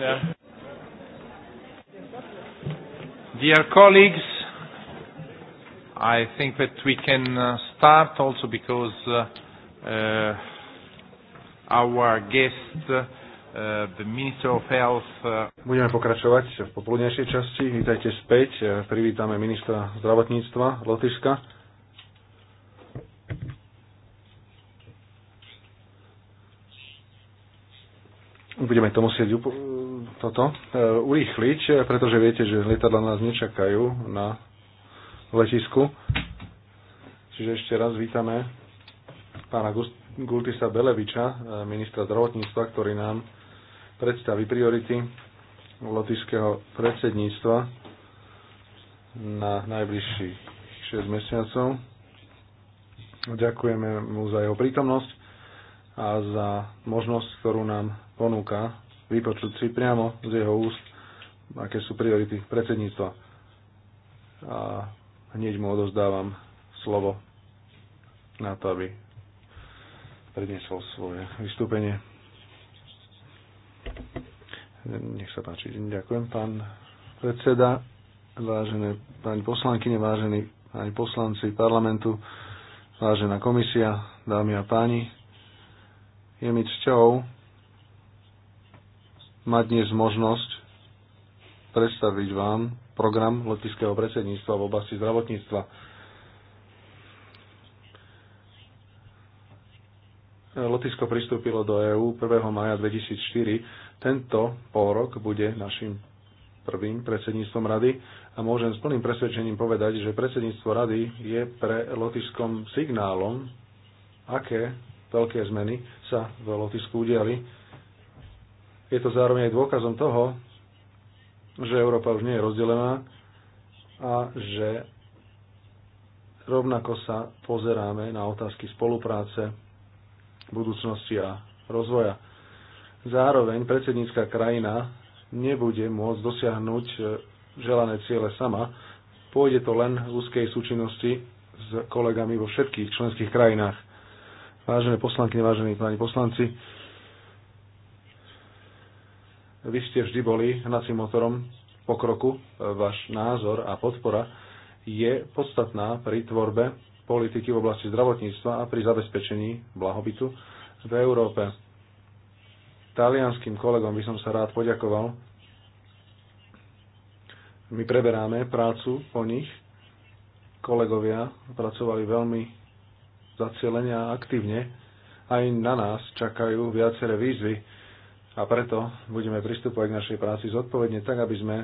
Yeah. Dear colleagues, I think that we can uh, start also because uh, uh, our guest, uh, the Minister of Health... Uh, Budeme pokračovať v popoludnejšej časti. Vítajte späť. Privítame ministra zdravotníctva Lotyšska. Budeme to musieť toto e, urýchliť, pretože viete, že lietadla nás nečakajú na letisku. Čiže ešte raz vítame pána Gultisa Beleviča, e, ministra zdravotníctva, ktorý nám predstaví priority lotišského predsedníctva na najbližších 6 mesiacov. Ďakujeme mu za jeho prítomnosť a za možnosť, ktorú nám ponúka vypočuť si priamo z jeho úst, aké sú priority predsedníctva. A hneď mu odozdávam slovo na to, aby predniesol svoje vystúpenie. Nech sa páči. Ďakujem, pán predseda, vážené pani poslankyne, vážení pani poslanci parlamentu, vážená komisia, dámy a páni. Je mi cťou má dnes možnosť predstaviť vám program letického predsedníctva v oblasti zdravotníctva. Lotisko pristúpilo do EÚ 1. maja 2004. Tento pôrok bude našim prvým predsedníctvom rady a môžem s plným presvedčením povedať, že predsedníctvo rady je pre Lotiskom signálom, aké veľké zmeny sa v Lotisku udiali je to zároveň aj dôkazom toho, že Európa už nie je rozdelená a že rovnako sa pozeráme na otázky spolupráce, budúcnosti a rozvoja. Zároveň predsednícka krajina nebude môcť dosiahnuť e, želané ciele sama, pôjde to len v úzkej súčinnosti s kolegami vo všetkých členských krajinách. Vážené poslanky, vážení páni poslanci, vy ste vždy boli hnacím motorom pokroku. Váš názor a podpora je podstatná pri tvorbe politiky v oblasti zdravotníctva a pri zabezpečení blahobytu v Európe. Talianským kolegom by som sa rád poďakoval. My preberáme prácu po nich. Kolegovia pracovali veľmi zacielenia a aktívne. Aj na nás čakajú viaceré výzvy a preto budeme pristupovať k našej práci zodpovedne tak, aby sme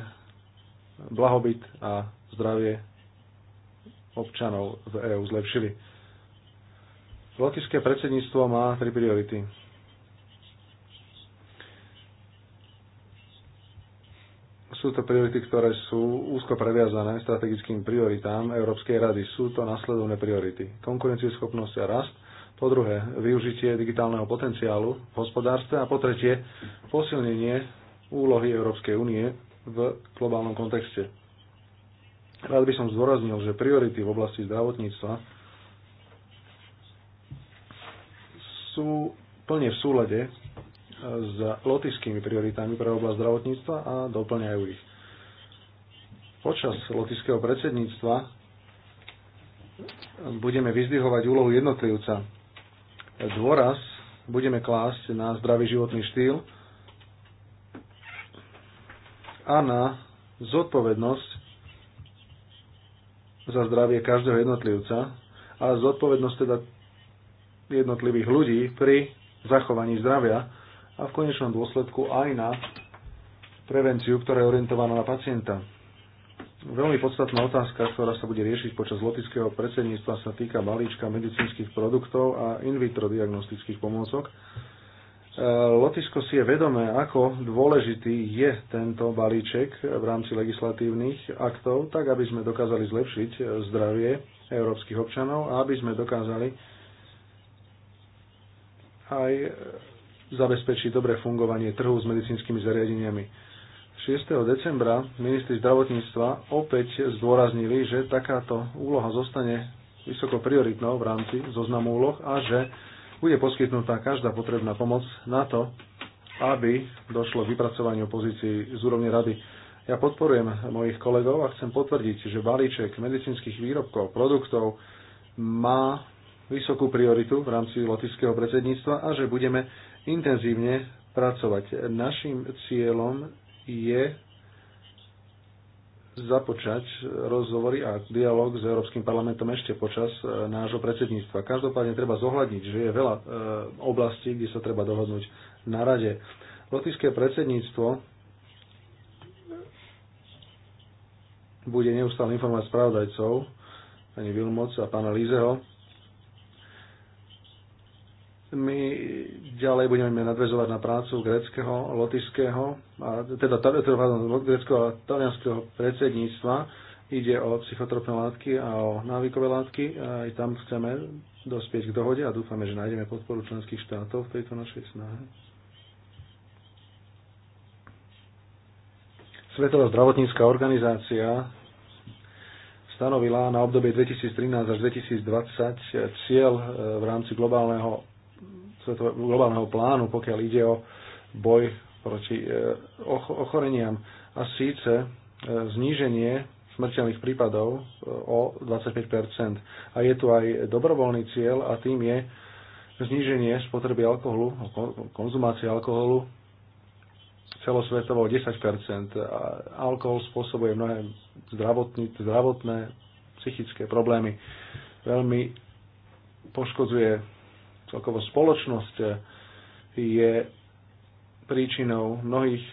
blahobyt a zdravie občanov v EÚ zlepšili. Lotyšské predsedníctvo má tri priority. Sú to priority, ktoré sú úzko previazané strategickým prioritám Európskej rady. Sú to nasledovné priority. Konkurencieschopnosť a rast, po druhé využitie digitálneho potenciálu v hospodárstve a po tretie posilnenie úlohy Európskej únie v globálnom kontexte. Rád by som zdôraznil, že priority v oblasti zdravotníctva sú plne v súlade s lotišskými prioritami pre oblasť zdravotníctva a doplňajú ich. Počas lotiského predsedníctva budeme vyzdvihovať úlohu jednotlivca dôraz budeme klásť na zdravý životný štýl a na zodpovednosť za zdravie každého jednotlivca, a zodpovednosť teda jednotlivých ľudí pri zachovaní zdravia a v konečnom dôsledku aj na prevenciu, ktorá je orientovaná na pacienta. Veľmi podstatná otázka, ktorá sa bude riešiť počas lotického predsedníctva, sa týka balíčka medicínskych produktov a in vitro diagnostických pomôcok. E, lotisko si je vedomé, ako dôležitý je tento balíček v rámci legislatívnych aktov, tak aby sme dokázali zlepšiť zdravie európskych občanov a aby sme dokázali aj zabezpečiť dobré fungovanie trhu s medicínskymi zariadeniami 6. decembra ministri zdravotníctva opäť zdôraznili, že takáto úloha zostane vysoko prioritnou v rámci zoznamu úloh a že bude poskytnutá každá potrebná pomoc na to, aby došlo k vypracovaniu pozícií z úrovne rady. Ja podporujem mojich kolegov a chcem potvrdiť, že balíček medicínskych výrobkov, produktov má vysokú prioritu v rámci lotického predsedníctva a že budeme intenzívne pracovať. Našim cieľom je započať rozhovory a dialog s Európskym parlamentom ešte počas e, nášho predsedníctva. Každopádne treba zohľadniť, že je veľa e, oblastí, kde sa treba dohodnúť na rade. Lotyšské predsedníctvo bude neustále informovať spravodajcov, pani Vilmoc a pána Lízeho, my ďalej budeme nadvezovať na prácu greckého, lotiského, teda, teda pardon, greckého a talianského predsedníctva. Ide o psychotropné látky a o návykové látky. Aj tam chceme dospieť k dohode a dúfame, že nájdeme podporu členských štátov v tejto našej snahe. Svetová zdravotnícká organizácia stanovila na obdobie 2013 až 2020 e, cieľ e, v rámci globálneho globálneho plánu, pokiaľ ide o boj proti e, ochoreniam. A síce e, zníženie smrteľných prípadov e, o 25 A je tu aj dobrovoľný cieľ a tým je zníženie spotreby alkoholu, konzumácie alkoholu celosvetovo o 10 a Alkohol spôsobuje mnohé zdravotné, zdravotné psychické problémy. Veľmi poškodzuje celkovo spoločnosť eh, je príčinou mnohých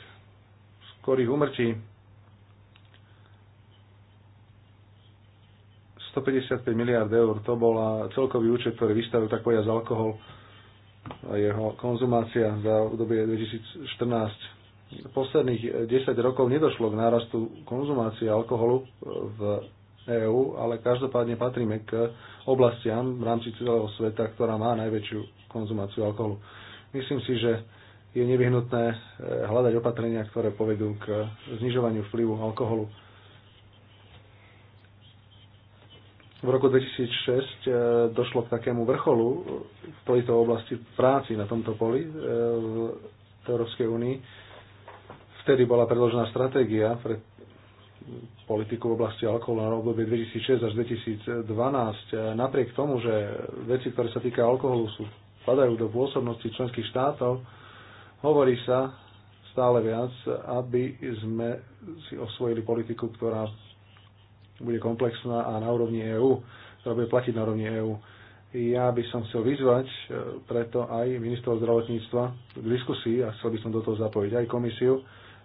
skorých umrtí. 155 miliard eur, to bol celkový účet, ktorý vystavil tak povedať z alkohol a jeho konzumácia za obdobie 2014. Posledných 10 rokov nedošlo k nárastu konzumácie alkoholu eh, v EÚ, ale každopádne patríme k oblastiam v rámci celého sveta, ktorá má najväčšiu konzumáciu alkoholu. Myslím si, že je nevyhnutné eh, hľadať opatrenia, ktoré povedú k znižovaniu vplyvu alkoholu. V roku 2006 eh, došlo k takému vrcholu v tejto oblasti práci na tomto poli eh, v Európskej únii. Vtedy bola predložená stratégia pre politiku v oblasti alkoholu na obdobie 2006 až 2012. E, napriek tomu, že veci, ktoré sa týka alkoholu, sú, padajú do pôsobnosti členských štátov, hovorí sa stále viac, aby sme si osvojili politiku, ktorá bude komplexná a na úrovni EÚ, ktorá bude platiť na úrovni EÚ. Ja by som chcel vyzvať e, preto aj ministrov zdravotníctva k diskusii a chcel by som do toho zapojiť aj komisiu.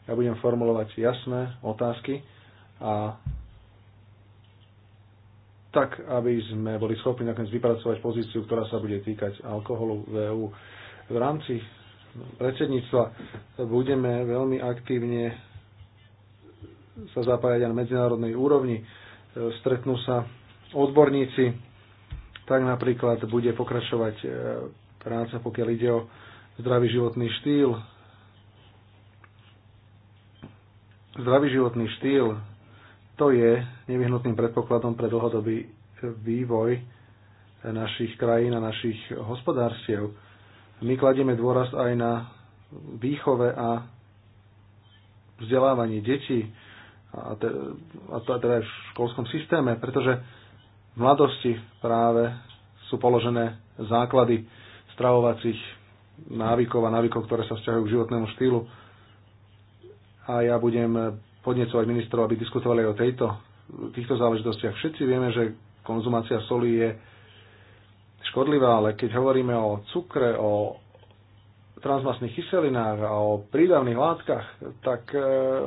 Ja budem formulovať jasné otázky, a tak, aby sme boli schopní nakoniec vypracovať pozíciu, ktorá sa bude týkať alkoholu v EU. V rámci predsedníctva budeme veľmi aktívne sa zapájať aj na medzinárodnej úrovni. E, stretnú sa odborníci, tak napríklad bude pokračovať e, práca, pokiaľ ide o zdravý životný štýl. Zdravý životný štýl to je nevyhnutným predpokladom pre dlhodobý vývoj našich krajín a našich hospodárstiev. My kladieme dôraz aj na výchove a vzdelávaní detí a, a to teda aj v školskom systéme, pretože v mladosti práve sú položené základy stravovacích návykov a návykov, ktoré sa vzťahujú k životnému štýlu. A ja budem podnecovať ministrov, aby diskutovali o tejto, týchto záležitostiach. Všetci vieme, že konzumácia soli je škodlivá, ale keď hovoríme o cukre, o transmasných kyselinách a o prídavných látkach, tak e,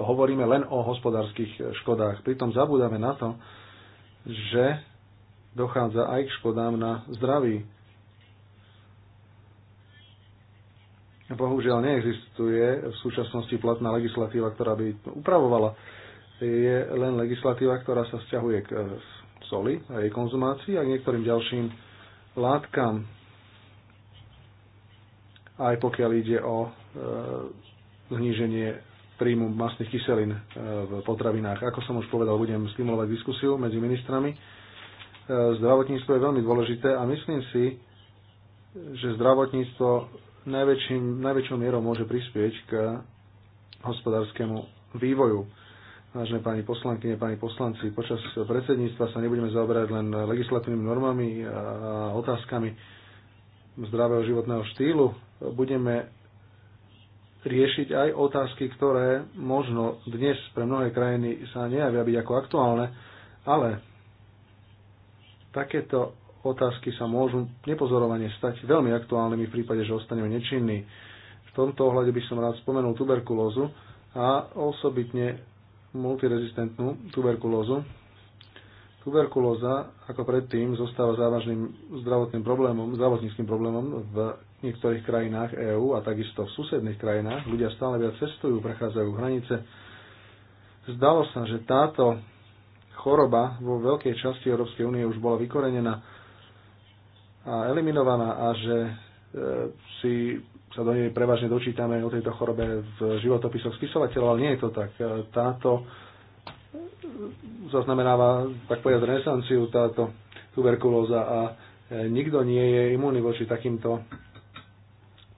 hovoríme len o hospodárskych škodách. Pritom zabúdame na to, že dochádza aj k škodám na zdraví Bohužiaľ neexistuje v súčasnosti platná legislatíva, ktorá by upravovala. Je len legislatíva, ktorá sa vzťahuje k eh, soli a jej konzumácii a k niektorým ďalším látkam. Aj pokiaľ ide o e, zníženie príjmu masných kyselín eh, v potravinách. Ako som už povedal, budem stimulovať diskusiu medzi ministrami. Zdravotníctvo je veľmi dôležité a myslím si, že zdravotníctvo najväčším, najväčšou mierou môže prispieť k hospodárskému vývoju. Vážené pani poslankyne, pani poslanci, počas predsedníctva sa nebudeme zaoberať len legislatívnymi normami a otázkami zdravého životného štýlu. Budeme riešiť aj otázky, ktoré možno dnes pre mnohé krajiny sa nejavia byť ako aktuálne, ale takéto otázky sa môžu nepozorovane stať veľmi aktuálnymi v prípade, že ostaneme nečinní. V tomto ohľade by som rád spomenul tuberkulózu a osobitne multirezistentnú tuberkulózu. Tuberkulóza, ako predtým, zostáva závažným zdravotným problémom, zdravotníckým problémom v niektorých krajinách EÚ a takisto v susedných krajinách. Ľudia stále viac cestujú, prechádzajú hranice. Zdalo sa, že táto choroba vo veľkej časti Európskej únie už bola vykorenená a eliminovaná a že e, si sa do nej prevažne dočítame o tejto chorobe v životopisoch spisovateľov, ale nie je to tak. E, táto e, zaznamenáva, tak povedať, renesanciu táto tuberkulóza a nikto nie je imúnny voči takýmto,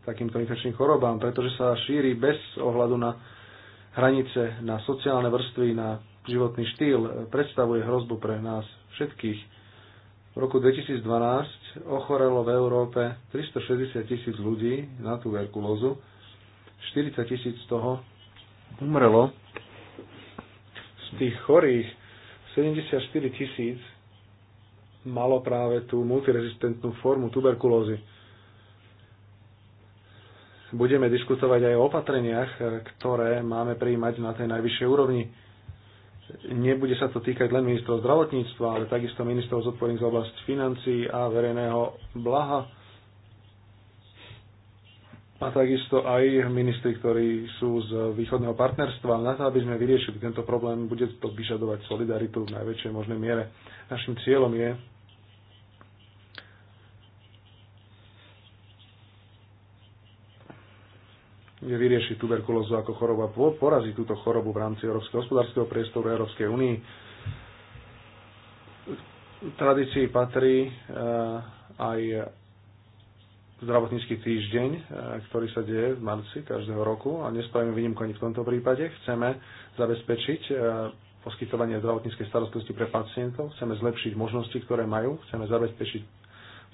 takýmto infekčným chorobám, pretože sa šíri bez ohľadu na hranice, na sociálne vrstvy, na životný štýl, predstavuje hrozbu pre nás všetkých. V roku 2012 ochorelo v Európe 360 tisíc ľudí na tuberkulózu, 40 tisíc z toho umrelo. Z tých chorých 74 tisíc malo práve tú multirezistentnú formu tuberkulózy. Budeme diskutovať aj o opatreniach, ktoré máme prijímať na tej najvyššej úrovni Nebude sa to týkať len ministrov zdravotníctva, ale takisto ministrov zodpovedných za oblasť financií a verejného blaha a takisto aj ministri, ktorí sú z východného partnerstva. Na to, aby sme vyriešili tento problém, bude to vyžadovať solidaritu v najväčšej možnej miere. Našim cieľom je vie vyriešiť tuberkulózu ako choroba, porazí túto chorobu v rámci Európskeho hospodárskeho priestoru Európskej únii. Tradícii patrí e, aj zdravotnícky týždeň, e, ktorý sa deje v marci každého roku a nespravíme výnimku ani v tomto prípade. Chceme zabezpečiť e, poskytovanie zdravotníckej starostlivosti pre pacientov, chceme zlepšiť možnosti, ktoré majú, chceme zabezpečiť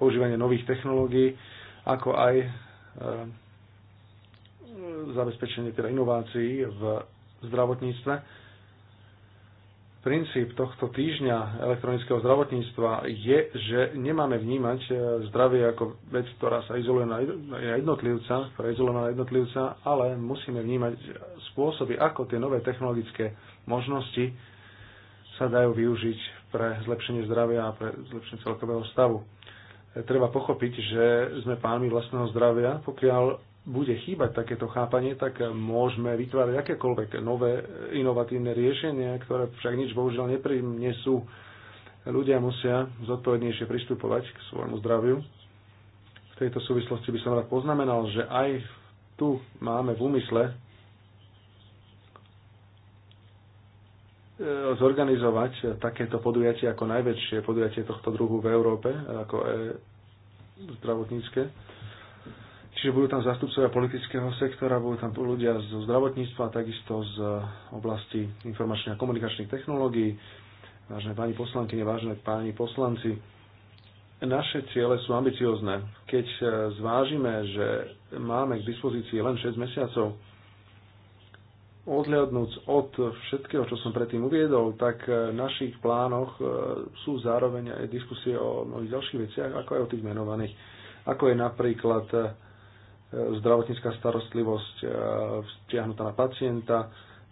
používanie nových technológií, ako aj zabezpečenie teda inovácií v zdravotníctve. Princíp tohto týždňa elektronického zdravotníctva je, že nemáme vnímať eh, zdravie ako vec, ktorá sa izoluje na jednotlivca, ktorá je izolovaná na jednotlivca, ale musíme vnímať spôsoby, ako tie nové technologické možnosti sa dajú využiť pre zlepšenie zdravia a pre zlepšenie celkového stavu eh, treba pochopiť, že sme pánmi vlastného zdravia, pokiaľ bude chýbať takéto chápanie, tak môžeme vytvárať akékoľvek nové inovatívne riešenia, ktoré však nič bohužiaľ neprinesú. Ľudia musia zodpovednejšie pristupovať k svojmu zdraviu. V tejto súvislosti by som rád poznamenal, že aj tu máme v úmysle e, zorganizovať takéto podujatie ako najväčšie podujatie tohto druhu v Európe, ako e zdravotnícke Čiže budú tam zastupcovia politického sektora, budú tam ľudia zo zdravotníctva, takisto z oblasti informačných a komunikačných technológií, vážne pani poslankyne, vážne páni poslanci. Naše ciele sú ambiciozne. Keď e, zvážime, že máme k dispozícii len 6 mesiacov, odhľadnúc od všetkého, čo som predtým uviedol, tak e, v našich plánoch e, sú zároveň aj diskusie o mnohých ďalších veciach, ako aj o tých menovaných, ako je napríklad zdravotnícká starostlivosť e, vzťahnutá na pacienta,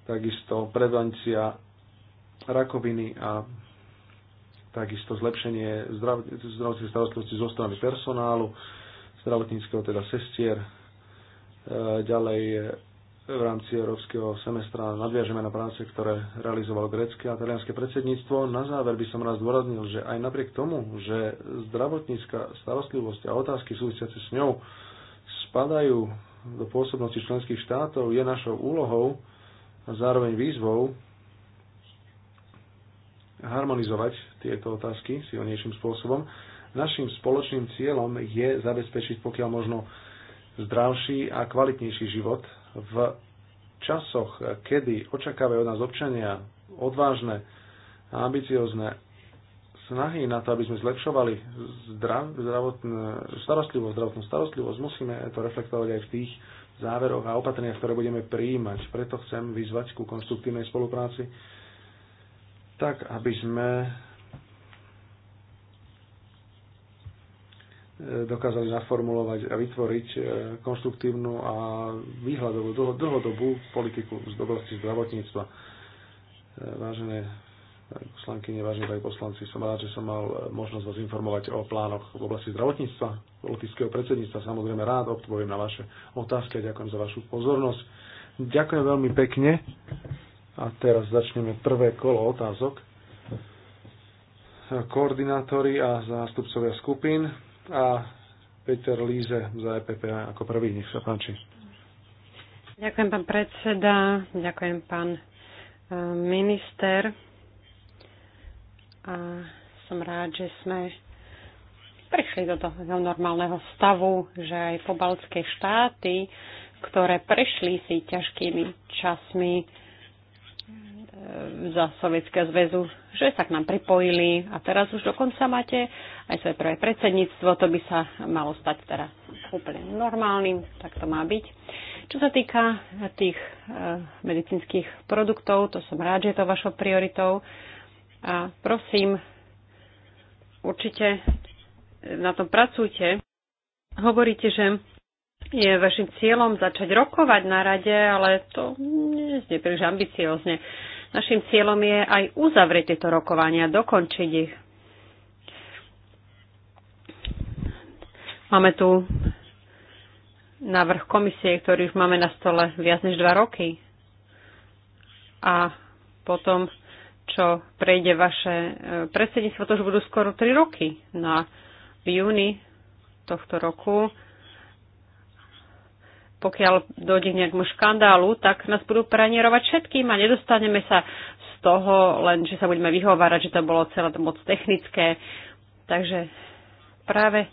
takisto prevencia rakoviny a takisto zlepšenie zdravotníckej starostlivosti zo strany personálu, zdravotníckého teda sestier. E, ďalej e, v rámci európskeho semestra nadviažeme na práce, ktoré realizovalo grécke a talianské predsedníctvo. Na záver by som raz dôraznil, že aj napriek tomu, že zdravotnícka starostlivosť a otázky súvisiace s ňou spadajú do pôsobnosti členských štátov, je našou úlohou a zároveň výzvou harmonizovať tieto otázky silnejším spôsobom. Našim spoločným cieľom je zabezpečiť pokiaľ možno zdravší a kvalitnejší život v časoch, kedy očakávajú od nás občania odvážne a ambiciozne snahy na to, aby sme zlepšovali zdravotnú starostlivosť, zdravotnú starostlivosť, musíme to reflektovať aj v tých záveroch a opatreniach, ktoré budeme prijímať. Preto chcem vyzvať ku konstruktívnej spolupráci, tak aby sme e, dokázali naformulovať a vytvoriť e, konstruktívnu a výhľadovú dlhodobú politiku z oblasti zdravotníctva. E, vážené Pani poslankyne, vážení pani poslanci, som rád, že som mal možnosť vás informovať o plánoch v oblasti zdravotníctva, politického predsedníctva. Samozrejme rád odpoviem na vaše otázky a ďakujem za vašu pozornosť. Ďakujem veľmi pekne. A teraz začneme prvé kolo otázok. Koordinátori a zástupcovia skupín a Peter Líze za EPP ako prvý, nech sa páči. Ďakujem, pán predseda, ďakujem, pán eh, minister a som rád, že sme prišli do toho normálneho stavu, že aj pobaltské štáty, ktoré prešli si ťažkými časmi e, za Sovietského zväzu, že sa k nám pripojili a teraz už dokonca máte aj svoje prvé predsedníctvo, to by sa malo stať teraz úplne normálnym, tak to má byť. Čo sa týka tých e, medicínskych produktov, to som rád, že je to vašou prioritou. A prosím, určite na tom pracujte. Hovoríte, že je vašim cieľom začať rokovať na rade, ale to nie je príliš ambiciozne. Našim cieľom je aj uzavrieť tieto rokovania, dokončiť ich. Máme tu návrh komisie, ktorý už máme na stole viac než dva roky. A potom čo prejde vaše e, predsedníctvo, to už budú skoro 3 roky. No a v júni tohto roku, pokiaľ dojde k nejakému škandálu, tak nás budú pranierovať všetkým a nedostaneme sa z toho, len že sa budeme vyhovárať, že to bolo celé to moc technické. Takže práve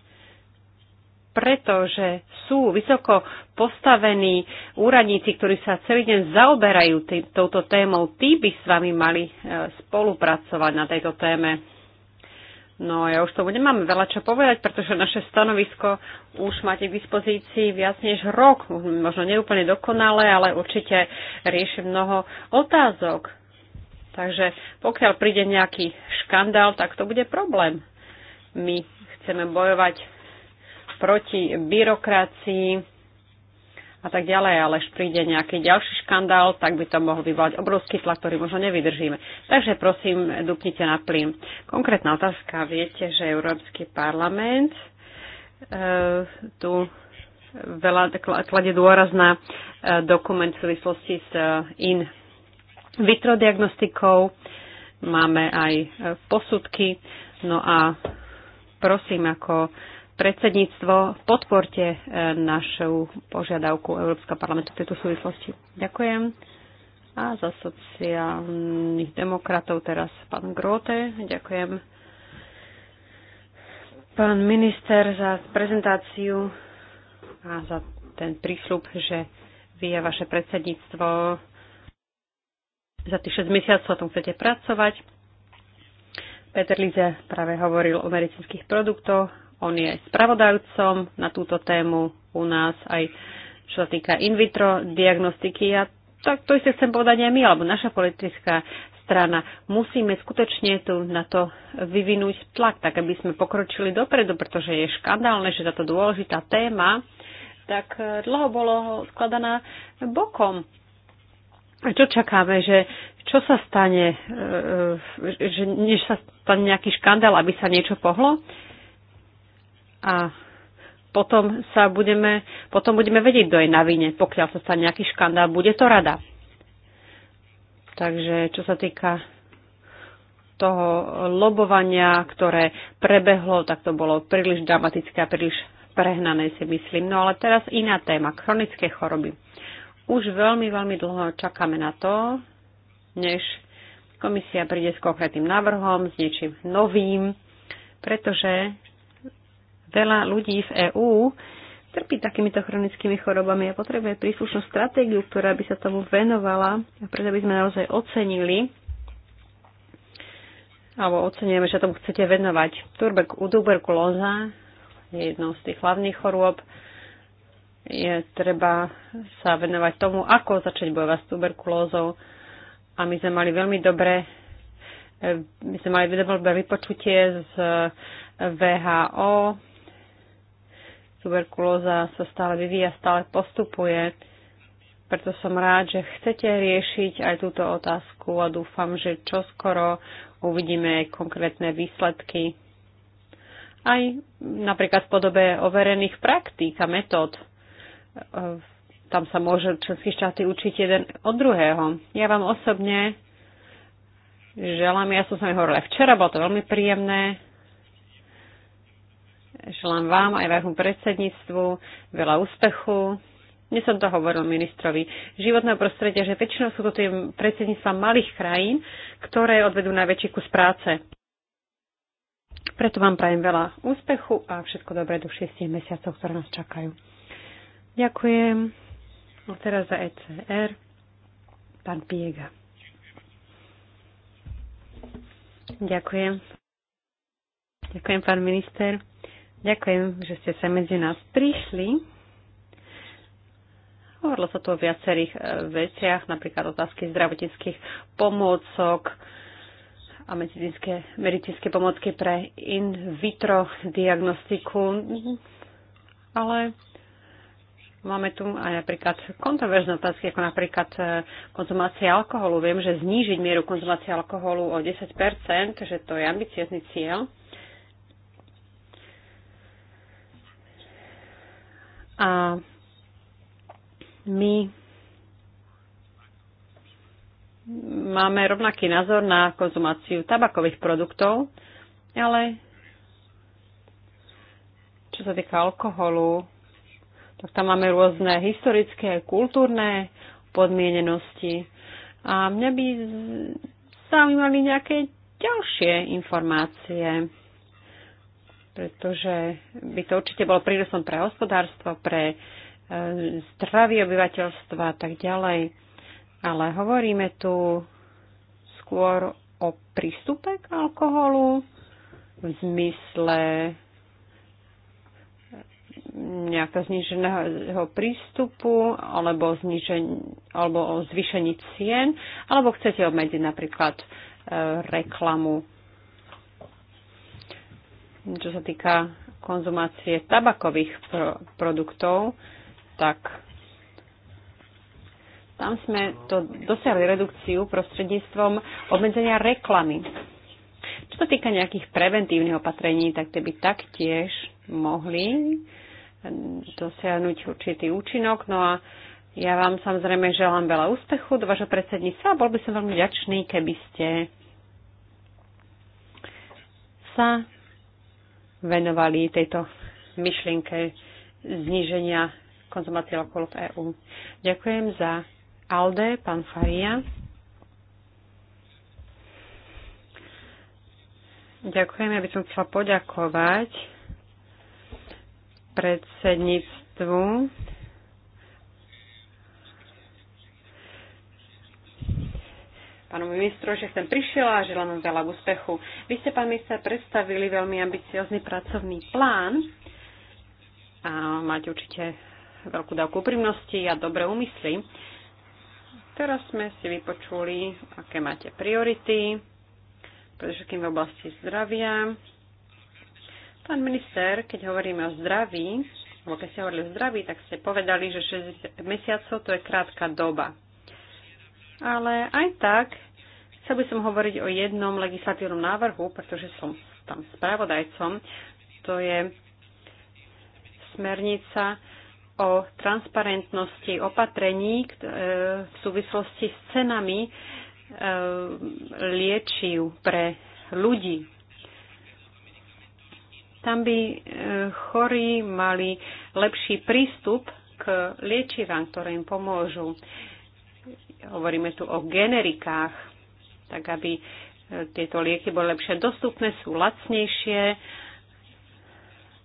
pretože sú vysoko postavení úradníci, ktorí sa celý deň zaoberajú tý, touto témou. Tí by s vami mali e, spolupracovať na tejto téme. No ja už tomu nemám veľa čo povedať, pretože naše stanovisko už máte k dispozícii viac než rok. Možno neúplne dokonale, ale určite rieši mnoho otázok. Takže pokiaľ príde nejaký škandál, tak to bude problém. My chceme bojovať proti byrokracii a tak ďalej, ale až príde nejaký ďalší škandál, tak by to mohol vyvolať obrovský tlak, ktorý možno nevydržíme. Takže prosím, dupnite na plyn. Konkrétna otázka. Viete, že Európsky parlament e, tu veľa kladie dôraz na e, dokument v súvislosti s e, in vitro diagnostikou. Máme aj e, posudky. No a prosím, ako e, predsedníctvo, podporte e, našu požiadavku Európskeho parlamentu v tejto súvislosti. Ďakujem. A za sociálnych demokratov teraz pán Grote. Ďakujem pán minister za prezentáciu a za ten prísľub, že vy a vaše predsedníctvo za tých 6 mesiacov o tom chcete pracovať. Peter Lize práve hovoril o medicínskych produktoch on je spravodajúcom na túto tému u nás aj čo sa týka in vitro diagnostiky. A tak to isté chcem povedať aj my, alebo naša politická strana. Musíme skutočne tu na to vyvinúť tlak, tak aby sme pokročili dopredu, pretože je škandálne, že táto dôležitá téma tak dlho bolo skladaná bokom. A čo čakáme, že čo sa stane, e, e, že než sa stane nejaký škandál, aby sa niečo pohlo? a potom sa budeme, potom budeme vedieť, kto je na vine, pokiaľ sa stane nejaký škandál, bude to rada. Takže čo sa týka toho lobovania, ktoré prebehlo, tak to bolo príliš dramatické a príliš prehnané, si myslím. No ale teraz iná téma, chronické choroby. Už veľmi, veľmi dlho čakáme na to, než komisia príde s konkrétnym návrhom, s niečím novým, pretože veľa ľudí v EÚ trpí takýmito chronickými chorobami a potrebuje príslušnú stratégiu, ktorá by sa tomu venovala a preto by sme naozaj ocenili alebo ocenujeme, že tomu chcete venovať. Turbek u Tuberkulóza je jednou z tých hlavných chorôb. Je treba sa venovať tomu, ako začať bojovať s tuberkulózou. A my sme mali veľmi dobré my sme mali veľmi dobré vypočutie z VHO, Tuberkulóza sa stále vyvíja, stále postupuje. Preto som rád, že chcete riešiť aj túto otázku a dúfam, že čoskoro uvidíme aj konkrétne výsledky. Aj napríklad v podobe overených praktík a metód. Tam sa môže členské štáty učiť jeden od druhého. Ja vám osobne želám, ja som sa mi hovorila včera, bolo to veľmi príjemné, Želám vám aj vášmu predsedníctvu veľa úspechu. Dnes som to hovoril ministrovi životného prostredia, že väčšinou sú to tie predsedníctva malých krajín, ktoré odvedú najväčší kus práce. Preto vám prajem veľa úspechu a všetko dobré do 6 mesiacov, ktoré nás čakajú. Ďakujem. A teraz za ECR pán Piega. Ďakujem. Ďakujem, pán minister. Ďakujem, že ste sa medzi nás prišli. Hovorilo sa tu o viacerých e, veciach, napríklad otázky zdravotníckých pomôcok a medicínske, medicínske pomôcky pre in vitro diagnostiku. Ale Máme tu aj napríklad kontroverzné otázky, ako napríklad e, konzumácia alkoholu. Viem, že znížiť mieru konzumácie alkoholu o 10%, že to je ambiciozný cieľ. A my máme rovnaký názor na konzumáciu tabakových produktov, ale čo sa týka alkoholu, tak tam máme rôzne historické, kultúrne podmienenosti. A mňa by zaujímali nejaké ďalšie informácie pretože by to určite bolo prínosom pre hospodárstvo, pre e, zdravie obyvateľstva a tak ďalej. Ale hovoríme tu skôr o prístupe k alkoholu v zmysle e, nejakého zniženého prístupu alebo, znižen, alebo o zvýšení cien, alebo chcete obmedziť napríklad e, reklamu čo sa týka konzumácie tabakových pro- produktov, tak tam sme to dosiahli redukciu prostredníctvom obmedzenia reklamy. Čo sa týka nejakých preventívnych opatrení, tak tie by taktiež mohli dosiahnuť určitý účinok. No a ja vám samozrejme želám veľa úspechu do vašho predsedníctva a bol by som veľmi vďačný, keby ste sa venovali tejto myšlienke zníženia konzumácie alkoholu v EÚ. Ďakujem za ALDE, pán Faria. Ďakujem, ja by som chcela poďakovať predsedníctvu pánu ministru, že sem prišiela a želám vám veľa úspechu. Vy ste, pán minister, predstavili veľmi ambiciózny pracovný plán a máte určite veľkú dávku úprimnosti a dobré úmysly. Teraz sme si vypočuli, aké máte priority, predovšetkým v oblasti zdravia. Pán minister, keď hovoríme o zdraví, alebo keď ste hovorili o zdraví, tak ste povedali, že 6 mesiacov to je krátka doba ale aj tak chcel by som hovoriť o jednom legislatívnom návrhu, pretože som tam spravodajcom. To je smernica o transparentnosti opatrení e, v súvislosti s cenami e, liečiv pre ľudí. Tam by e, chorí mali lepší prístup k liečivám, ktoré im pomôžu. Hovoríme tu o generikách, tak aby e, tieto lieky boli lepšie dostupné, sú lacnejšie.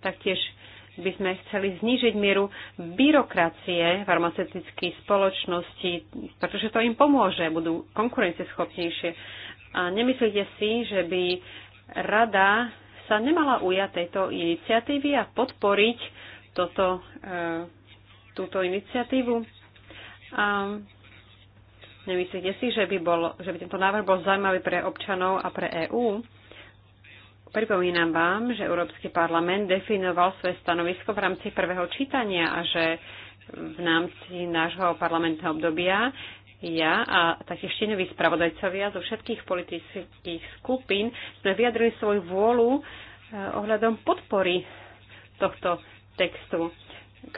Taktiež by sme chceli znížiť mieru byrokracie farmaceutických spoločností, pretože to im pomôže, budú konkurencieschopnejšie. A nemyslíte si, že by rada sa nemala ujať tejto iniciatívy a podporiť toto, e, túto iniciatívu? A Nemyslíte vlastne si, že by, bol, že by tento návrh bol zaujímavý pre občanov a pre EÚ? Pripomínam vám, že Európsky parlament definoval svoje stanovisko v rámci prvého čítania a že v rámci nášho parlamentného obdobia ja a taktiež štienoví spravodajcovia zo všetkých politických skupín sme vyjadrili svoju vôľu e, ohľadom podpory tohto textu,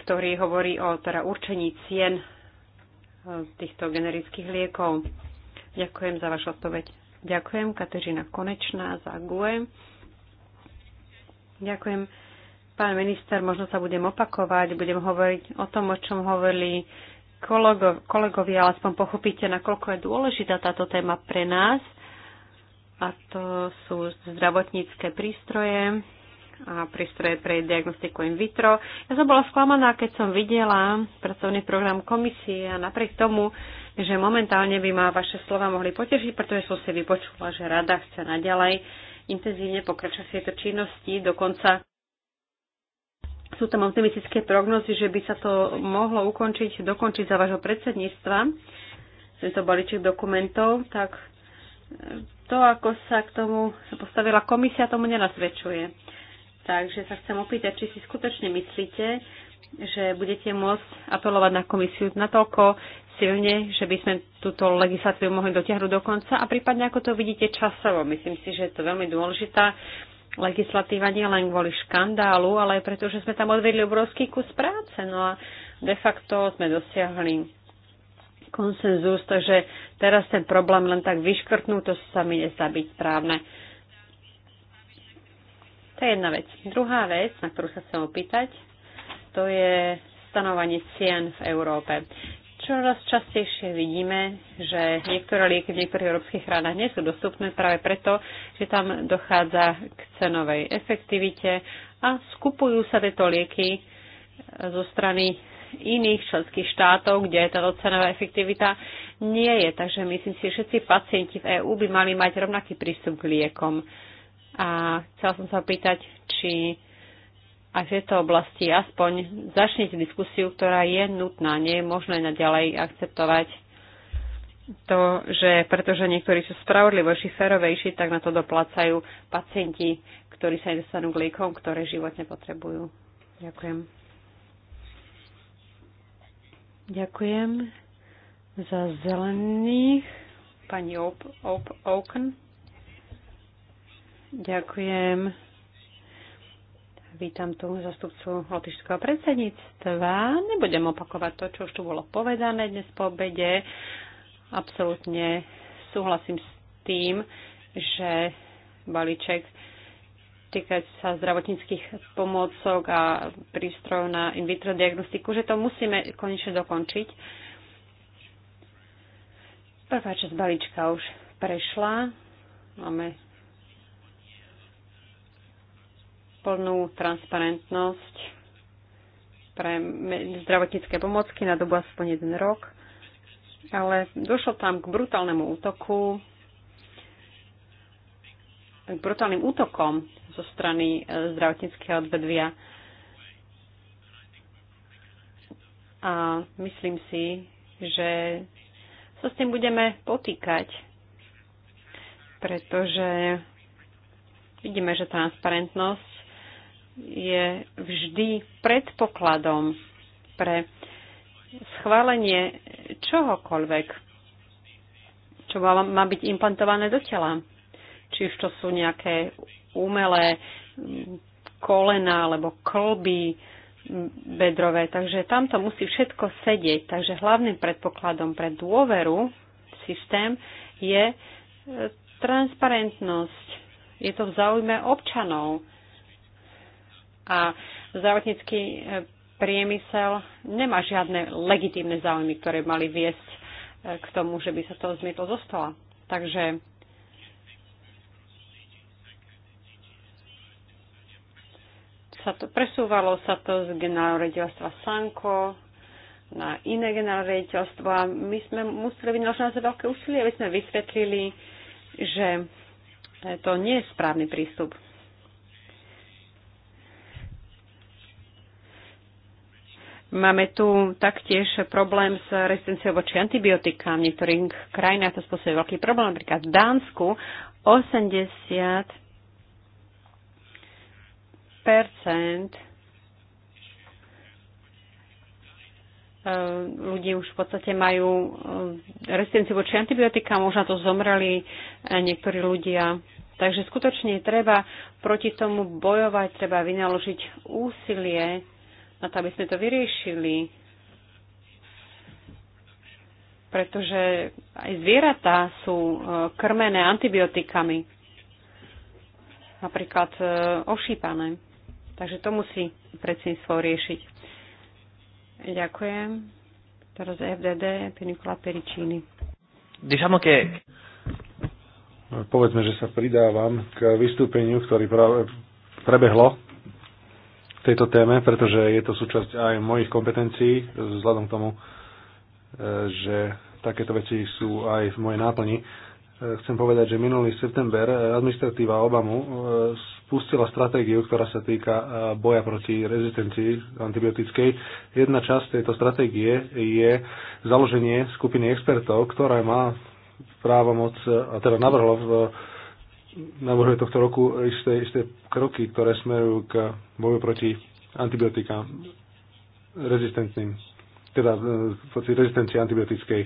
ktorý hovorí o teda určení cien týchto generických liekov. Ďakujem za vašu odpoveď. Ďakujem Kateřina Konečná za GUE. Ďakujem. Pán minister, možno sa budem opakovať, budem hovoriť o tom, o čom hovorili kolego, kolegovia, ale aspoň pochopíte, nakoľko je dôležitá táto téma pre nás. A to sú zdravotnícke prístroje, a prístroje pre diagnostiku in vitro. Ja som bola sklamaná, keď som videla pracovný program komisie a napriek tomu, že momentálne by ma vaše slova mohli potešiť, pretože som si vypočula, že rada chce naďalej intenzívne pokračovať v tejto činnosti, dokonca sú tam optimistické prognozy, že by sa to mohlo ukončiť, dokončiť za vášho predsedníctva, tento balíček dokumentov, tak to, ako sa k tomu postavila komisia, tomu nenasvedčuje. Takže sa chcem opýtať, či si skutočne myslíte, že budete môcť apelovať na komisiu natoľko silne, že by sme túto legislatívu mohli dotiahnuť do konca a prípadne ako to vidíte časovo. Myslím si, že je to veľmi dôležitá legislatíva nie len kvôli škandálu, ale aj preto, že sme tam odvedli obrovský kus práce. No a de facto sme dosiahli konsenzus, takže teraz ten problém len tak vyškrtnú, to sa mi nezdá byť správne. To je jedna vec. Druhá vec, na ktorú sa chcem opýtať, to je stanovanie cien v Európe. Čoraz častejšie vidíme, že niektoré lieky v niektorých európskych rádach nie sú dostupné práve preto, že tam dochádza k cenovej efektivite a skupujú sa tieto lieky zo strany iných členských štátov, kde táto cenová efektivita nie je. Takže myslím si, že všetci pacienti v EÚ by mali mať rovnaký prístup k liekom a chcela som sa pýtať, či aj v tejto oblasti aspoň začnete diskusiu, ktorá je nutná. Nie je možné naďalej akceptovať to, že pretože niektorí sú spravodlivejší, ferovejší, tak na to doplácajú pacienti, ktorí sa nedostanú k liekom, ktoré životne potrebujú. Ďakujem. Ďakujem za zelených. Pani Oak, op- op- Ďakujem. Vítam tu zastupcu Lotyšského predsedníctva. Nebudem opakovať to, čo už tu bolo povedané dnes po obede. Absolútne súhlasím s tým, že balíček týkať sa zdravotníckých pomôcok a prístrojov na in vitro diagnostiku, že to musíme konečne dokončiť. Prvá časť balíčka už prešla. Máme plnú transparentnosť pre zdravotnícke pomocky na dobu aspoň jeden rok. Ale došlo tam k brutálnemu útoku, k brutálnym útokom zo strany e, zdravotníckého odvedvia. A myslím si, že sa s tým budeme potýkať, pretože vidíme, že transparentnosť je vždy predpokladom pre schválenie čohokoľvek, čo má byť implantované do tela. Či už to sú nejaké umelé kolena alebo klby bedrové. Takže tamto musí všetko sedieť. Takže hlavným predpokladom pre dôveru v systém je e, transparentnosť. Je to v záujme občanov a zdravotnícky e, priemysel nemá žiadne legitímne záujmy, ktoré mali viesť e, k tomu, že by sa to zmietlo zo stola. Takže sa to, presúvalo sa to z generálneho rediteľstva Sanko na iné generálne a My sme museli vynaložiť na veľké úsilie, aby sme vysvetlili, že to nie je správny prístup. Máme tu taktiež problém s rezistenciou voči antibiotikám. V niektorých krajinách to spôsobuje veľký problém. Napríklad v Dánsku 80 e, ľudí už v podstate majú e, rezistenciu voči antibiotikám, už na to zomreli e, niektorí ľudia. Takže skutočne treba proti tomu bojovať, treba vynaložiť úsilie na to, aby sme to vyriešili. Pretože aj zvieratá sú e, krmené antibiotikami. Napríklad e, ošípané. Takže to musí predsedníctvo riešiť. Ďakujem. Teraz FDD, Pinikola Pericini. Diciamo Povedzme, že sa pridávam k vystúpeniu, ktorý práve prebehlo k tejto téme, pretože je to súčasť aj mojich kompetencií, vzhľadom k tomu, e, že takéto veci sú aj v mojej náplni. E, chcem povedať, že minulý september administratíva Obamu e, spustila stratégiu, ktorá sa týka boja proti rezistencii antibiotickej. Jedna časť tejto stratégie je založenie skupiny expertov, ktorá má právomoc, teda navrhlo na navrhuje tohto roku isté, isté kroky, ktoré smerujú k boju proti antibiotikám rezistentným, teda e, proti rezistencii antibiotickej.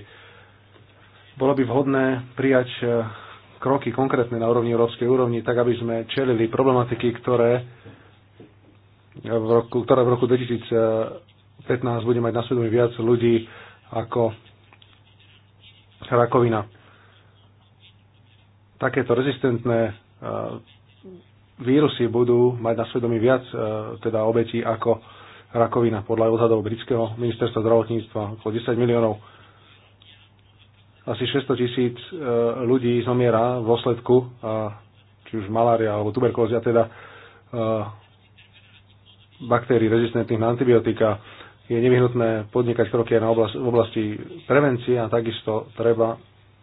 Bolo by vhodné prijať e, kroky konkrétne na úrovni európskej úrovni, tak aby sme čelili problematiky, ktoré v roku, ktoré v roku 2015 bude mať na svedomí viac ľudí ako rakovina takéto rezistentné e, vírusy budú mať na svedomí viac e, teda obetí ako rakovina podľa odhadov britského ministerstva zdravotníctva okolo 10 miliónov asi 600 tisíc e, ľudí zomiera v dôsledku či už malária alebo tuberkulózia, teda baktérií rezistentných na antibiotika. Je nevyhnutné podnikať kroky aj na oblasti, v oblasti prevencie a takisto treba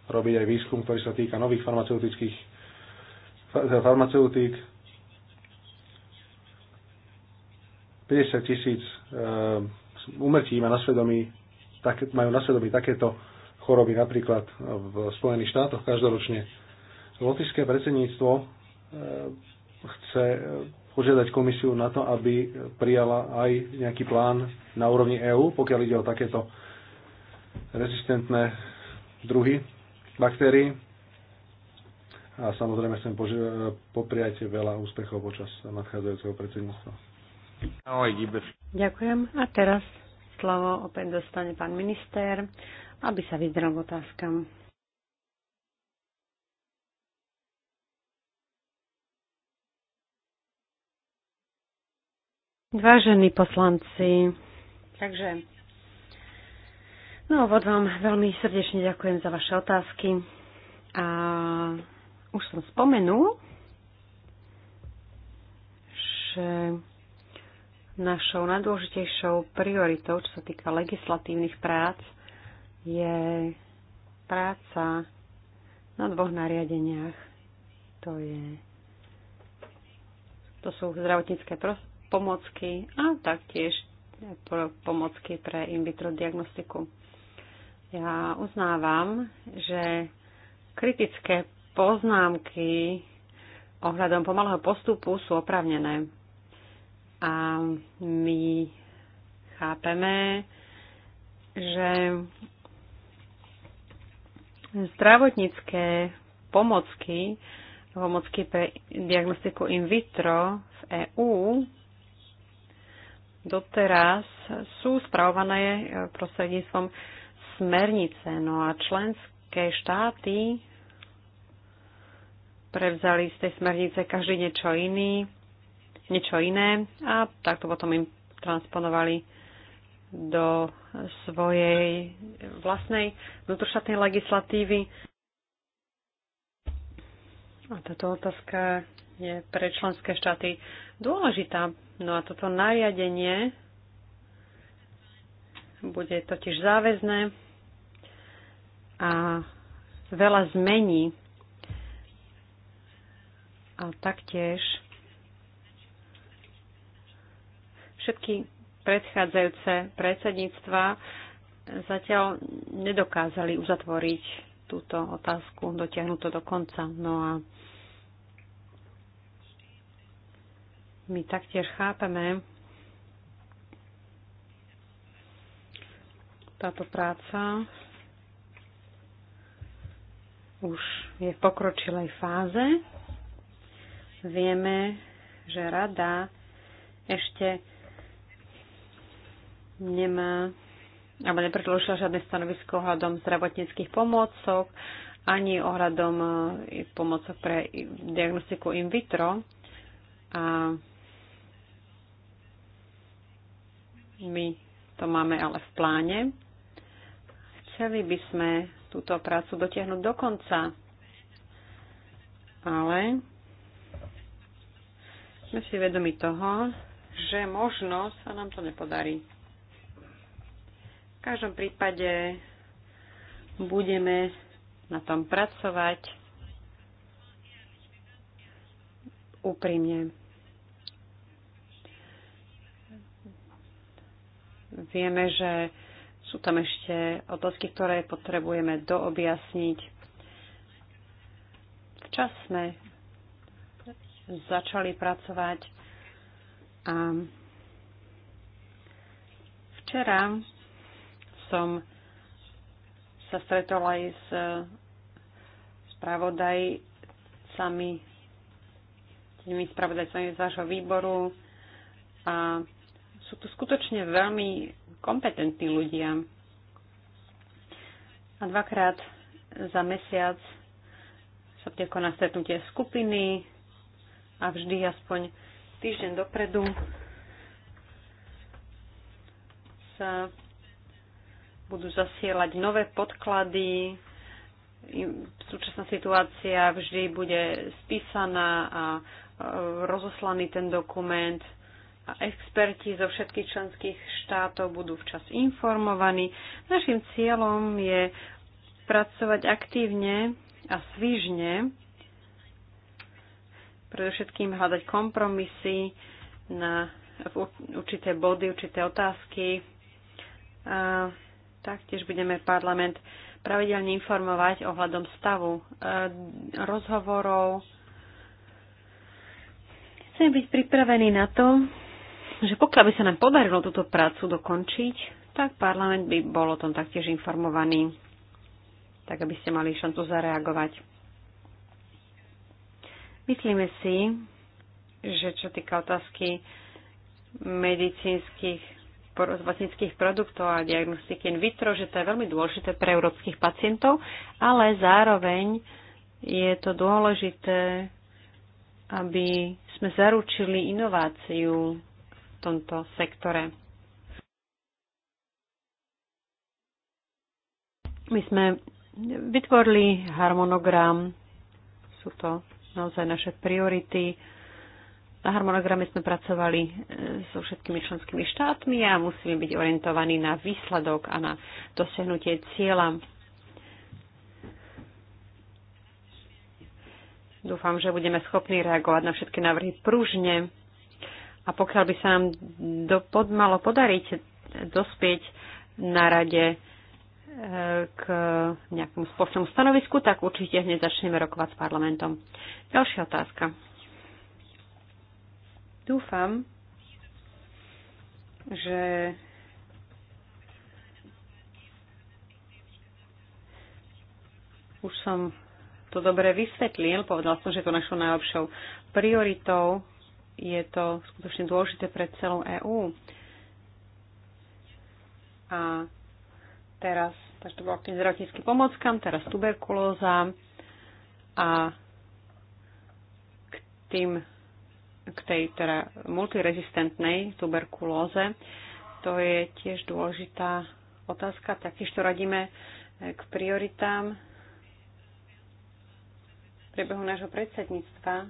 robiť aj výskum, ktorý sa týka nových farmaceutických teda farmaceutík. 50 tisíc eh, umrtí má na svedomí, tak, majú na svedomí takéto choroby napríklad v Spojených štátoch každoročne. Lotyšské predsedníctvo eh, chce požiadať komisiu na to, aby prijala aj nejaký plán na úrovni EÚ, pokiaľ ide o takéto rezistentné druhy baktérií. A samozrejme chcem popriať veľa úspechov počas nadchádzajúceho predsedníctva. Ďakujem. A teraz slovo opäť dostane pán minister, aby sa vyzdral k otázkam. Vážení poslanci, takže No, vod vám veľmi srdečne ďakujem za vaše otázky. A už som spomenul, že našou najdôležitejšou prioritou, čo sa týka legislatívnych prác, je práca na dvoch nariadeniach. To, je, to sú zdravotnícke pomocky a taktiež pomocky pre in vitro diagnostiku. Ja uznávam, že kritické poznámky ohľadom pomalého postupu sú opravnené. A my chápeme, že zdravotnícke pomocky, pomocky pre diagnostiku in vitro v EÚ doteraz sú spravované eh, prostredníctvom smernice. No a členské štáty prevzali z tej smernice každý niečo iný, niečo iné a takto potom im transponovali do svojej vlastnej vnútroštátnej legislatívy. A táto otázka je pre členské štáty dôležitá. No a toto nariadenie bude totiž záväzné a veľa zmení. A taktiež všetky predchádzajúce predsedníctva zatiaľ nedokázali uzatvoriť túto otázku, dotiahnuť to do konca. No a my taktiež chápeme táto práca už je v pokročilej fáze. Vieme, že rada ešte nemá alebo nepredložila žiadne stanovisko ohľadom zdravotníckých pomôcok ani ohľadom e, pomôcok pre diagnostiku in vitro. A my to máme ale v pláne. Chceli by sme túto prácu dotiahnuť do konca. Ale sme si vedomi toho, že možno sa nám to nepodarí. V každom prípade budeme na tom pracovať úprimne. Vieme, že sú tam ešte otázky, ktoré potrebujeme doobjasniť. Včas sme začali pracovať a včera som sa stretol aj s spravodajcami, tými spravodajcami z vášho výboru a sú tu skutočne veľmi kompetentní ľudia. A dvakrát za mesiac sa bude koná stretnutie skupiny a vždy aspoň týždeň dopredu sa budú zasielať nové podklady, súčasná situácia vždy bude spísaná a e, rozoslaný ten dokument a experti zo všetkých členských štátov budú včas informovaní. Našim cieľom je pracovať aktívne a svižne, predovšetkým hľadať kompromisy na určité body, určité otázky. A taktiež budeme parlament pravidelne informovať ohľadom stavu e, rozhovorov. Chcem byť pripravený na to, že pokiaľ by sa nám podarilo túto prácu dokončiť, tak parlament by bol o tom taktiež informovaný, tak aby ste mali šancu zareagovať. Myslíme si, že čo týka otázky medicínskych zdravotníckých produktov a diagnostiky in vitro, že to je veľmi dôležité pre európskych pacientov, ale zároveň je to dôležité, aby sme zaručili inováciu tomto sektore. My sme vytvorili harmonogram, sú to naozaj naše priority. Na harmonograme sme pracovali e, so všetkými členskými štátmi a musíme byť orientovaní na výsledok a na dosiahnutie cieľa. Dúfam, že budeme schopní reagovať na všetky návrhy pružne a pokiaľ by sa nám do, pod, malo podariť dospieť na rade e, k nejakému spoločnému stanovisku, tak určite hneď začneme rokovať s parlamentom. Ďalšia otázka. Dúfam, že už som to dobre vysvetlil. Povedal som, že to našou najlepšou prioritou je to skutočne dôležité pre celú EÚ. A teraz, takže to bol tým zdravotnícky pomockám, teraz tuberkulóza a k tým k tej teda multirezistentnej tuberkulóze. To je tiež dôležitá otázka. Taktiež to radíme e, k prioritám V priebehu nášho predsedníctva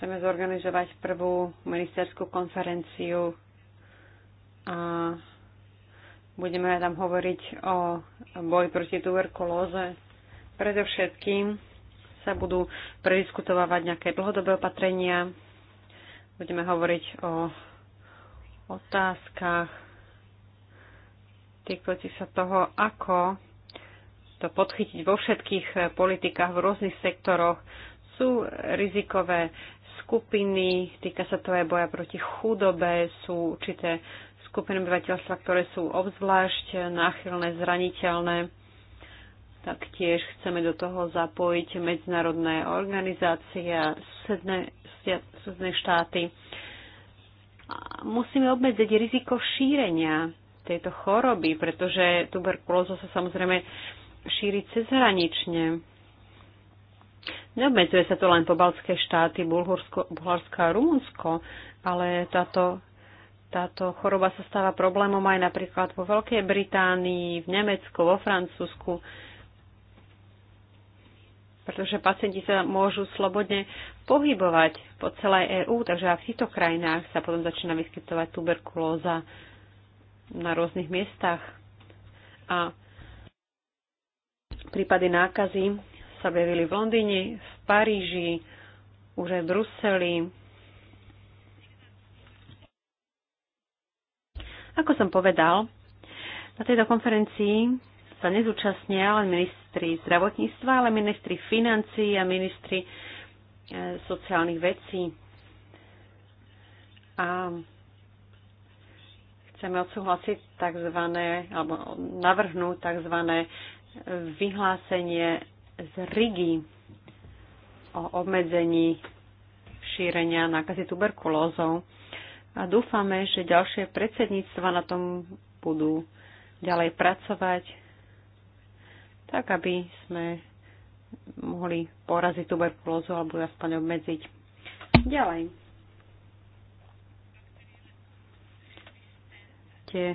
Chceme zorganizovať prvú ministerskú konferenciu a budeme tam hovoriť o boji proti tuberkulóze. Predovšetkým sa budú prediskutovať nejaké dlhodobé opatrenia, budeme hovoriť o otázkach týkajúcich sa toho, ako to podchytiť vo všetkých politikách v rôznych sektoroch. Sú rizikové skupiny, týka sa to aj boja proti chudobe, sú určité skupiny obyvateľstva, ktoré sú obzvlášť náchylné, zraniteľné. Taktiež chceme do toho zapojiť medzinárodné organizácie a susedné, susedné štáty. Musíme obmedziť riziko šírenia tejto choroby, pretože tuberkulóza sa samozrejme šíri cezhranične. Neobmedzuje sa to len po balské štáty, Bulharsko, Bulharsko a Rumunsko, ale táto, táto choroba sa stáva problémom aj napríklad vo Veľkej Británii, v Nemecku, vo Francúzsku, pretože pacienti sa môžu slobodne pohybovať po celej EÚ, takže aj v týchto krajinách sa potom začína vyskytovať tuberkulóza na rôznych miestach. A prípady nákazy sa objavili v Londýne, v Paríži, už aj v Bruseli. Ako som povedal, na tejto konferencii sa nezúčastnia len ministri zdravotníctva, ale ministri financí a ministri e, sociálnych vecí. A chceme odsúhlasiť tzv. alebo navrhnúť tzv. vyhlásenie z Rigi o obmedzení šírenia nákazy tuberkulózou a dúfame, že ďalšie predsedníctva na tom budú ďalej pracovať, tak aby sme mohli poraziť tuberkulózu alebo aspoň obmedziť. Ďalej. Tie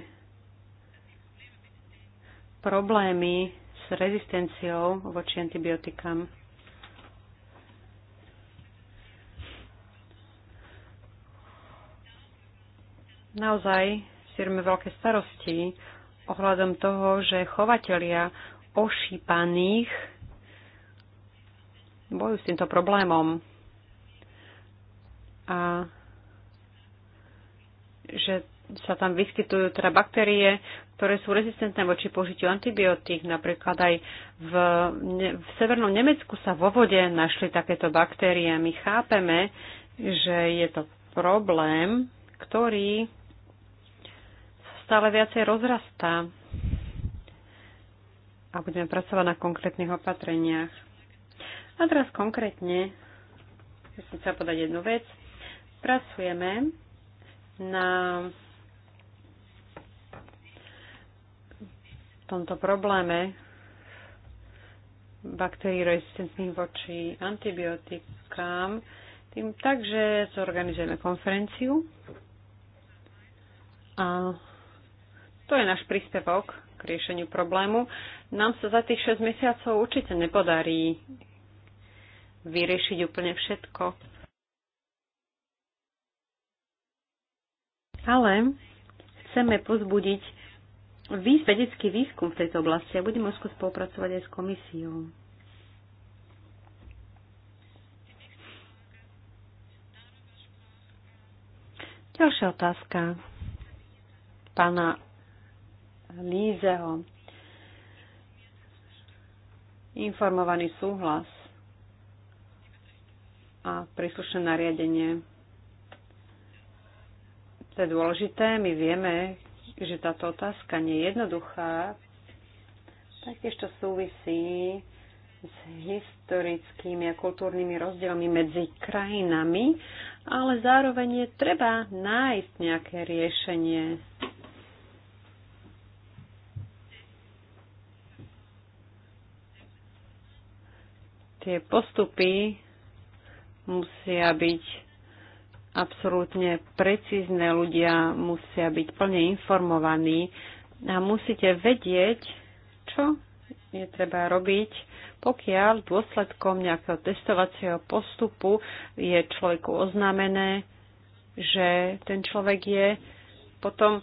problémy s rezistenciou voči antibiotikám. Naozaj si robíme veľké starosti ohľadom toho, že chovatelia ošípaných bojujú s týmto problémom. A že sa tam vyskytujú teda baktérie, ktoré sú rezistentné voči použitiu antibiotík. Napríklad aj v, ne, v severnom Nemecku sa vo vode našli takéto baktérie. My chápeme, že je to problém, ktorý stále viacej rozrastá a budeme pracovať na konkrétnych opatreniach. A teraz konkrétne, ja som chcela podať jednu vec, pracujeme na tomto probléme baktérií rezistentných voči antibiotikám tým tak, že zorganizujeme konferenciu a to je náš príspevok k riešeniu problému. Nám sa za tých 6 mesiacov určite nepodarí vyriešiť úplne všetko. Ale chceme pozbudiť vedecký výskum v tejto oblasti a budeme úzko spolupracovať aj s komisiou. Ďalšia otázka pána Lízeho. Informovaný súhlas a príslušné nariadenie. To je dôležité. My vieme, že táto otázka nie je jednoduchá. Taktiež to súvisí s historickými a kultúrnymi rozdielmi medzi krajinami, ale zároveň je treba nájsť nejaké riešenie. Tie postupy musia byť absolútne precízne. Ľudia musia byť plne informovaní a musíte vedieť, čo je treba robiť, pokiaľ dôsledkom nejakého testovacieho postupu je človeku oznámené, že ten človek je potom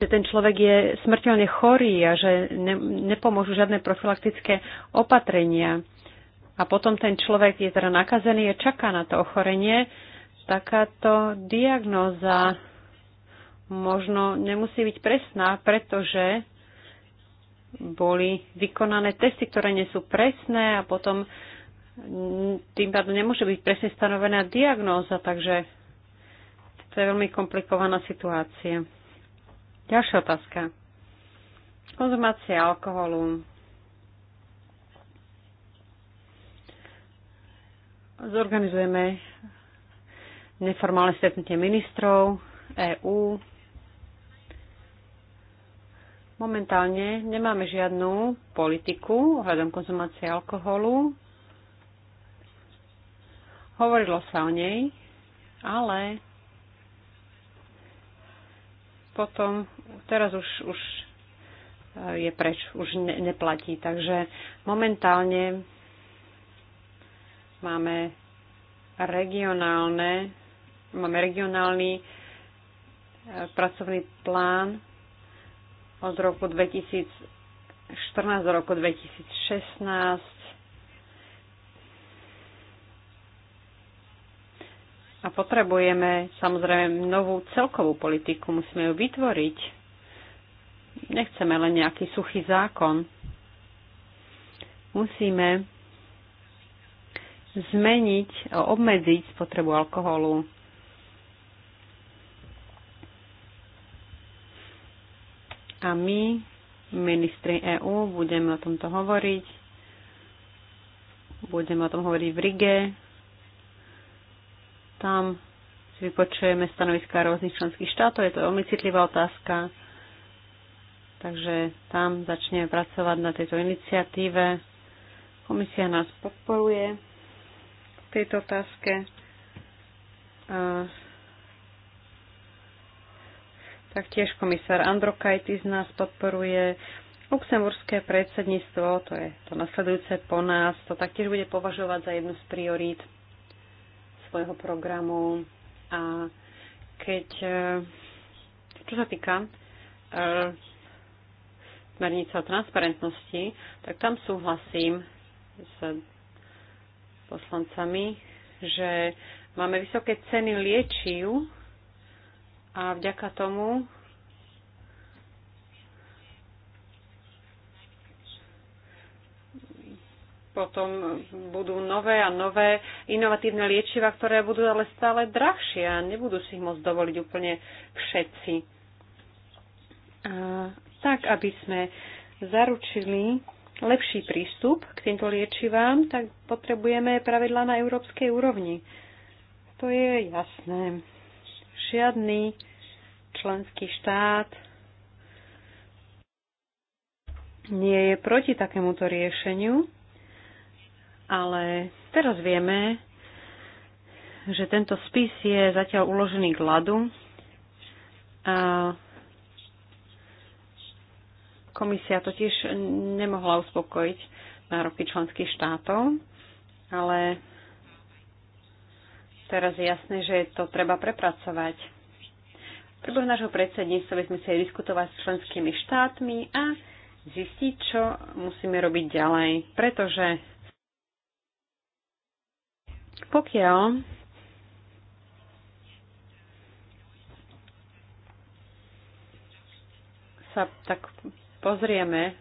že ten človek je smrteľne chorý a že ne, nepomôžu žiadne profilaktické opatrenia a potom ten človek je teda nakazený, je čaká na to ochorenie, takáto diagnóza možno nemusí byť presná, pretože boli vykonané testy, ktoré nie sú presné a potom tým pádom nemôže byť presne stanovená diagnóza, takže to je veľmi komplikovaná situácia. Ďalšia otázka. Konzumácia alkoholu. zorganizujeme neformálne stretnutie ministrov EÚ. Momentálne nemáme žiadnu politiku ohľadom konzumácie alkoholu. Hovorilo sa o nej, ale potom teraz už, už e, je preč, už ne, neplatí. Takže momentálne Máme regionálne, máme regionálny e, pracovný plán od roku 2014 do roku 2016. A potrebujeme samozrejme novú celkovú politiku, musíme ju vytvoriť. Nechceme len nejaký suchý zákon. Musíme zmeniť, obmedziť spotrebu alkoholu. A my, ministri EÚ, budeme o tomto hovoriť. Budeme o tom hovoriť v Rige. Tam si vypočujeme stanoviská rôznych členských štátov. Je to veľmi citlivá otázka. Takže tam začneme pracovať na tejto iniciatíve. Komisia nás podporuje tejto otázke. A taktiež komisár Androkajtis nás podporuje. Luxemburské predsedníctvo, to je to nasledujúce po nás, to taktiež bude považovať za jednu z priorít svojho programu. A keď, e, čo sa týka e, smernice o transparentnosti, tak tam súhlasím s poslancami, že máme vysoké ceny liečiv a vďaka tomu potom budú nové a nové inovatívne liečiva, ktoré budú ale stále drahšie a nebudú si ich môcť dovoliť úplne všetci. A tak, aby sme zaručili lepší prístup k týmto liečivám, tak potrebujeme pravidla na európskej úrovni. To je jasné. Žiadny členský štát nie je proti takémuto riešeniu, ale teraz vieme, že tento spis je zatiaľ uložený k ľadu a Komisia totiž nemohla uspokojiť nároky členských štátov, ale teraz je jasné, že to treba prepracovať. Prebo nášho predsedníctva by sme chceli diskutovať s členskými štátmi a zistiť, čo musíme robiť ďalej, pretože pokiaľ sa tak pozrieme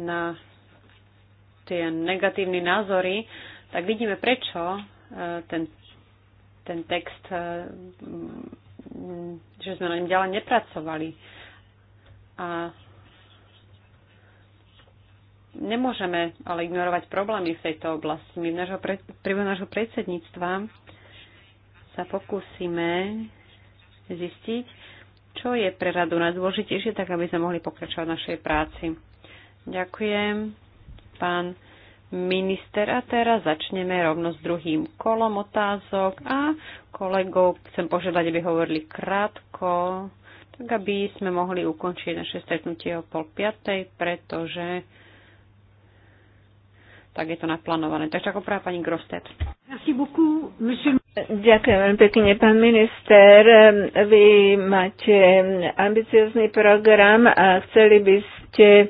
na tie negatívne názory, tak vidíme, prečo e, ten, ten text, e, že sme na ňom ďalej nepracovali. A nemôžeme ale ignorovať problémy v tejto oblasti. My v nášho predsedníctva sa pokúsime zistiť, čo je pre radu najdôležitejšie, tak aby sme mohli pokračovať v našej práci. Ďakujem, pán minister. A teraz začneme rovno s druhým kolom otázok a kolegov chcem požiadať, aby hovorili krátko, tak aby sme mohli ukončiť naše stretnutie o pol piatej, pretože tak je to naplánované. Takže ako práve pani Grostet. Ďakujem veľmi pekne, pán minister. Vy máte ambiciozný program a chceli by ste e,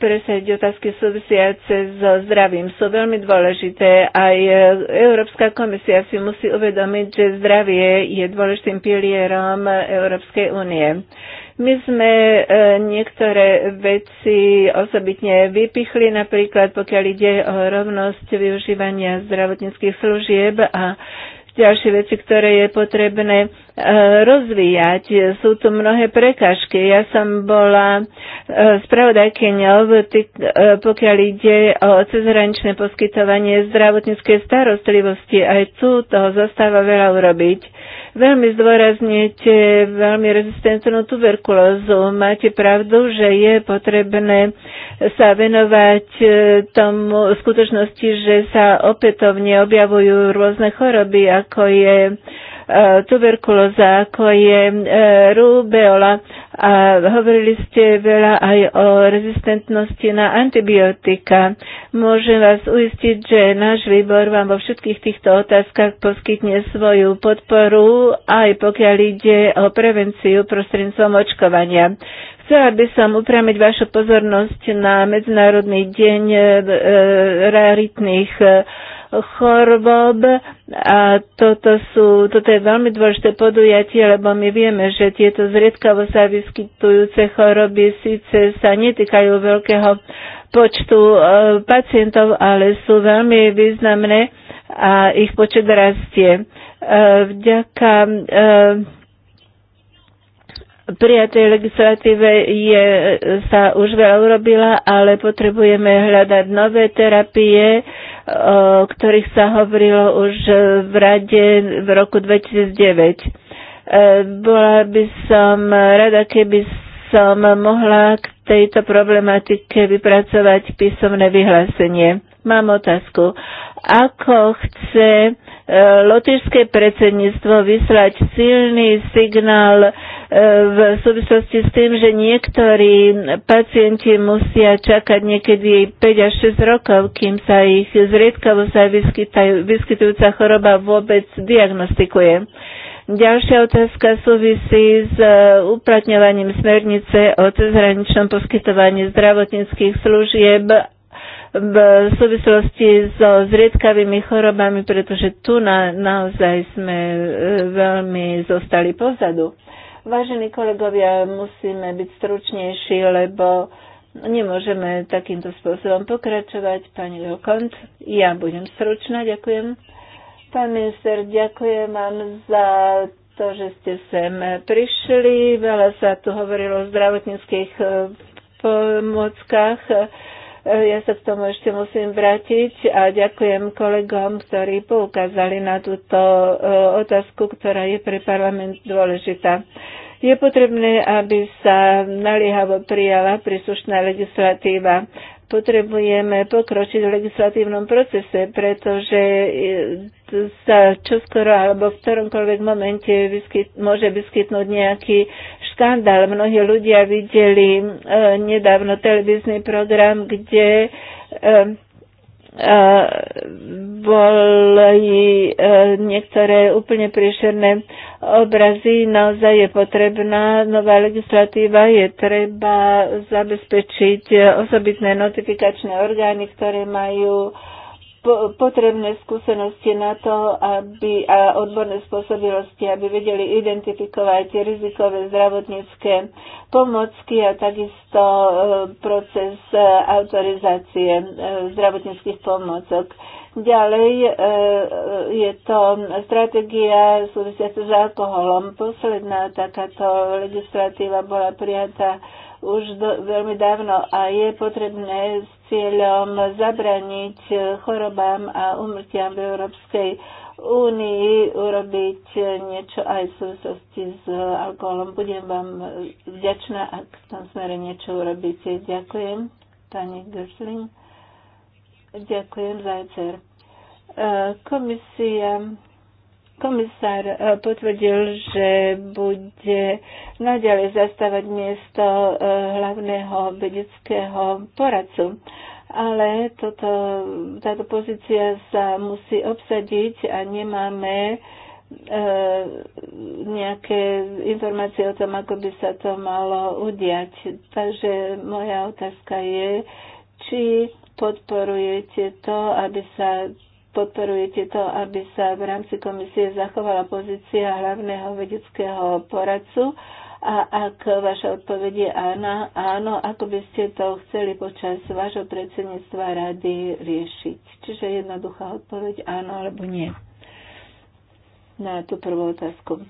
presadiť otázky súvisiace so zdravím. Sú veľmi dôležité. Aj e, Európska komisia si musí uvedomiť, že zdravie je dôležitým pilierom Európskej únie. My sme e, niektoré veci osobitne vypichli, napríklad pokiaľ ide o rovnosť využívania zdravotníckých služieb a ďalšie veci, ktoré je potrebné e, rozvíjať. Sú tu mnohé prekažky. Ja som bola e, spravodajkyňou, pokiaľ ide o cezhraničné poskytovanie zdravotníckej starostlivosti. Aj tu toho zostáva veľa urobiť veľmi zdôrazňujete veľmi rezistentnú tuberkulózu. Máte pravdu, že je potrebné sa venovať e, tomu skutočnosti, že sa opätovne objavujú rôzne choroby, ako je tuberkulóza, ako je e, rubeola a hovorili ste veľa aj o rezistentnosti na antibiotika. Môžem vás uistiť, že náš výbor vám vo všetkých týchto otázkach poskytne svoju podporu, aj pokiaľ ide o prevenciu prostredníctvom očkovania. Chcela by som upriamiť vašu pozornosť na Medzinárodný deň e, raritných e, chorob. a toto, sú, toto je veľmi dôležité podujatie, lebo my vieme, že tieto zriedkavo sa vyskytujúce choroby síce sa netýkajú veľkého počtu e, pacientov, ale sú veľmi významné a ich počet rastie. E, vďaka e, prijatej legislatíve je, sa už veľa urobila, ale potrebujeme hľadať nové terapie, o ktorých sa hovorilo už v rade v roku 2009. E, bola by som rada, keby som mohla k tejto problematike vypracovať písomné vyhlásenie. Mám otázku. Ako chce lotišské predsedníctvo vyslať silný signál e, v súvislosti s tým, že niektorí pacienti musia čakať niekedy 5 až 6 rokov, kým sa ich zriedkavo sa vyskytujúca choroba vôbec diagnostikuje. Ďalšia otázka súvisí s e, uplatňovaním smernice o cezhraničnom poskytovaní zdravotníckých služieb v súvislosti so zriedkavými chorobami, pretože tu na, naozaj sme e, veľmi zostali pozadu. Vážení kolegovia, musíme byť stručnejší, lebo nemôžeme takýmto spôsobom pokračovať. Pani Lokont, ja budem stručná, ďakujem. Pán minister, ďakujem vám za to, že ste sem prišli. Veľa sa tu hovorilo o zdravotníckých e, pomockách Eh, ja sa k tomu ešte musím vrátiť a ďakujem kolegom, ktorí poukázali na túto eh, otázku, ktorá je pre parlament dôležitá. Je potrebné, aby sa naliehavo prijala príslušná legislatíva potrebujeme pokročiť v legislatívnom procese, pretože eh, sa čoskoro alebo v ktoromkoľvek momente vyskyt, môže vyskytnúť nejaký skandál. Mnohí ľudia videli e, nedávno televízny program, kde e, e boli e, niektoré úplne príšerné obrazy. Naozaj je potrebná nová legislatíva, je treba zabezpečiť osobitné notifikačné orgány, ktoré majú e, potrebné skúsenosti na to, aby a odborné spôsobilosti, aby vedeli identifikovať rizikové zdravotnícke pomocky a takisto e, proces e, autorizácie e, zdravotníckých pomocok. Ďalej je to stratégia súvisiaca s alkoholom. Posledná takáto legislatíva bola prijatá už do, veľmi dávno a je potrebné s cieľom zabraniť chorobám a umrtiam v Európskej únii urobiť niečo aj v súvislosti s alkoholom. Budem vám vďačná, ak v tom smere niečo urobíte. Ďakujem, pani Gersling. Ďakujem za ECR. Komisia Komisár e, potvrdil, že bude naďalej zastávať miesto e, hlavného vedeckého poradcu ale toto, táto pozícia sa musí obsadiť a nemáme e, nejaké informácie o tom, ako by sa to malo udiať. Takže moja otázka je, či podporujete to, aby sa podporujete to, aby sa v rámci komisie zachovala pozícia hlavného vedeckého poradcu a ak vaša odpoveď je áno, áno, ako by ste to chceli počas vášho predsedníctva rady riešiť? Čiže jednoduchá odpoveď áno alebo nie na tú prvú otázku.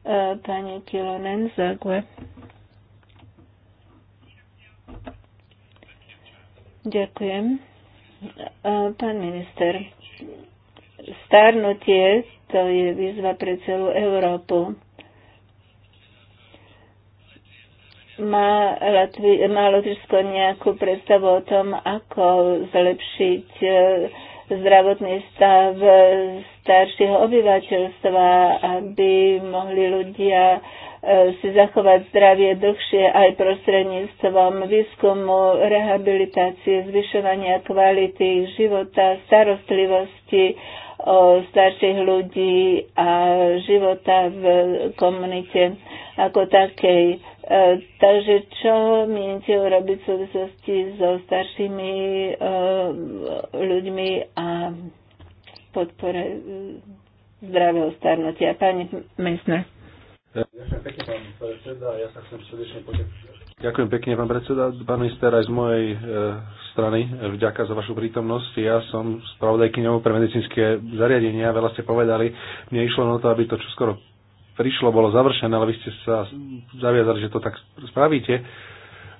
E, pani Kilonen Zague. Ďakujem. Pán minister, starnutie to je výzva pre celú Európu. Má, Latvi- má Lotyšsko nejakú predstavu o tom, ako zlepšiť e, zdravotný stav staršieho obyvateľstva, aby mohli ľudia E, si zachovať zdravie dlhšie aj prostredníctvom výskumu, rehabilitácie, zvyšovania kvality života, starostlivosti o starších ľudí a života v komunite ako takej. E, takže čo mienite urobiť v súvislosti so staršími e, ľuďmi a podpore zdravého starnutia? Pani Mesner. Ďakujem pekne, pán predseda. Ja Ďakujem pekne, pán predseda. minister, aj z mojej e, strany e, vďaka za vašu prítomnosť. Ja som spravodajkyňou pre medicínske zariadenia. Veľa ste povedali. Mne išlo na to, aby to čo skoro prišlo, bolo završené, ale vy ste sa zaviazali, že to tak spravíte.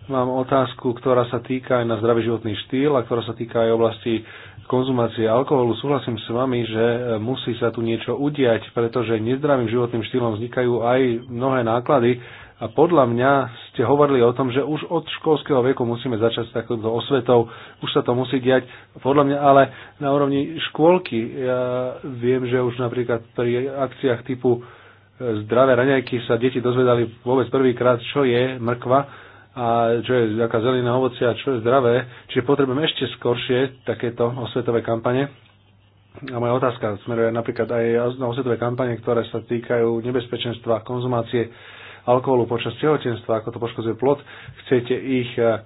Mám otázku, ktorá sa týka aj na zdravý životný štýl a ktorá sa týka aj oblasti konzumácie alkoholu, súhlasím s vami, že e, musí sa tu niečo udiať, pretože nezdravým životným štýlom vznikajú aj mnohé náklady a podľa mňa ste hovorili o tom, že už od školského veku musíme začať s takýmto osvetou, už sa to musí diať, podľa mňa ale na úrovni škôlky. Ja viem, že už napríklad pri akciách typu e, zdravé raňajky sa deti dozvedali vôbec prvýkrát, čo je mrkva, a čo je taká zelená ovoce a čo je zdravé. Čiže potrebujeme ešte skoršie takéto osvetové kampane. A moja otázka smeruje napríklad aj na osvetové kampane, ktoré sa týkajú nebezpečenstva konzumácie alkoholu počas tehotenstva, ako to poškodzuje plod. Chcete ich eh,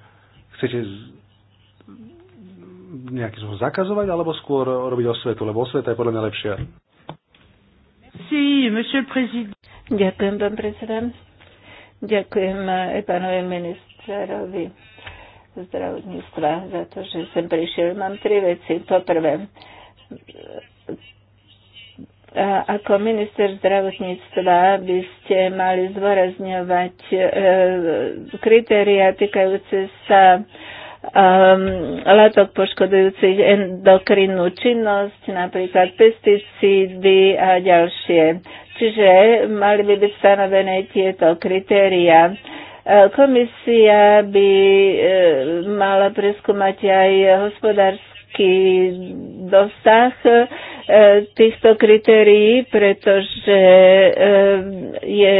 chcete nejakým spôsobom zakazovať, alebo skôr robiť osvetu, lebo osveta je podľa mňa lepšia. Ďakujem, pán prezident. Ďakujem aj pánovi ministerovi zdravotníctva za to, že sem prišiel. Mám tri veci. Po prvé, ako minister zdravotníctva by ste mali zdôrazňovať e, kritéria týkajúce sa um, látok poškodujúcich endokrinnú činnosť, napríklad pesticídy a ďalšie. Čiže mali by byť stanovené tieto kritéria. E, komisia by e, mala preskúmať aj hospodársky dosah e, týchto kritérií, pretože je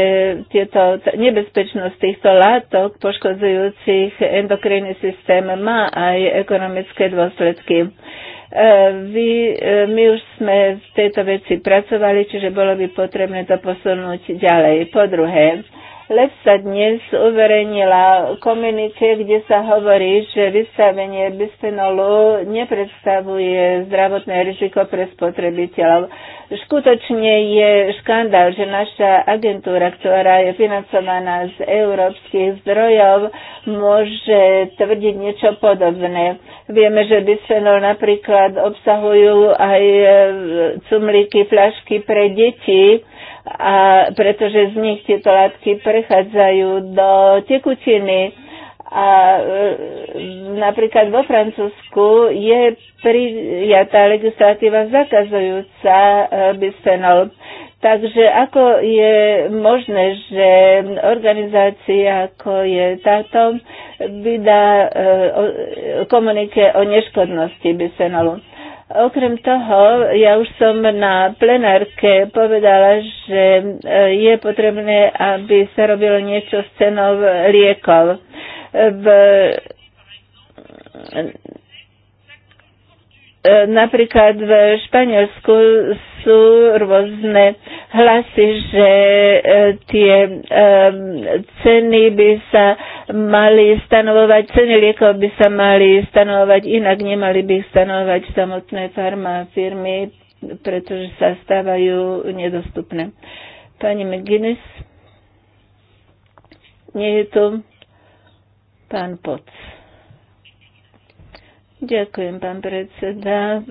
tieto, nebezpečnosť týchto látok poškodzujúcich endokrinný systém má aj ekonomické dôsledky. E, vy, e, my už sme v tejto veci pracovali, čiže bolo by potrebné to posunúť ďalej. Po druhé, sa dnes uverejnila komunike, kde sa hovorí, že vystavenie bisfenolu nepredstavuje zdravotné riziko pre spotrebiteľov. Skutočne je škandál, že naša agentúra, ktorá je financovaná z európskych zdrojov, môže tvrdiť niečo podobné. Vieme, že bisfenol napríklad obsahujú aj cumlíky, flašky pre deti, a pretože z nich tieto látky prechádzajú do tekutiny. A e, napríklad vo Francúzsku je prijatá legislatíva zakazujúca e, bisfenol. Takže ako je možné, že organizácia ako je táto vydá e, komunike o neškodnosti bisfenolu? Okrem toho, ja už som na plenárke povedala, že eh, je potrebné, aby sa robilo niečo s cenou liekov. V, eh, napríklad v Španielsku sú rôzne hlasy, že e, tie e, ceny by sa mali stanovovať, ceny liekov by sa mali stanovovať inak, nemali by stanovovať samotné farma firmy, pretože sa stávajú nedostupné. Pani McGuinness, nie je tu pán Poc. Ďakujem, pán predseda.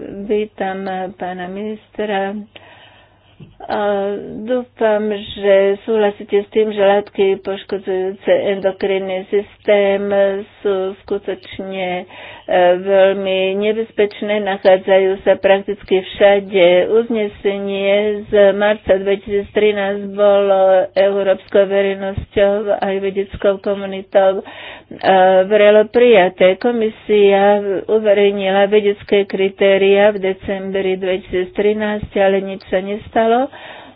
Vítam pána ministra Dúfam, že súhlasíte s tým, že látky poškodzujúce endokrinný systém sú skutočne e, veľmi nebezpečné, nachádzajú sa prakticky všade. Uznesenie z marca 2013 bolo európskou verejnosťou aj vedeckou komunitou e, vrelo prijaté. Komisia uverejnila vedecké kritéria v decembri 2013, ale nič sa nestalo stalo.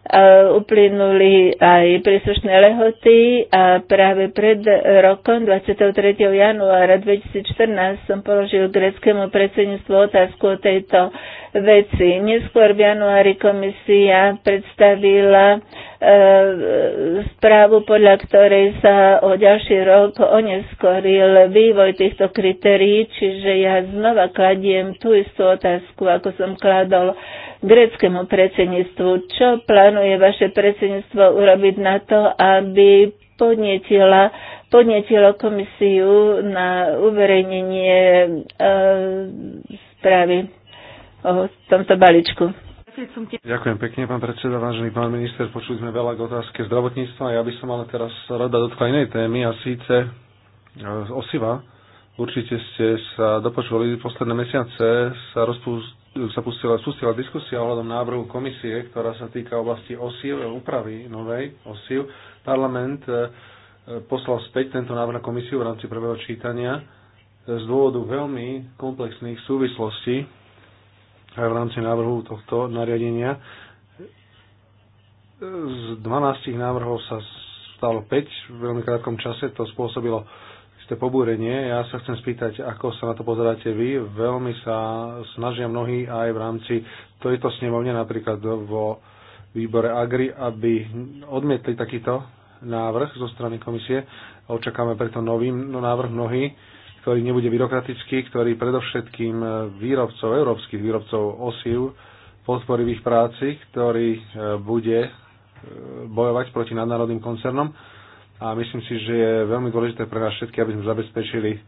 E, uplynuli aj príslušné lehoty a práve pred rokom 23. januára 2014 som položil greckému predsedníctvu otázku o tejto veci. Neskôr v januári komisia predstavila E, správu, podľa ktorej sa o ďalší rok oneskoril vývoj týchto kritérií, čiže ja znova kladiem tú istú otázku, ako som kladol greckému predsedníctvu. Čo plánuje vaše predsedníctvo urobiť na to, aby podnetila, podnetilo komisiu na uverejnenie e, správy o tomto balíčku? Ďakujem pekne, pán predseda, vážený pán minister. Počuli sme veľa k otázke zdravotníctva. Ja by som ale teraz rada dotkla inej témy a síce e, osiva. Určite ste sa dopočuli posledné mesiace, sa, rozpust, sa pustila, spustila diskusia ohľadom návrhu komisie, ktorá sa týka oblasti osiv, úpravy novej osiv. Parlament e, poslal späť tento návrh na komisiu v rámci prvého čítania e, z dôvodu veľmi komplexných súvislostí aj v rámci návrhu tohto nariadenia. Z 12 návrhov sa stalo 5 v veľmi krátkom čase, to spôsobilo isté pobúrenie. Ja sa chcem spýtať, ako sa na to pozeráte vy. Veľmi sa snažia mnohí aj v rámci tejto snemovne, napríklad vo výbore Agri, aby odmietli takýto návrh zo strany komisie. Očakáme preto nový no návrh mnohých ktorý nebude byrokratický, ktorý predovšetkým výrobcov, európskych výrobcov osív podporí v ich práci, ktorý e, bude e, bojovať proti nadnárodným koncernom a myslím si, že je veľmi dôležité pre nás všetky, aby sme zabezpečili e,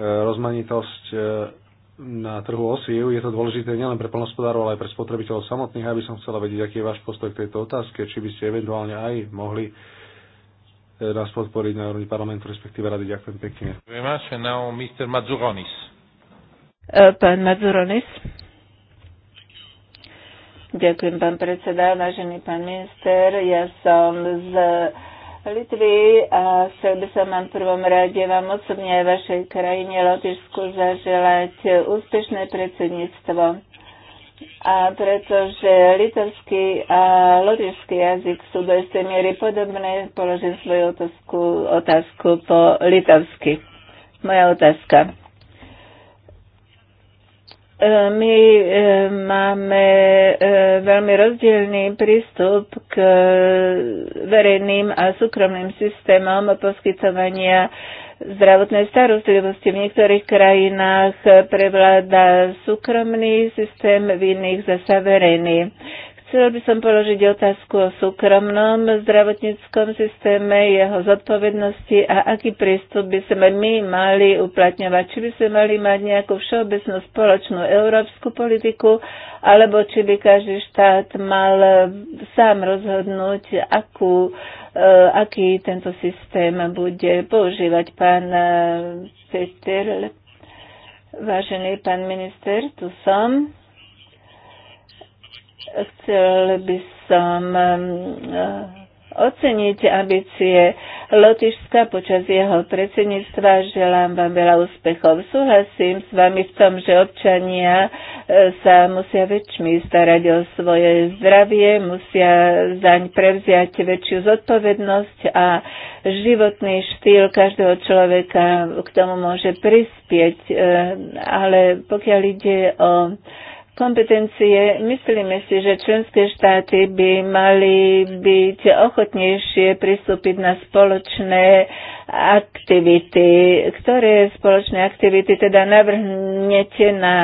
rozmanitosť na trhu osív. Je to dôležité nielen pre plnospodárov, ale aj pre spotrebiteľov samotných. Aby som chcela vedieť, aký je váš postoj k tejto otázke, či by ste eventuálne aj mohli E, nás podporiť na úrovni parlamentu, respektíve rady. Ďakujem pekne. E, pán Mazuronis. Ďakujem, pán predseda, vážený pán minister. Ja som z Litvy a chcel by som vám v prvom rade vám osobne aj vašej krajine Lotyšsku zaželať úspešné predsedníctvo a pretože litovský a lotišský jazyk sú do istej miery podobné, položím svoju otázku, otázku po litovsky. Moja otázka. E, my e, máme e, veľmi rozdielný prístup k verejným a súkromným systémom poskytovania zdravotnej starostlivosti. V niektorých krajinách prevláda súkromný systém, v iných zasa verejný. Chcel by som položiť otázku o súkromnom zdravotníckom systéme, jeho zodpovednosti a aký prístup by sme my mali uplatňovať. Či by sme mali mať nejakú všeobecnú spoločnú európsku politiku, alebo či by každý štát mal sám rozhodnúť, akú Eh, aký tento systém bude používať pán Sester. Eh, Vážený pán minister, tu som. Chcel by som eh, oceniť ambície Lotyšska počas jeho predsedníctva. Želám vám veľa úspechov. Súhlasím s vami v tom, že občania e, sa musia väčšmi starať o svoje zdravie, musia zaň prevziať väčšiu zodpovednosť a životný štýl každého človeka k tomu môže prispieť. E, ale pokiaľ ide o kompetencie. Myslíme si, že členské štáty by mali byť ochotnejšie pristúpiť na spoločné aktivity. Ktoré spoločné aktivity teda navrhnete na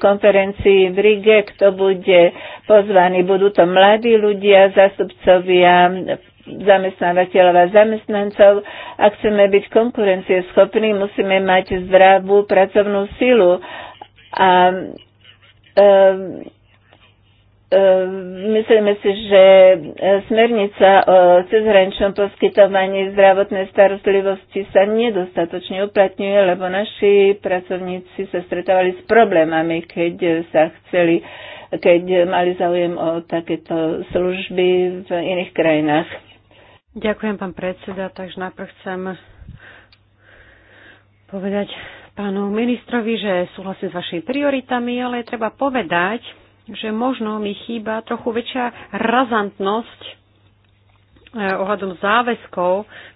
konferencii v Rige? Kto bude pozvaný? Budú to mladí ľudia, zastupcovia zamestnávateľov a zamestnancov. Ak chceme byť konkurencieschopní, musíme mať zdravú pracovnú silu. A Ehm, ehm, myslíme si, že e, smernica o cezhraničnom poskytovaní zdravotnej starostlivosti sa nedostatočne uplatňuje, lebo naši pracovníci sa stretávali s problémami, keď sa chceli, keď mali záujem o takéto služby v iných krajinách. Ďakujem, pán predseda. Takže najprv chcem povedať pánu ministrovi, že súhlasím s vašimi prioritami, ale treba povedať, že možno mi chýba trochu väčšia razantnosť eh, ohľadom záväzkov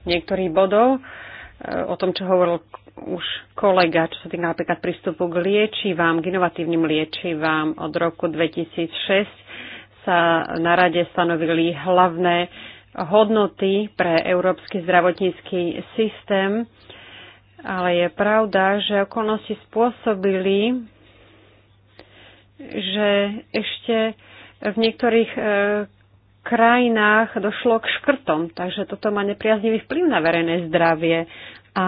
niektorých bodov, eh, o tom, čo hovoril už kolega, čo sa týka napríklad prístupu k liečivám, k inovatívnym liečivám. Od roku 2006 sa na rade stanovili hlavné hodnoty pre európsky zdravotnícky systém ale je pravda, že okolnosti spôsobili, že ešte v niektorých e, krajinách došlo k škrtom, takže toto má nepriaznivý vplyv na verejné zdravie. A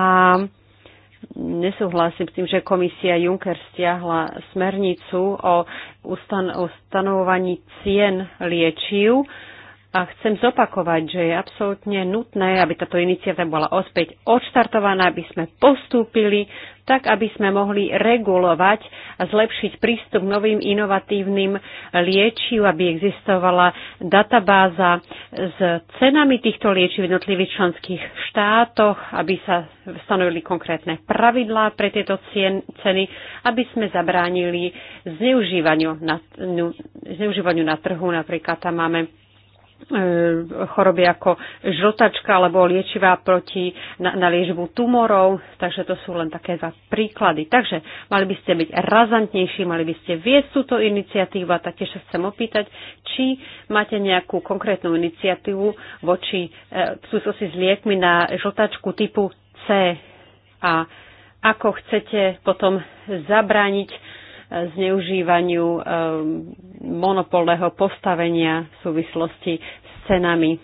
nesúhlasím s tým, že komisia Juncker stiahla smernicu o, ustan- o stanovovaní cien liečiv. E, a chcem zopakovať, že je absolútne nutné, aby táto iniciatíva bola ospäť odštartovaná, aby sme postúpili, tak aby sme mohli regulovať a zlepšiť prístup k novým inovatívnym liečiv, aby existovala databáza s cenami týchto liečiv v jednotlivých členských štátoch, aby sa stanovili konkrétne pravidlá pre tieto cien, ceny, aby sme zabránili zneužívaniu na, zneužívaniu na trhu. Napríklad tam máme E, choroby ako žltačka alebo liečivá proti na, na liežbu tumorov, takže to sú len také za príklady. Takže mali by ste byť razantnejší, mali by ste viesť túto iniciatívu a taktiež sa chcem opýtať, či máte nejakú konkrétnu iniciatívu voči e, súvislosti s liekmi na žltačku typu C a ako chcete potom zabrániť zneužívaniu eh, monopolného postavenia v súvislosti s cenami,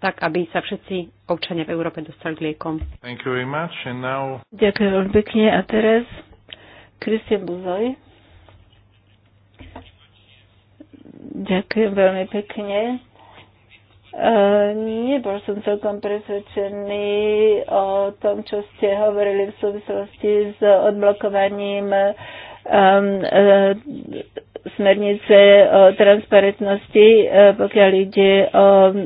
tak aby sa všetci občania v Európe dostali k liekom. Now... Ďakujem veľmi pekne. A teraz Kristian Buzoj. Ďakujem veľmi pekne. Uh, nebol som celkom presvedčený o tom, čo ste hovorili v súvislosti s odblokovaním uh, um smernice o transparentnosti, e, pokiaľ ide o e,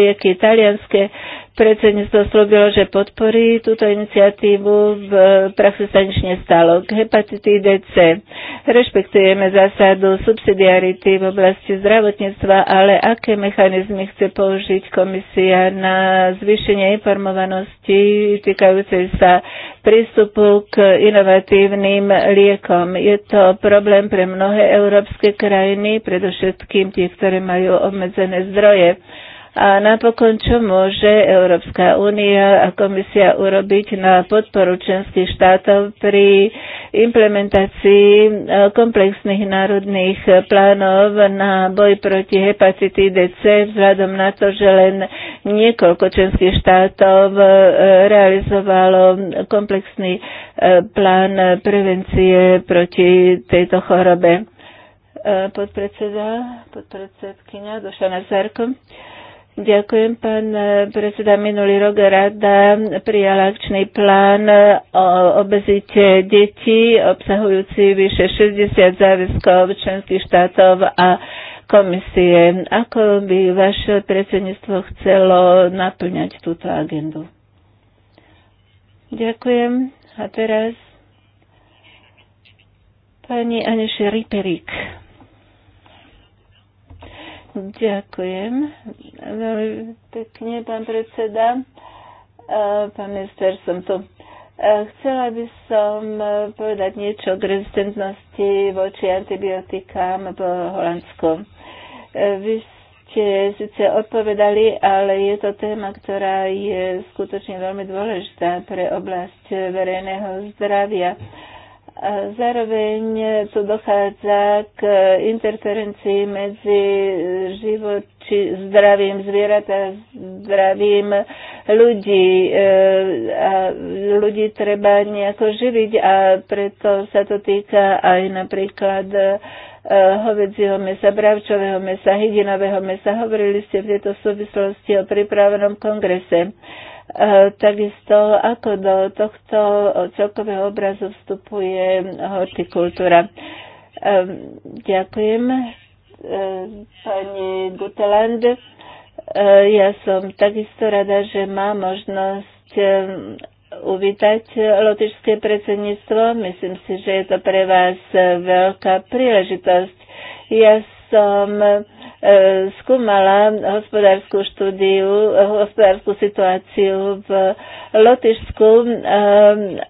lieky talianské predsedníctvo slúbilo, že podporí túto iniciatívu, v praxi sa nič nestalo. K hepatitíde C rešpektujeme zásadu subsidiarity v oblasti zdravotníctva, ale aké mechanizmy chce použiť komisia na zvýšenie informovanosti týkajúcej sa prístupu k inovatívnym liekom. Je to problém pre mnohé európske krajiny, predovšetkým tie, ktoré majú obmedzené zdroje. A napokon, čo môže Európska únia a komisia urobiť na podporu členských štátov pri implementácii e, komplexných národných plánov na boj proti hepatitíde C vzhľadom na to, že len niekoľko členských štátov e, realizovalo komplexný e, plán prevencie proti tejto chorobe. Podpredseda, podpredsedkynia Došana Zárko. Ďakujem, pán eh, predseda. Minulý rok rada prijala akčný plán eh, o obezite detí, obsahujúci vyše 60 záväzkov členských štátov a komisie. Ako by vaše predsedníctvo chcelo naplňať túto agendu? Ďakujem. A teraz pani Aneša Riperík. Ďakujem veľmi pekne, pán predseda. Pán minister, som tu. Chcela by som e, povedať niečo k rezistentnosti voči antibiotikám v Holandsku. E, vy ste síce odpovedali, ale je to téma, ktorá je skutočne veľmi dôležitá pre oblasť verejného zdravia Zároveň tu dochádza k interferencii medzi život či zdravím zvierat a zdravím ľudí. E, a ľudí treba nejako živiť a preto sa to týka aj napríklad e, hovedzieho mesa, bravčového mesa, hydinového mesa. Hovorili ste v tejto súvislosti o pripravenom kongrese. E, takisto ako do tohto celkového obrazu vstupuje hortikultúra. E, ďakujem e, pani Guteland. Ja som takisto rada, že má možnosť uvítať lotičské predsedníctvo. Myslím si, že je to pre vás veľká príležitosť. Ja som E, skúmala hospodárskú štúdiu, hospodárskú situáciu v Lotyšsku, e,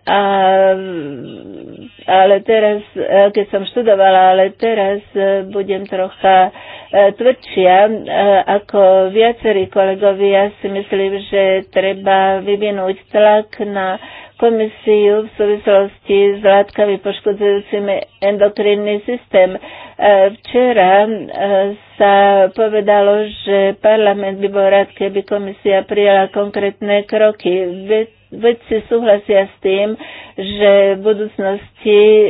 a, ale teraz, e, keď som študovala, ale teraz budem trocha tvrdšia, ako viacerí kolegovia si myslím, že treba vyvinúť tlak na komisiu v súvislosti s látkami poškodzujúcimi endokrinný systém. E, včera e, sa povedalo, že parlament by bol rád, keby komisia prijala konkrétne kroky. Vedci súhlasia s tým, že v budúcnosti e,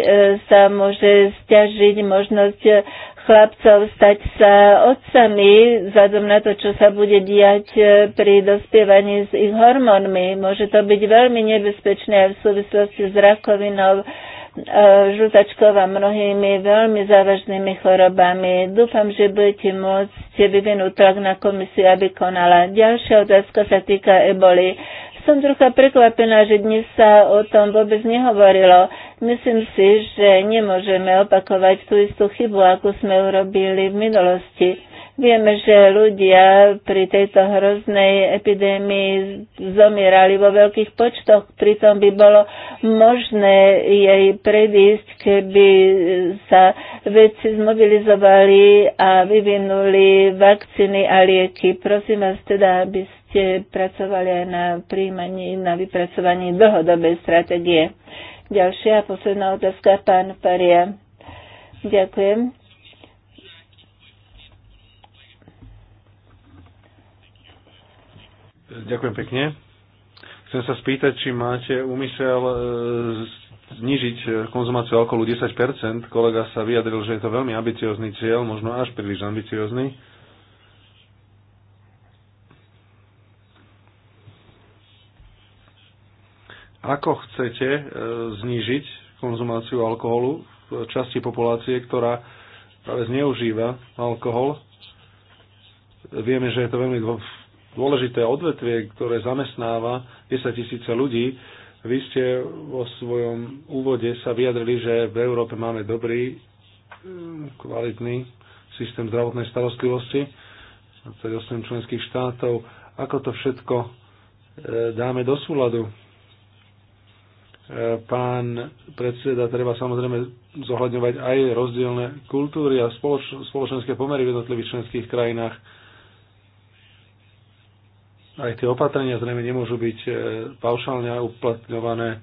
sa môže stiažiť možnosť chlapcov stať sa otcami, vzhľadom na to, čo sa bude diať e, pri dospievaní s ich hormónmi. Môže to byť veľmi nebezpečné v súvislosti s rakovinou, e, žltačkou a mnohými veľmi závažnými chorobami. Dúfam, že budete môcť vyvinúť tlak na komisiu, aby konala. Ďalšia otázka sa týka eboli. Som trocha prekvapená, že dnes sa o tom vôbec nehovorilo. Myslím si, že nemôžeme opakovať tú istú chybu, ako sme urobili v minulosti. Vieme, že ľudia pri tejto hroznej epidémii zomierali vo veľkých počtoch, pritom by bolo možné jej predísť, keby sa veci zmobilizovali a vyvinuli vakcíny a lieky. Prosím vás teda, aby ste pracovali aj na príjmaní, na vypracovaní dlhodobej stratégie. Ďalšia posledná otázka, pán Faria. Ďakujem. Ďakujem pekne. Chcem sa spýtať, či máte úmysel e, znižiť konzumáciu alkoholu 10%. Kolega sa vyjadril, že je to veľmi ambiciózny cieľ, možno až príliš ambiciózny. Ako chcete e, znížiť konzumáciu alkoholu v časti populácie, ktorá práve zneužíva alkohol? Vieme, že je to veľmi dôležité odvetvie, ktoré zamestnáva 10 tisíce ľudí. Vy ste vo svojom úvode sa vyjadrili, že v Európe máme dobrý, mm, kvalitný systém zdravotnej starostlivosti, 28 členských štátov. Ako to všetko e, dáme do súladu? E, pán predseda, treba samozrejme zohľadňovať aj rozdielne kultúry a spoločenské pomery v jednotlivých členských krajinách aj tie opatrenia zrejme nemôžu byť e, paušálne uplatňované.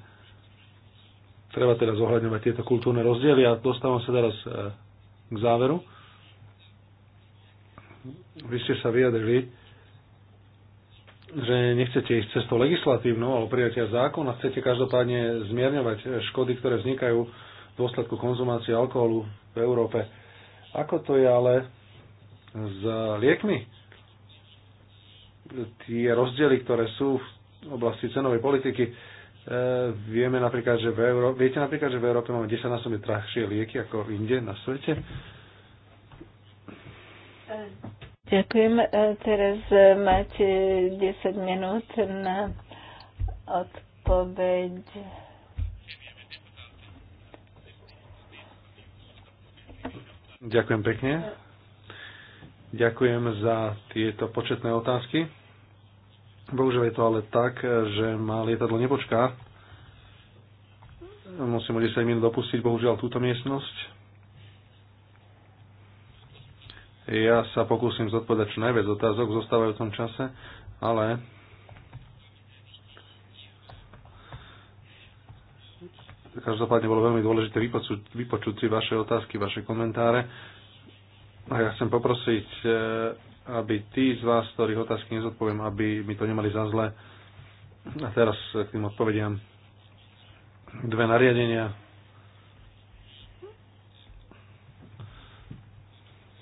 Treba teda zohľadňovať tieto kultúrne rozdiely a dostávam sa teraz e, k záveru. Vy ste sa vyjadrili, že nechcete ísť cestou legislatívnou alebo prijatia zákona, chcete každopádne zmierňovať škody, ktoré vznikajú v dôsledku konzumácie alkoholu v Európe. Ako to je ale s liekmi? tie rozdiely, ktoré sú v oblasti cenovej politiky, e, vieme napríklad, že v Euró- viete napríklad, že v Európe máme 10 násobne drahšie lieky ako inde na svete? Ďakujem. E, teraz e, máte 10 minút na odpoveď. Ďakujem pekne. Ďakujem za tieto početné otázky. Bohužiaľ je to ale tak, že ma lietadlo nepočká. Musím o 10 minút dopustiť, bohužiaľ, túto miestnosť. Ja sa pokúsim zodpovedať čo najviac otázok v zostávajúcom čase, ale každopádne bolo veľmi dôležité vypočuť, vypočuť si vaše otázky, vaše komentáre. A ja chcem poprosiť eh, aby tí z vás, ktorých otázky nezodpoviem, aby mi to nemali za zle. A teraz k tým odpovediam. Dve nariadenia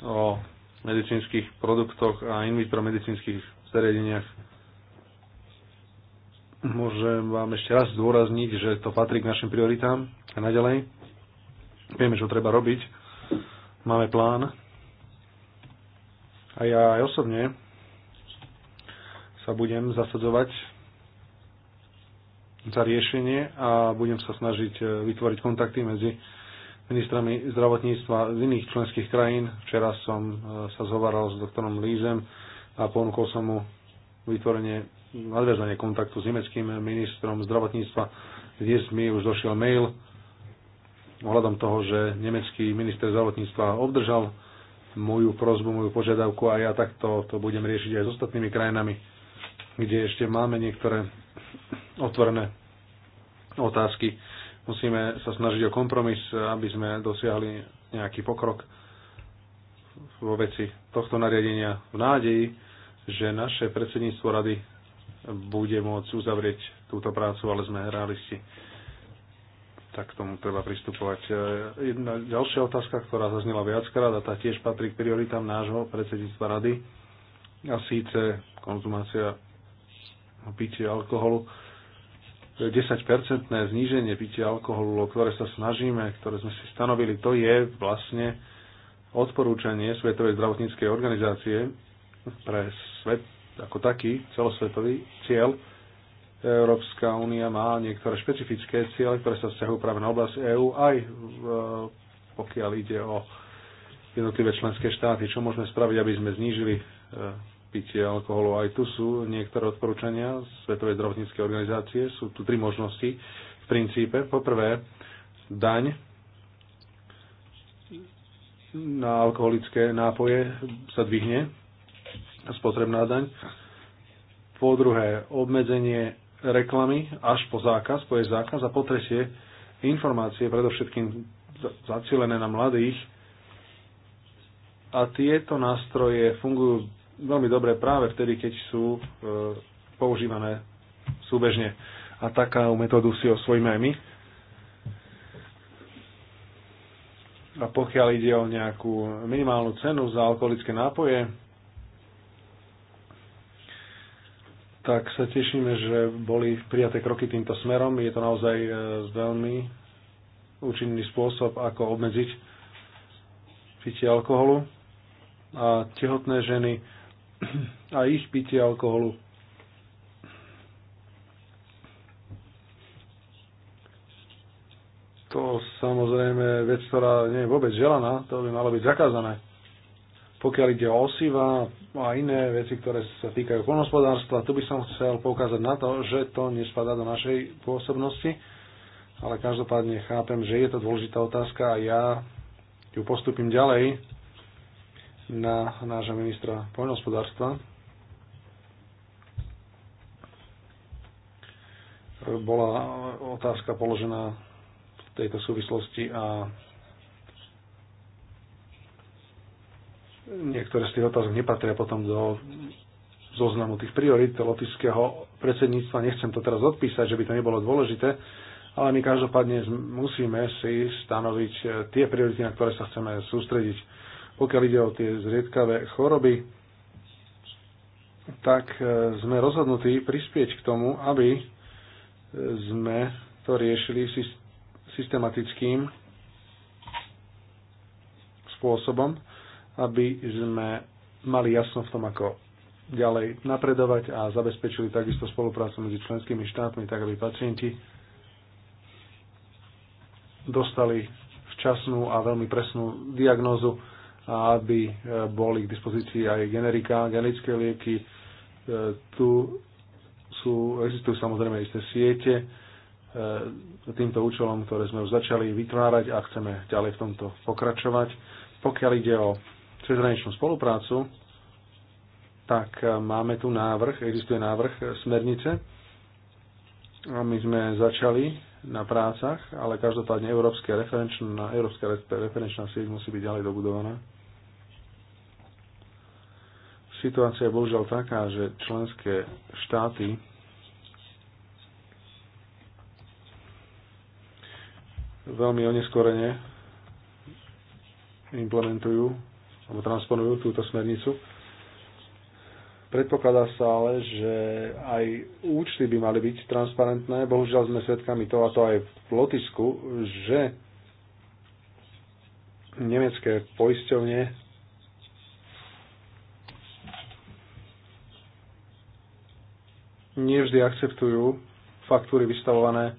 o medicínskych produktoch a in vitro medicínskych zariadeniach. Môžem vám ešte raz zdôrazniť, že to patrí k našim prioritám a naďalej. Vieme, čo treba robiť. Máme plán a ja aj osobne sa budem zasadzovať za riešenie a budem sa snažiť e, vytvoriť kontakty medzi ministrami zdravotníctva z iných členských krajín. Včera som e, sa zhovaral s doktorom Lízem a ponúkol som mu vytvorenie, nadviazanie kontaktu s nemeckým ministrom zdravotníctva. Dnes mi už došiel mail ohľadom toho, že nemecký minister zdravotníctva obdržal moju prozbu, moju požiadavku a ja takto to budem riešiť aj s ostatnými krajinami, kde ešte máme niektoré otvorené otázky. Musíme sa snažiť o kompromis, aby sme dosiahli nejaký pokrok vo veci tohto nariadenia v nádeji, že naše predsedníctvo rady bude môcť uzavrieť túto prácu, ale sme realisti tak k tomu treba pristupovať. E, jedna ďalšia otázka, ktorá zaznela viackrát a tá tiež patrí k prioritám nášho predsedníctva rady a síce konzumácia pitia alkoholu. 10-percentné zníženie pitia alkoholu, o ktoré sa snažíme, ktoré sme si stanovili, to je vlastne odporúčanie Svetovej zdravotníckej organizácie pre svet ako taký, celosvetový cieľ Európska únia má niektoré špecifické ciele, ktoré sa vzťahujú práve na oblasť EÚ, aj e, pokiaľ ide o jednotlivé členské štáty, čo môžeme spraviť, aby sme znížili e, pitie alkoholu. Aj tu sú niektoré odporúčania Svetovej zdravotníckej organizácie. Sú tu tri možnosti v princípe. Poprvé, daň na alkoholické nápoje sa dvihne, spotrebná daň. Po druhé, obmedzenie reklamy až po zákaz, po jej zákaz a po tretie informácie, predovšetkým zacielené na mladých. A tieto nástroje fungujú veľmi dobre práve vtedy, keď sú e, používané súbežne. A taká metódu si osvojíme aj my. A pokiaľ ide o nejakú minimálnu cenu za alkoholické nápoje, tak sa tešíme, že boli prijaté kroky týmto smerom. Je to naozaj e, veľmi účinný spôsob, ako obmedziť pitie alkoholu. A tehotné ženy a ich pitie alkoholu to samozrejme vec, ktorá nie je vôbec želaná, to by malo byť zakázané. Pokiaľ ide o osiva a iné veci, ktoré sa týkajú poľnohospodárstva, tu by som chcel poukázať na to, že to nespadá do našej pôsobnosti, ale každopádne chápem, že je to dôležitá otázka a ja ju postupím ďalej na nášho ministra poľnohospodárstva. Bola otázka položená v tejto súvislosti a Niektoré z tých otázok nepatria potom do zoznamu tých priorit lotického predsedníctva. Nechcem to teraz odpísať, že by to nebolo dôležité, ale my každopádne musíme si stanoviť eh, tie priority, na ktoré sa chceme sústrediť. Pokiaľ ide o tie zriedkavé choroby, tak eh, sme rozhodnutí prispieť k tomu, aby eh, sme to riešili systematickým spôsobom aby sme mali jasno v tom, ako ďalej napredovať a zabezpečili takisto spoluprácu medzi členskými štátmi, tak aby pacienti dostali včasnú a veľmi presnú diagnózu a aby e, boli k dispozícii aj generika, generické lieky. E, tu sú, existujú samozrejme isté siete e, týmto účelom, ktoré sme už začali vytvárať a chceme ďalej v tomto pokračovať. Pokiaľ ide o cezhraničnú spoluprácu, tak e, máme tu návrh, existuje návrh smernice. A my sme začali na prácach, ale každopádne európska referenčná, európska referenčná sieť musí byť ďalej dobudovaná. Situácia je bohužiaľ taká, že členské štáty veľmi oneskorene implementujú alebo transponujú túto smernicu. Predpokladá sa ale, že aj účty by mali byť transparentné. Bohužiaľ sme svedkami toho, a to aj v Lotisku, že nemecké poisťovne nevždy akceptujú faktúry vystavované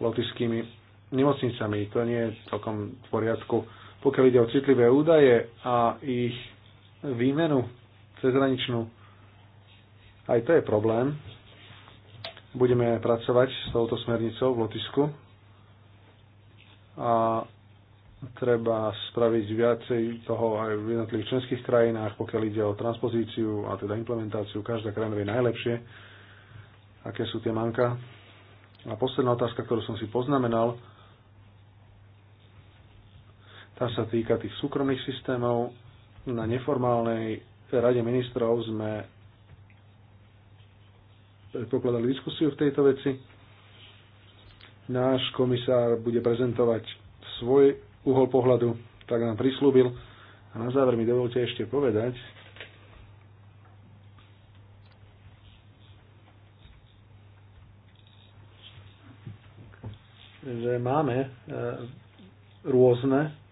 lotiskými nemocnicami. To nie je celkom v poriadku pokiaľ ide o citlivé údaje a ich výmenu cezhraničnú, aj to je problém. Budeme pracovať s touto smernicou v Lotisku a treba spraviť viacej toho aj v jednotlivých členských krajinách, pokiaľ ide o transpozíciu a teda implementáciu. Každá krajina vie najlepšie, aké sú tie manka. A posledná otázka, ktorú som si poznamenal, tá sa týka tých súkromných systémov. Na neformálnej rade ministrov sme predpokladali diskusiu v tejto veci. Náš komisár bude prezentovať svoj uhol pohľadu, tak nám prislúbil. A na záver mi dovolte ešte povedať, že máme e, rôzne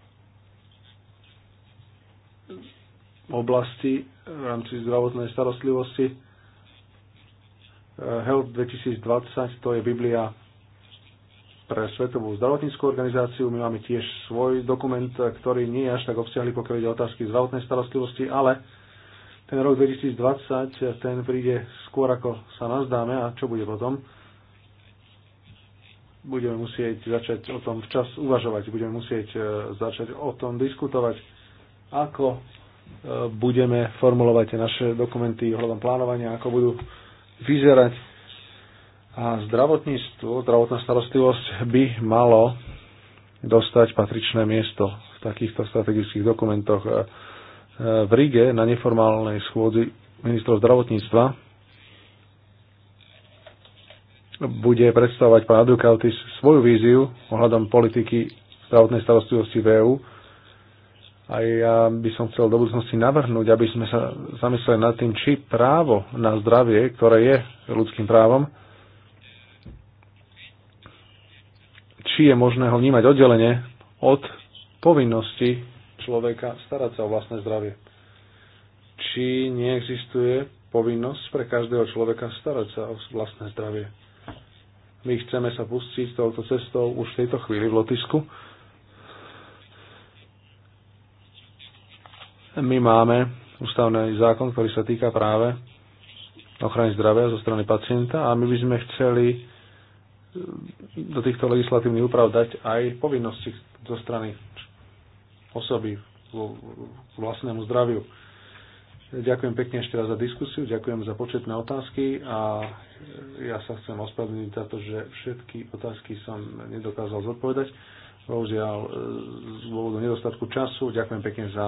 oblasti v rámci zdravotnej starostlivosti. E, Health 2020 to je Biblia pre Svetovú zdravotníckú organizáciu. My máme tiež svoj dokument, ktorý nie je až tak obsiahli, pokiaľ ide otázky zdravotnej starostlivosti, ale ten rok 2020, ten príde skôr ako sa nazdáme a čo bude potom? Budeme musieť začať o tom včas uvažovať, budeme musieť e, začať o tom diskutovať, ako budeme formulovať naše dokumenty ohľadom plánovania, ako budú vyzerať. A zdravotníctvo, zdravotná starostlivosť by malo dostať patričné miesto v takýchto strategických dokumentoch. E, e, v Rige na neformálnej schôdzi ministrov zdravotníctva bude predstavovať pán Adukautis svoju víziu ohľadom politiky zdravotnej starostlivosti v EÚ a ja by som chcel do budúcnosti navrhnúť, aby sme sa zamysleli nad tým, či právo na zdravie, ktoré je ľudským právom, či je možné ho vnímať oddelenie od povinnosti človeka starať sa o vlastné zdravie. Či neexistuje povinnosť pre každého človeka starať sa o vlastné zdravie. My chceme sa pustiť s touto cestou už v tejto chvíli v Lotisku My máme ústavný zákon, ktorý sa týka práve ochrany zdravia zo strany pacienta a my by sme chceli e, do týchto legislatívnych úprav dať aj povinnosti zo strany osoby k vlastnému zdraviu. Ďakujem pekne ešte raz za diskusiu, ďakujem za početné otázky a ja sa chcem ospravedlniť za to, že všetky otázky som nedokázal zodpovedať bohužiaľ e, z dôvodu nedostatku času. Ďakujem pekne za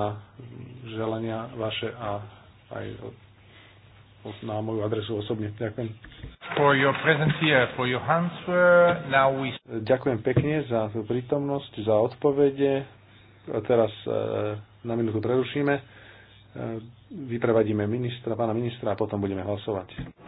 želania vaše a aj na moju adresu osobne. Ďakujem. For your here, for your answer, now we... Ďakujem pekne za tú prítomnosť, za odpovede. A teraz e, na minútu prerušíme. E, vyprevadíme ministra, pána ministra a potom budeme hlasovať.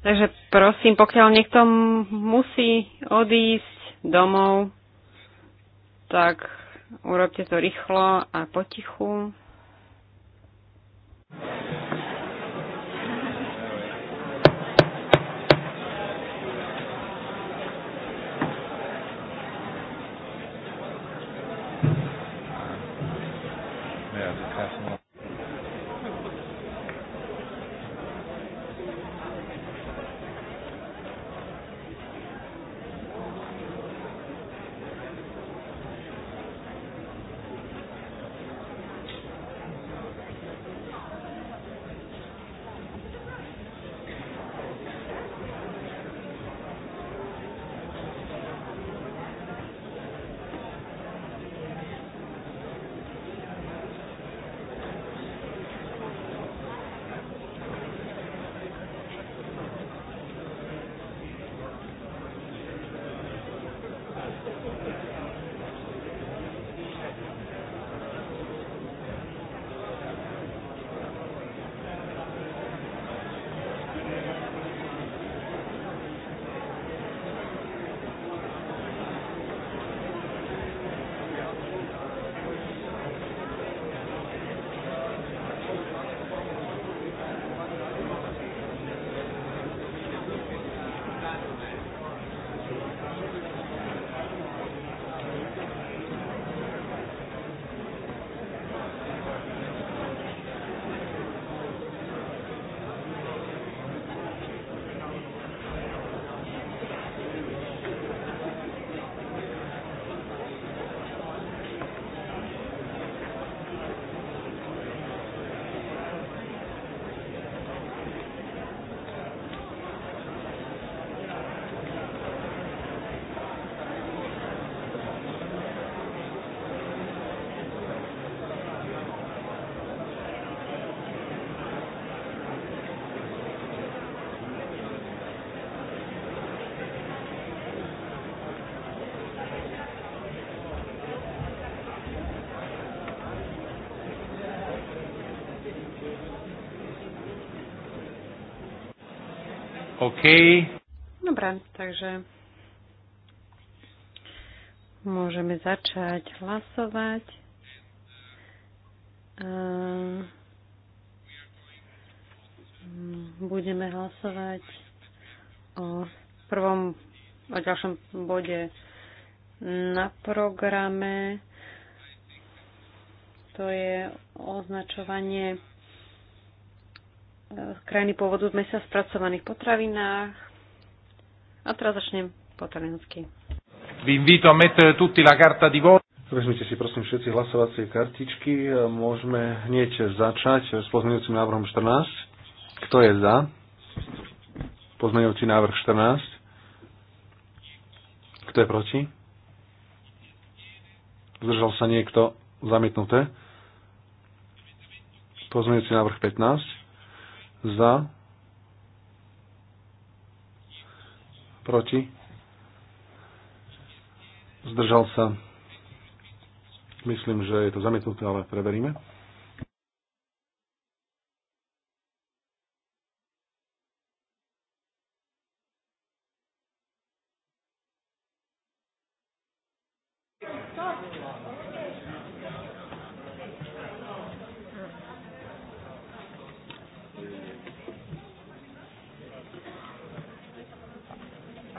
Takže prosím, pokiaľ niekto musí odísť domov, tak urobte to rýchlo a potichu. OK. Dobre, takže môžeme začať hlasovať. Mm, budeme hlasovať o prvom, o ďalšom bode na programe. To je označovanie krajiny pôvodu v mesa spracovaných potravinách. A teraz začnem po taliansky. Vi invito a mettere tutti la carta di voto. Vezmite si prosím všetci hlasovacie kartičky. Môžeme hneď začať s pozmeňujúcim návrhom 14. Kto je za? Pozmeňujúci návrh 14. Kto je proti? Zdržal sa niekto zamietnuté? Pozmeňujúci návrh 15 za, proti, zdržal sa. Myslím, že je to zamietnuté, ale preveríme.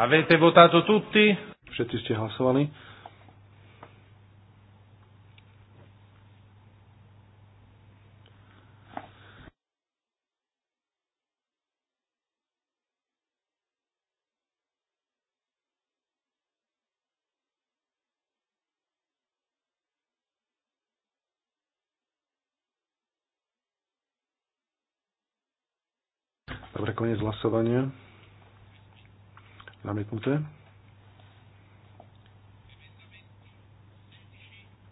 Avete votato tutti? Všetci ste hlasovali. Dobre, koniec hlasovania. Zamietnuté.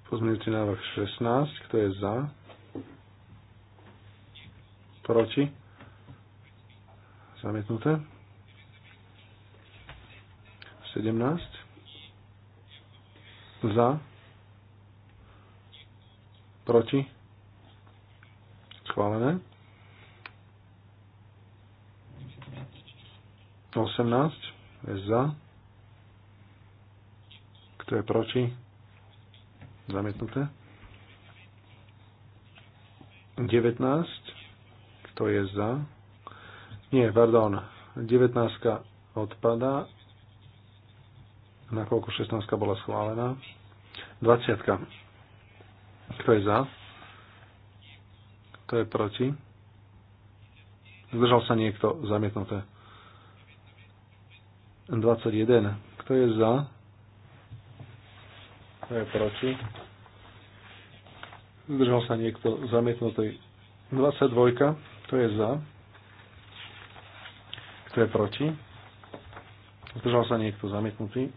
Pozmeňujúci návrh 16. Kto je za? Proti? Zamietnuté. 17. Za? Proti? Schválené. 18. Kto je za? Kto je proti? Zamietnuté. 19. Kto je za? Nie, pardon. 19 odpada. nakoľko 16 bola schválená. 20. Kto je za? Kto je proti? Zdržal sa niekto zamietnuté. 21. Kto je za? Kto je proti? Zdržal sa niekto zamietnutý. 22. Kto je za? Kto je proti? Zdržal sa niekto zamietnutý.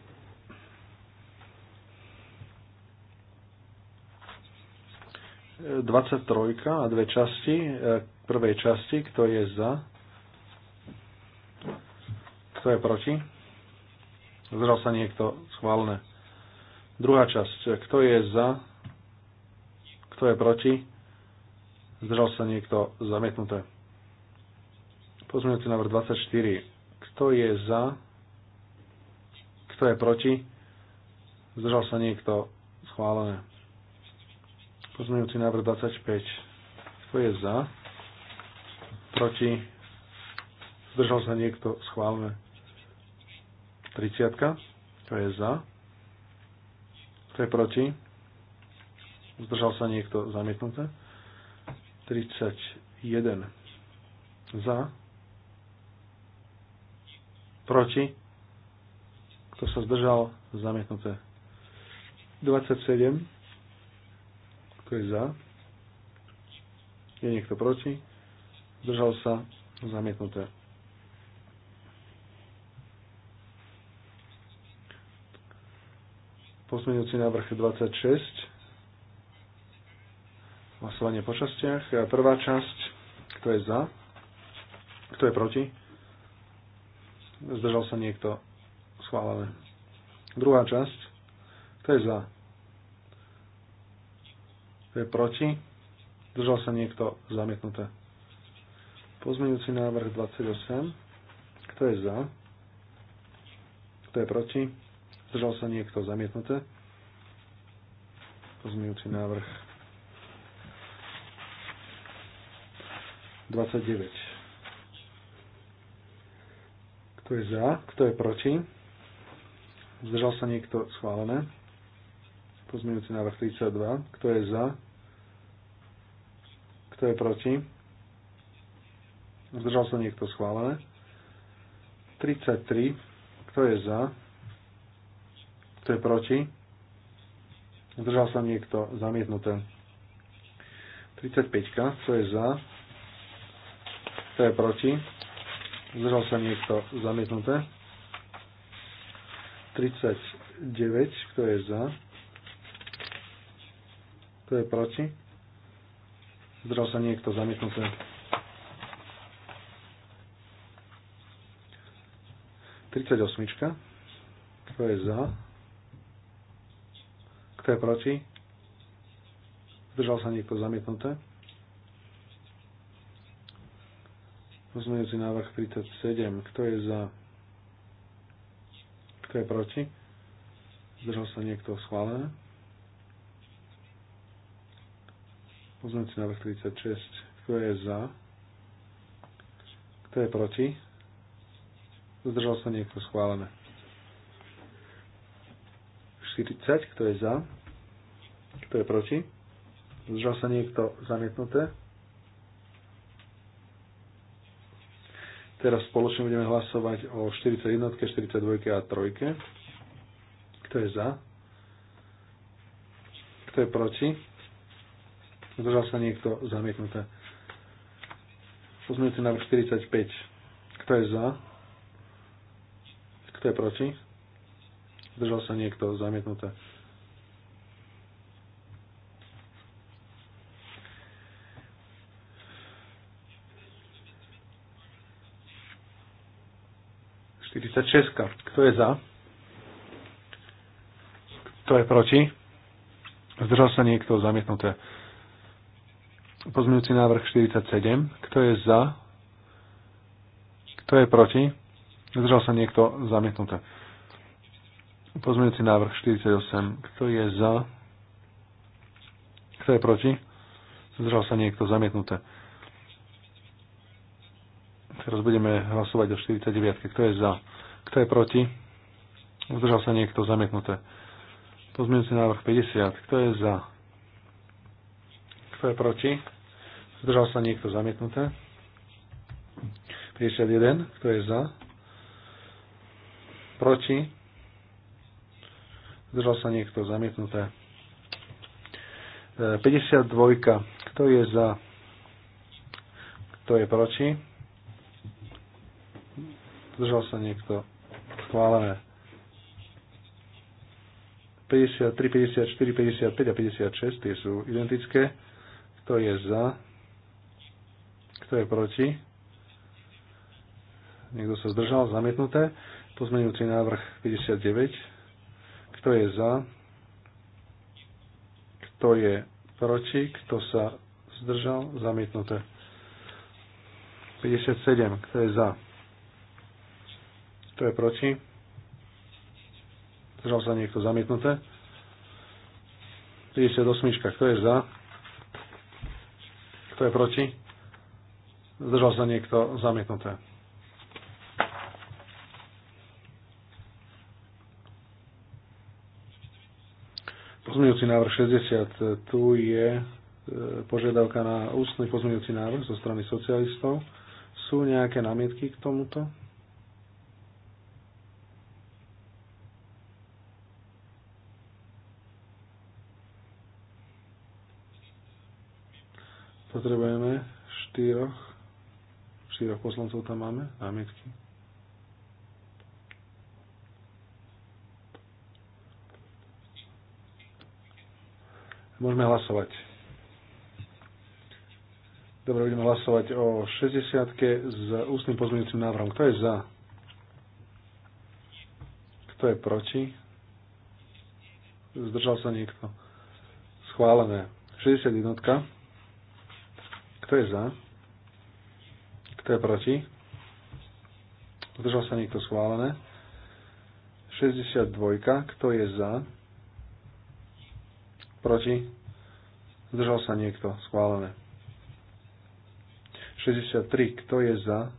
23 a dve časti. E, prvej časti, kto je za? Kto je proti? Zdržal sa niekto? Schválne. Druhá časť. Kto je za? Kto je proti? Zdržal sa niekto? Zamietnuté. Pozmeňujúci návrh 24. Kto je za? Kto je proti? Zdržal sa niekto? Schválené. Pozmeňujúci návrh 25. Kto je za? Proti? Zdržal sa niekto? Schválené. 30. Kto je za? Kto je proti? Zdržal sa niekto zamietnuté? 31. Za? Proti? Kto sa zdržal? Zamietnuté. 27. Kto je za? Je niekto proti? Zdržal sa? Zamietnuté. Pozmeňujúci návrh 26. Hlasovanie po častiach. Prvá časť. Kto je za? Kto je proti? Zdržal sa niekto. Schválené. Druhá časť. Kto je za? Kto je proti? Zdržal sa niekto. Zamietnuté. Pozmeňujúci návrh 28. Kto je za? Kto je proti? Zdržal sa niekto zamietnuté. Pozmejúci návrh 29. Kto je za? Kto je proti? Zdržal sa niekto schválené. Pozmejúci návrh 32. Kto je za? Kto je proti? Zdržal sa niekto schválené. 33. Kto je za? Kto je proti? Zdržal sa niekto? Zamietnuté. 35. Kto je za? Kto je proti? Zdržal sa niekto? Zamietnuté. 39. Kto je za? Kto je proti? Zdržal sa niekto? Zamietnuté. 38. Kto je za? Kto je proti? Zdržal sa niekto zamietnuté? Pozmeňujúci návrh 37. Kto je za? Kto je proti? Zdržal sa niekto schválené? Pozmeňujúci návrh 36. Kto je za? Kto je proti? Zdržal sa niekto schválené? 40, kto je za, kto je proti. Zdržal sa niekto zamietnuté. Teraz spoločne budeme hlasovať o 41, 42 a 3. Kto je za? Kto je proti? Zdržal sa niekto zamietnuté. Pozmeňujúci na 45. Kto je za? Kto je proti? Zdržal sa niekto? Zamietnuté. Česka. Kto je za? Kto je proti? Zdržal sa niekto? Zamietnuté. Pozmeňujúci návrh 47. Kto je za? Kto je proti? Zdržal sa niekto? Zamietnuté. Pozmeňujúci návrh 48. Kto je za? Kto je proti? Zdržal sa niekto zamietnuté. Teraz budeme hlasovať o 49. Kto je za? Kto je proti? Zdržal sa niekto zamietnuté. Pozmeňujúci návrh 50. Kto je za? Kto je proti? Zdržal sa niekto zamietnuté. 51. Kto je za? Proti? Zdržal sa niekto zamietnuté. 52. E, Kto je za? Kto je proti? Zdržal sa niekto. Schválené. 53, 54, 55 a 56, tie sú identické. Kto je za? Kto je proti? Niekto sa zdržal, zamietnuté. Pozmenujúci návrh 59, kto je za? Kto je proti? Kto sa zdržal? Zamietnuté. 57. Kto je za? Kto je proti? Zdržal sa niekto zamietnuté? 58. Kto je za? Kto je proti? Zdržal sa niekto zamietnuté. Pozmeňujúci návrh 60. Tu je e, požiadavka na ústny pozmeňujúci návrh zo strany socialistov. Sú nejaké námietky k tomuto? Potrebujeme štyroch, štyroch poslancov tam máme, námietky. Môžeme hlasovať. Dobre, budeme hlasovať o 60 s ústnym pozmeňujúcim návrhom. Kto je za? Kto je proti? Zdržal sa niekto. Schválené. 61. Kto je za? Kto je proti? Zdržal sa niekto schválené. 62. Kto je za? Proti? Zdržal sa niekto. Schválené. 63. Kto je za?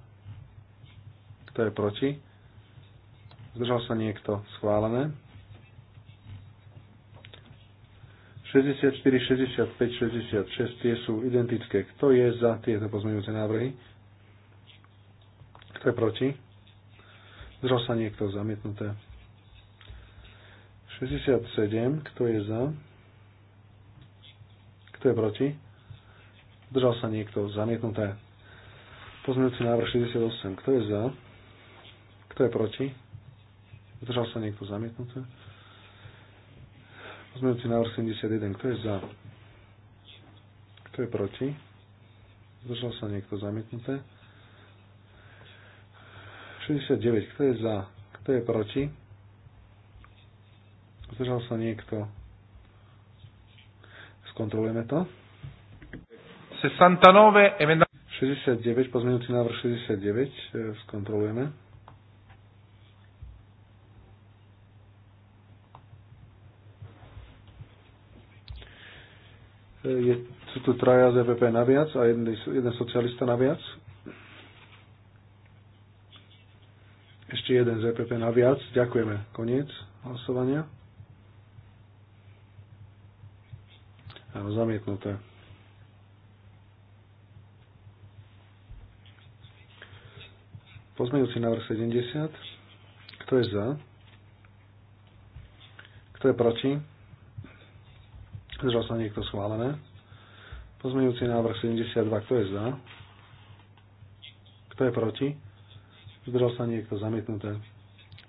Kto je proti? Zdržal sa niekto. Schválené. 64, 65, 66 tie sú identické. Kto je za tieto pozmeňujúce návrhy? Kto je proti? Zdržal sa niekto. Zamietnuté. 67. Kto je za? Kto je proti? Držal sa niekto. Zamietnuté. Pozmeňujúci návrh 68. Kto je za? Kto je proti? Držal sa niekto. Zamietnuté. Pozmeňujúci návrh 71. Kto je za? Kto je proti? Zdržal sa niekto. Zamietnuté. 69. Kto je za? Kto je proti? Zdržal sa niekto. Skontrolujeme to. 69, pozmeňujúci návrh 69, e, skontrolujeme. E, je, sú tu traja z EPP naviac a jeden, jeden socialista naviac. Ešte jeden z EPP naviac. Ďakujeme. Koniec hlasovania. zamietnuté. Pozmeňujúci návrh 70. Kto je za? Kto je proti? Zdržal sa niekto schválené. Pozmeňujúci návrh 72. Kto je za? Kto je proti? Zdržal sa niekto zamietnuté.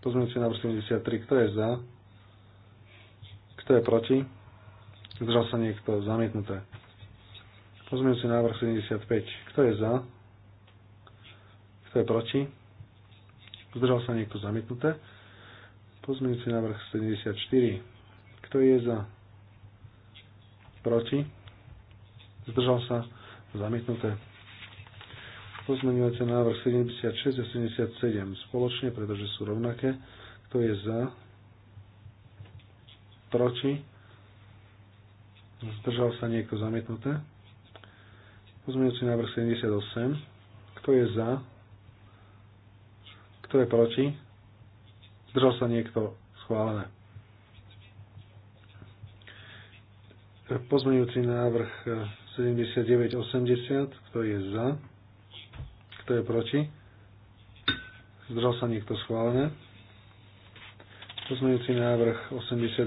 Pozmeňujúci návrh 73. Kto je za? Kto je proti? Zdržal sa niekto? Zamietnuté. Pozmeňujúci návrh 75. Kto je za? Kto je proti? Zdržal sa niekto? Zamietnuté. Pozmeňujúci návrh 74. Kto je za? Proti? Zdržal sa? Zamietnuté. Pozmeňujúce návrh 76 a 77 spoločne, pretože sú rovnaké. Kto je za? Proti? Zdržal sa niekto zamietnuté? Pozmeňujúci návrh 78. Kto je za? Kto je proti? Zdržal sa niekto? Schválené. Pozmeňujúci návrh 79-80. Kto je za? Kto je proti? Zdržal sa niekto? Schválené. Pozmeňujúci návrh 81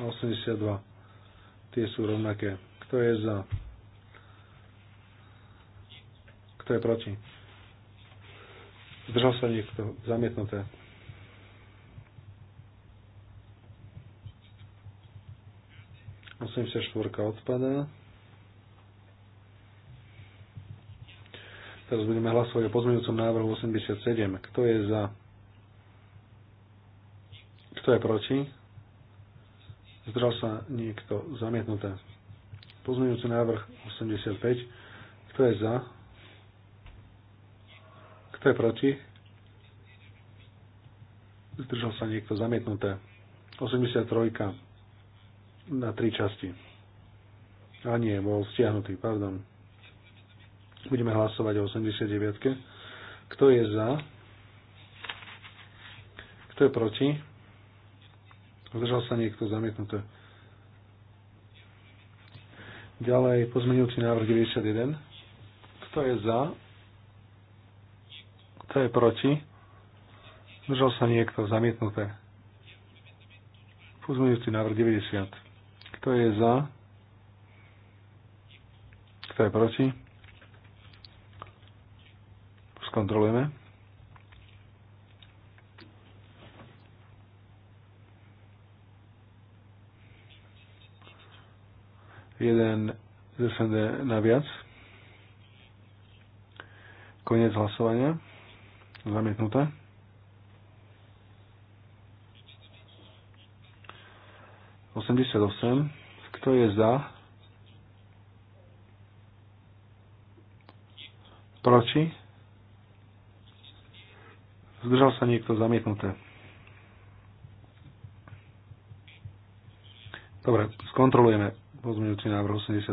a 82. Tie sú rovnaké. Kto je za? Kto je proti? Zdržal sa niekto? Zamietnuté. Musím sa štvorka odpadá. Teraz budeme hlasovať o pozmeňujúcom návrhu 87. Kto je za? Kto je proti? Zdrel sa niekto zamietnuté. Pozmeňujúci návrh 85. Kto je za? Kto je proti? Zdržal sa niekto zamietnuté. 83. Na tri časti. A nie, bol stiahnutý, pardon. Budeme hlasovať o 89. Kto je za? Kto je proti? Zdržal sa niekto zamietnuté. Ďalej pozmenujúci návrh 91. Kto je za? Kto je proti? Zdržal sa niekto zamietnuté. Pozmenujúci návrh 90. Kto je za? Kto je proti? Skontrolujeme. jeden z SND naviac. Koniec hlasovania. Zamietnuté. Osemdesiat osem. Kto je za? Proči? Zdržal sa niekto zamietnuté. Dobre, skontrolujeme. Pozmeňujúci návrh 88.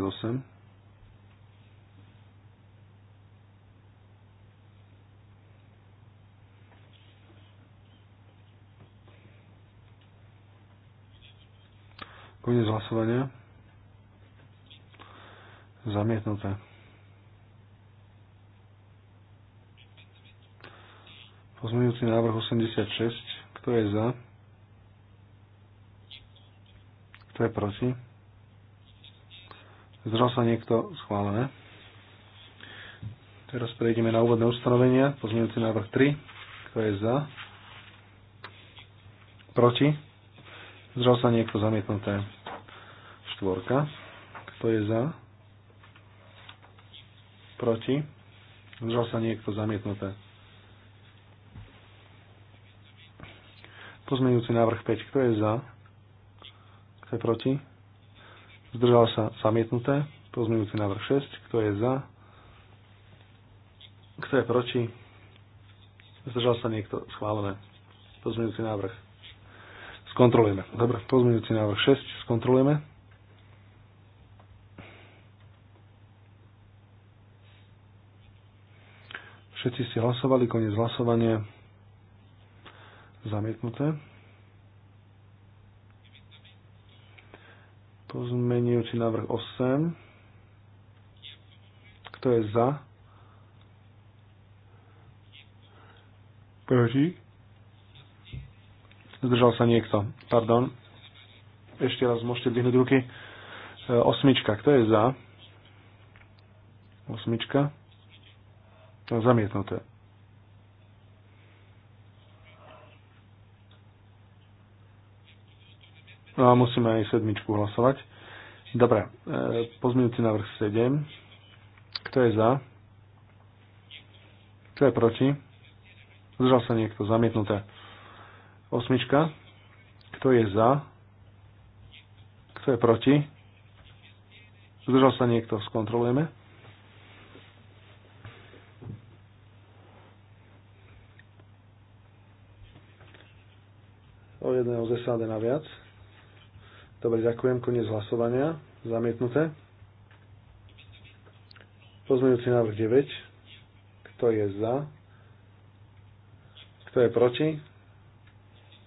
Koniec hlasovania. Zamietnuté. Pozmeňujúci návrh 86. Kto je za? Kto je proti? Zdrel sa niekto schválené. Teraz prejdeme na úvodné ustanovenia. Pozmeňujúci návrh 3. Kto je za? Proti? Zdrel sa niekto zamietnuté. Štvorka. Kto je za? Proti? Zdrel sa niekto zamietnuté. Pozmeňujúci návrh 5. Kto je za? Kto je proti? Zdržal sa zamietnuté. Pozmeňujúci návrh 6. Kto je za? Kto je proti? Zdržal sa niekto? Schválené. Pozmeňujúci návrh. Skontrolujeme. Dobre, pozmeňujúci návrh 6. Skontrolujeme. Všetci ste hlasovali, koniec hlasovania. Zamietnuté. pozmeňujúci návrh 8. Kto je za? Proti? Zdržal sa niekto. Pardon. Ešte raz môžete dvihnúť ruky. E, osmička. Kto je za? Osmička. Zamietnuté. No a musíme aj sedmičku hlasovať. Dobre, e, pozmienujúci návrh 7. Kto je za? Kto je proti? Zdržal sa niekto, zamietnuté. Osmička. Kto je za? Kto je proti? Zdržal sa niekto, skontrolujeme. O jedného z SAD na viac. Dobre, ďakujem. Koniec hlasovania. Zamietnuté. Pozmeňujúci návrh 9. Kto je za? Kto je proti?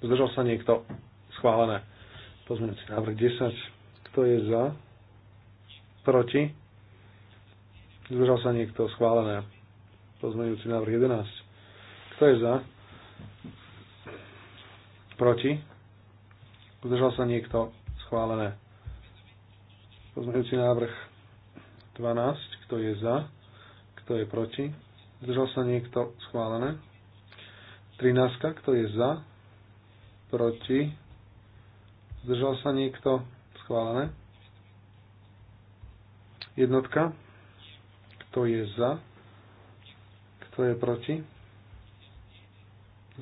Zdržal sa niekto? Schválené. Pozmeňujúci návrh 10. Kto je za? Proti? Zdržal sa niekto? Schválené. Pozmeňujúci návrh 11. Kto je za? Proti? Zdržal sa niekto? Schválené. Pozmeňujúci návrh 12. Kto je za? Kto je proti? Zdržal sa niekto? Schválené. 13. Kto je za? Proti? Zdržal sa niekto? Schválené. Jednotka. Kto je za? Kto je proti?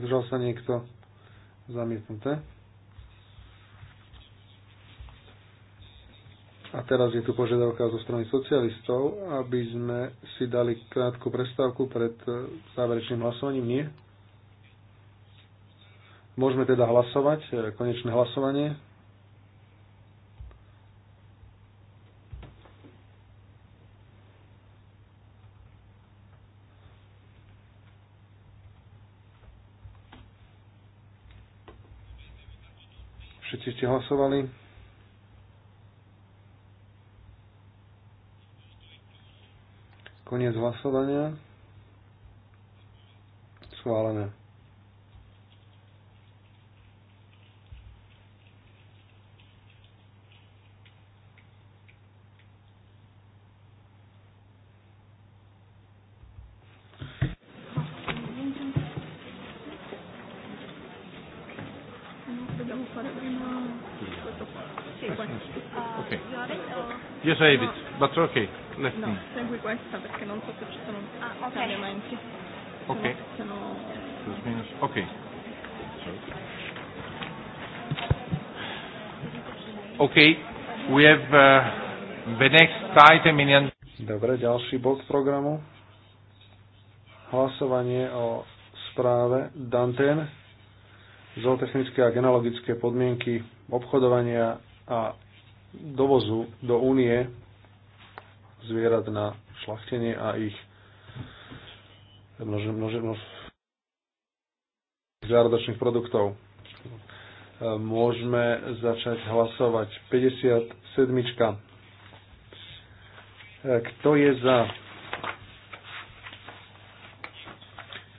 Zdržal sa niekto? Zamietnuté. A teraz je tu požiadavka zo strany socialistov, aby sme si dali krátku prestávku pred e, záverečným hlasovaním. Nie? Môžeme teda hlasovať, e, konečné hlasovanie. Všetci ste hlasovali. Koniec hlasovania. Schválené. Yes, I have it. But ok, let's no, see. No, segue questa perché non so se ci sono ah, okay. cambiamenti. Ok. Se no, se no... Ok. OK, we have uh, the next item in... Dobre, ďalší bod programu. Hlasovanie o správe Danten zootechnické a genealogické podmienky obchodovania a dovozu do únie zvierat na šlachtenie a ich množ, množe, množe, zárodočných produktov. E, môžeme začať hlasovať. 57. E, kto je za?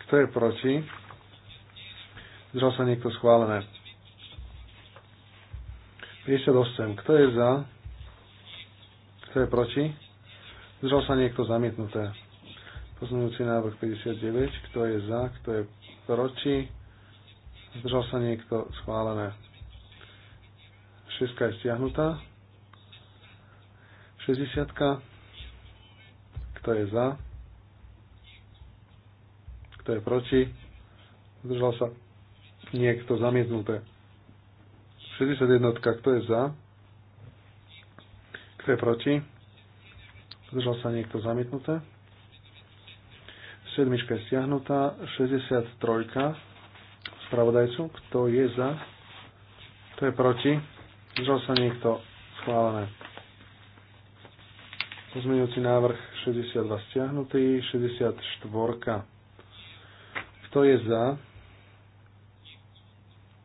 Kto je proti? Zdržal sa niekto schválené. 58. Kto je za? Kto je proti? Zdržal sa niekto zamietnuté. Pozmeňujúci návrh 59. Kto je za? Kto je proti? Zdržal sa niekto schválené. 6 je stiahnutá. 60. Kto je za? Kto je proti? Zdržal sa niekto zamietnuté. 61. Kto je za? Kto je proti? Zdržal sa niekto zamietnuté. Sedmička je stiahnutá. 63. Spravodajcu. Kto je za? Kto je proti? Zdržal sa niekto schválené. Pozmeňujúci návrh 62 stiahnutý, 64. Kto je za?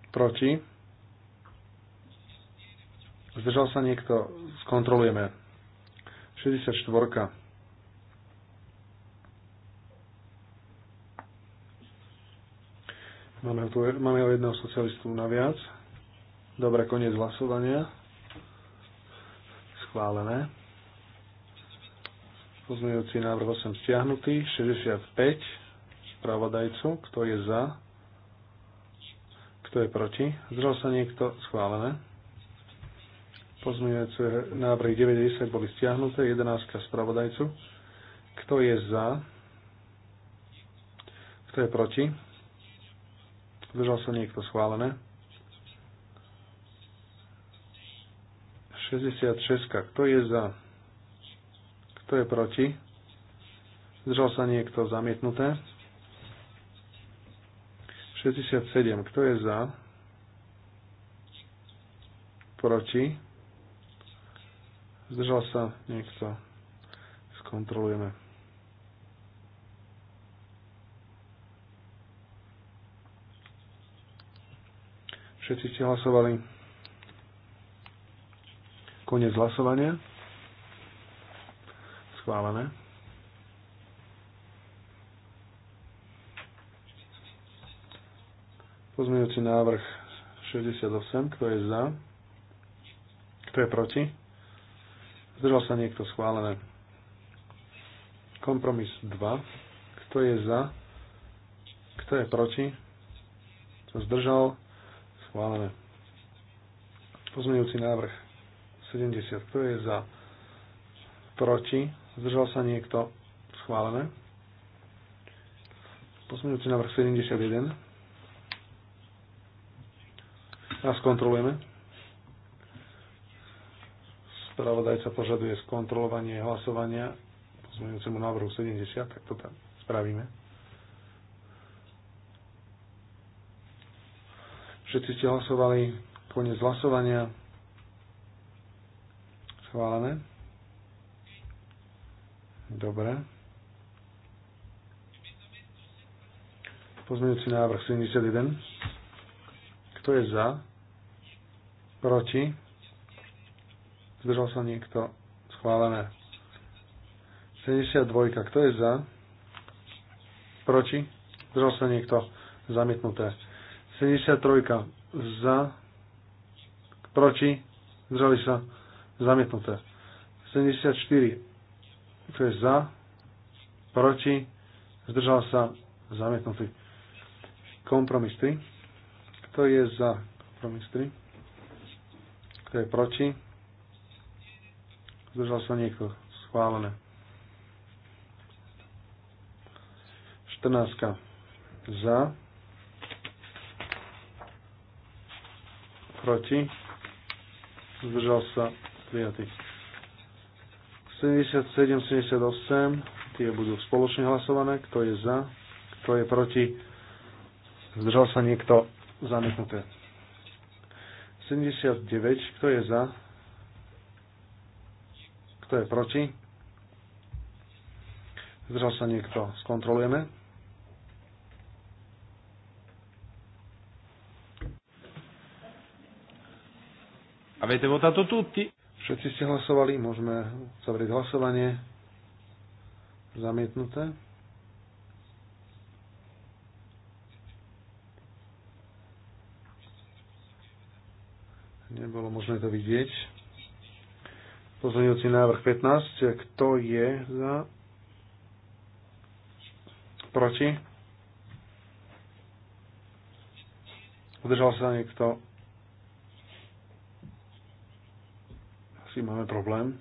Proti? Zdržal sa niekto? Skontrolujeme. 64. Máme, tu, e- máme o jedného socialistu naviac. Dobre, koniec hlasovania. Schválené. Pozmeňujúci návrh 8 stiahnutý. 65. Spravodajcu. Kto je za? Kto je proti? Zdržal sa niekto? Schválené. Pozmeňujúce návrhy 90 boli stiahnuté, 11 spravodajcu. Kto je za? Kto je proti? Zdržal sa niekto schválené. 66. Kto je za? Kto je proti? Zdržal sa niekto zamietnuté. 67. Kto je za? Proti? Zdržal sa? Nech sa skontrolujeme. Všetci ste hlasovali. Konec hlasovania. Schválené. Pozmeňujúci návrh 68. Kto je za? Kto je proti? Zdržal sa niekto schválené. Kompromis 2. Kto je za? Kto je proti? Kto zdržal? Schválené. Pozmeňujúci návrh 70. Kto je za? Proti? Zdržal sa niekto? Schválené. Pozmeňujúci návrh 71. Raz skontrolujeme. Spravodajca požaduje skontrolovanie hlasovania pozmeňujúcemu návrhu 70, tak to tam spravíme. Všetci ste hlasovali, koniec hlasovania. Schválené. Dobre. Pozmeňujúci návrh 71. Kto je za? Proti? Zdržal sa niekto? Schválené. 72. Kto je za? Proti? Zdržal sa niekto? Zamietnuté. 73. Za? Proti? Zdržali sa? Zamietnuté. 74. Kto je za? Proti? Zdržal sa? Zamietnutý. Kompromis 3. Kto je za kompromis 3? Kto je proti? Zdržal sa niekto. Schválené. 14. Za. Proti. Zdržal sa. Prijatý. 77, 78. Tie budú spoločne hlasované. Kto je za? Kto je proti? Zdržal sa niekto? Zamietnuté. 79. Kto je za? Kto je proti? Zdržal sa niekto? Skontrolujeme. vo táto tuti. Všetci ste hlasovali, môžeme zavrieť hlasovanie. Zamietnuté. Nebolo možné to vidieť. Pozorňujúci návrh 15. Kto je za? Proti? Udržal sa niekto? Asi máme problém.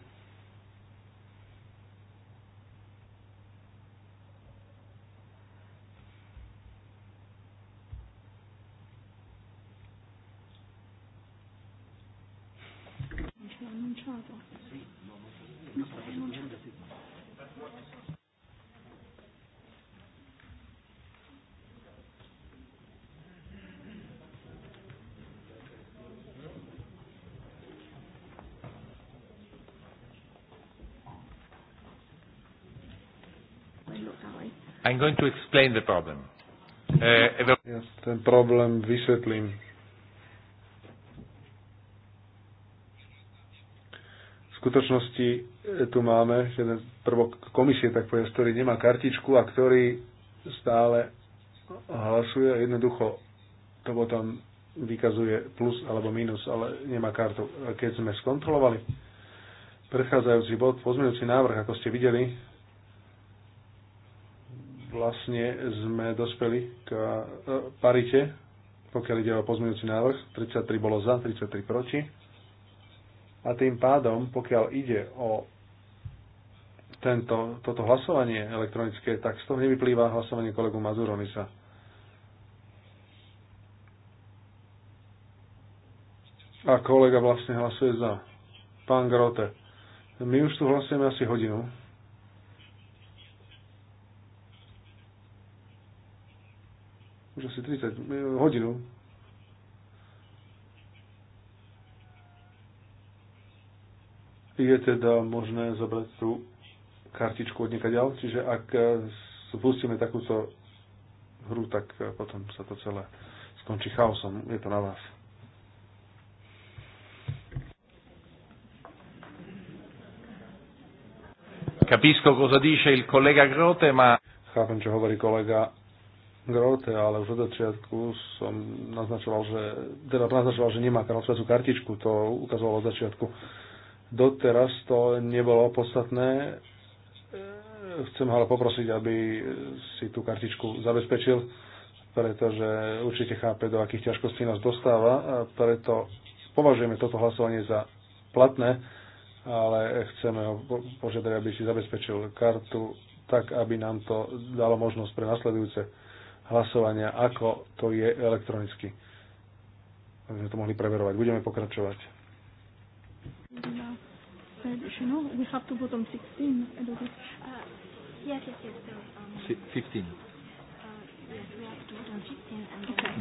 I'm going to explain the problem. Uh, ten problém vysvetlím. V skutočnosti e, tu máme jeden prvok komisie, tak povedať, ktorý nemá kartičku a ktorý stále hlasuje a jednoducho to potom vykazuje plus alebo minus, ale nemá kartu. Keď sme skontrolovali predchádzajúci bod, pozmeňujúci návrh, ako ste videli, vlastne sme dospeli k e, parite, pokiaľ ide o pozmeňujúci návrh. 33 bolo za, 33 proti. A tým pádom, pokiaľ ide o tento, toto hlasovanie elektronické, tak z toho nevyplýva hlasovanie kolegu Mazuronisa. A kolega vlastne hlasuje za. Pán Grote. My už tu hlasujeme asi hodinu. už asi 30 e, hodinu. Je teda možné zobrať tú kartičku od ďal, čiže ak e, spustíme takúto hru, tak e, potom sa to celé skončí chaosom. Je to na vás. Capisco cosa dice il collega Grote, ma... Chápem, čo hovorí kolega Grote, ale už od začiatku som naznačoval, že, teda naznačoval, že nemá kráľovskú kartičku, to ukazovalo od začiatku. Doteraz to nebolo podstatné. Chcem ale poprosiť, aby si tú kartičku zabezpečil, pretože určite chápe, do akých ťažkostí nás dostáva, preto považujeme toto hlasovanie za platné, ale chceme ho požiadať, aby si zabezpečil kartu tak, aby nám to dalo možnosť pre nasledujúce hlasovania, ako to je elektronicky. Aby sme to mohli preverovať. Budeme pokračovať.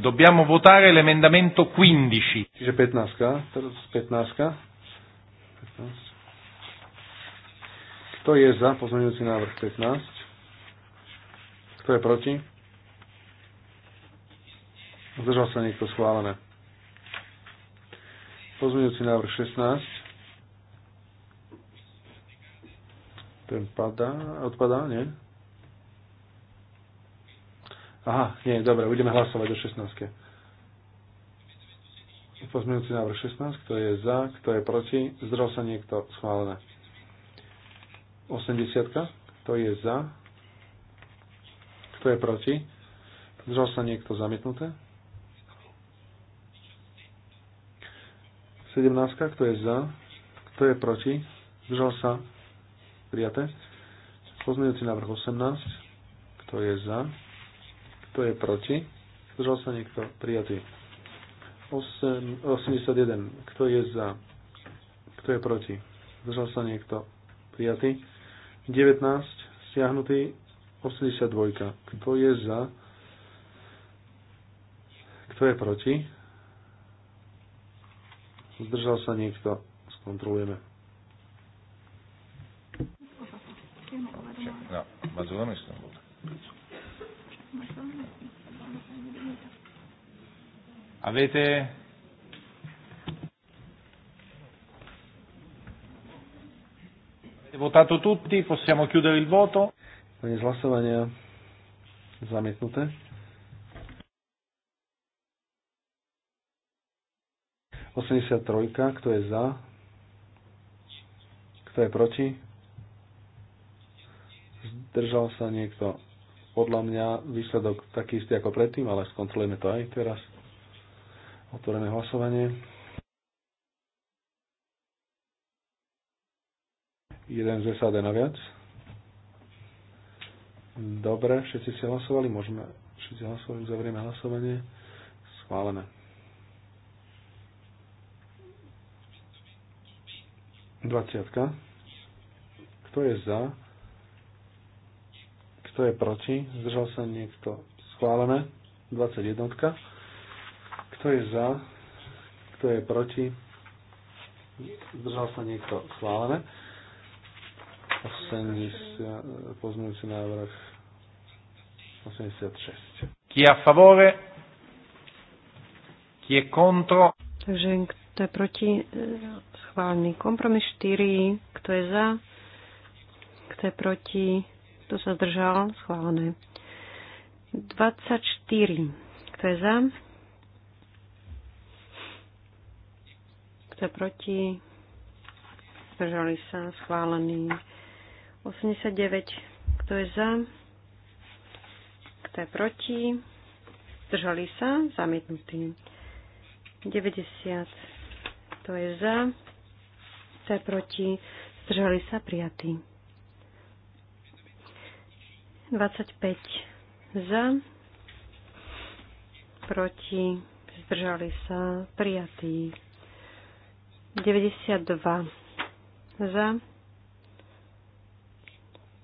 Dobbiamo votare l'emendamento 15. Čiže 15. Teraz 15. Kto je za pozmeňujúci návrh 15? Kto je proti? Zdržal sa niekto schválené. Pozmeňujúci návrh 16. Ten padá, odpadá, nie? Aha, nie, dobre, budeme hlasovať o 16. Pozmeňujúci návrh 16, kto je za, kto je proti, zdržal sa niekto schválené. 80, kto je za, kto je proti, zdržal sa niekto zamietnuté. 17. Kto je za? Kto je proti? Zdržal sa? Prijaté. Pozmeňujúci návrh 18. Kto je za? Kto je proti? Zdržal sa niekto? Prijatý. 8, 81. Kto je za? Kto je proti? Zdržal sa niekto? Prijatý. 19. Stiahnutý. 82. Kto je za? Kto je proti? Zdržal sa niekto? Skontrolujeme. No, ma zvolený som bol. Avete votato tutti, possiamo chiudere il voto. Koniec hlasovania. Zamietnuté. 83, kto je za? Kto je proti? Zdržal sa niekto. Podľa mňa výsledok taký istý ako predtým, ale skontrolujeme to aj teraz. Otvoríme hlasovanie. 1 z SAD na viac. Dobre, všetci si hlasovali, môžeme, všetci hlasovali, uzavrieme hlasovanie. Schválené. 20. Kto je za? Kto je proti? Zdržal sa niekto? Schválené. 21. Kto je za? Kto je proti? Zdržal sa niekto? Schválené. 80, pozmeňujúci návrh 86. Chi a favore? Chi è contro? Takže kto je proti? schválený. Kompromis 4, kto je za, kto je proti, kto sa zdržal, schválené. 24, kto je za, kto je proti, zdržali sa, schválený. 89, kto je za, kto je proti, zdržali sa, zamietnutý. 90, kto je za, srdce proti, zdržali sa prijatí. 25 za, proti, zdržali sa prijatí. 92 za,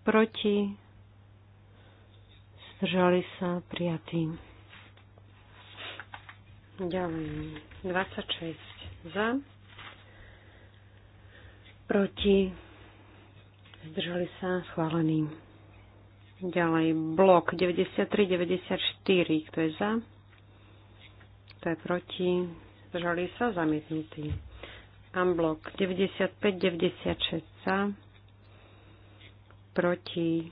proti, zdržali sa prijatí. Ďalej. 26 za, proti, zdržali sa, schválený. Ďalej blok 93-94, kto je za, kto je proti, zdržali sa, zamietnutý. Amblok 95-96 za, proti,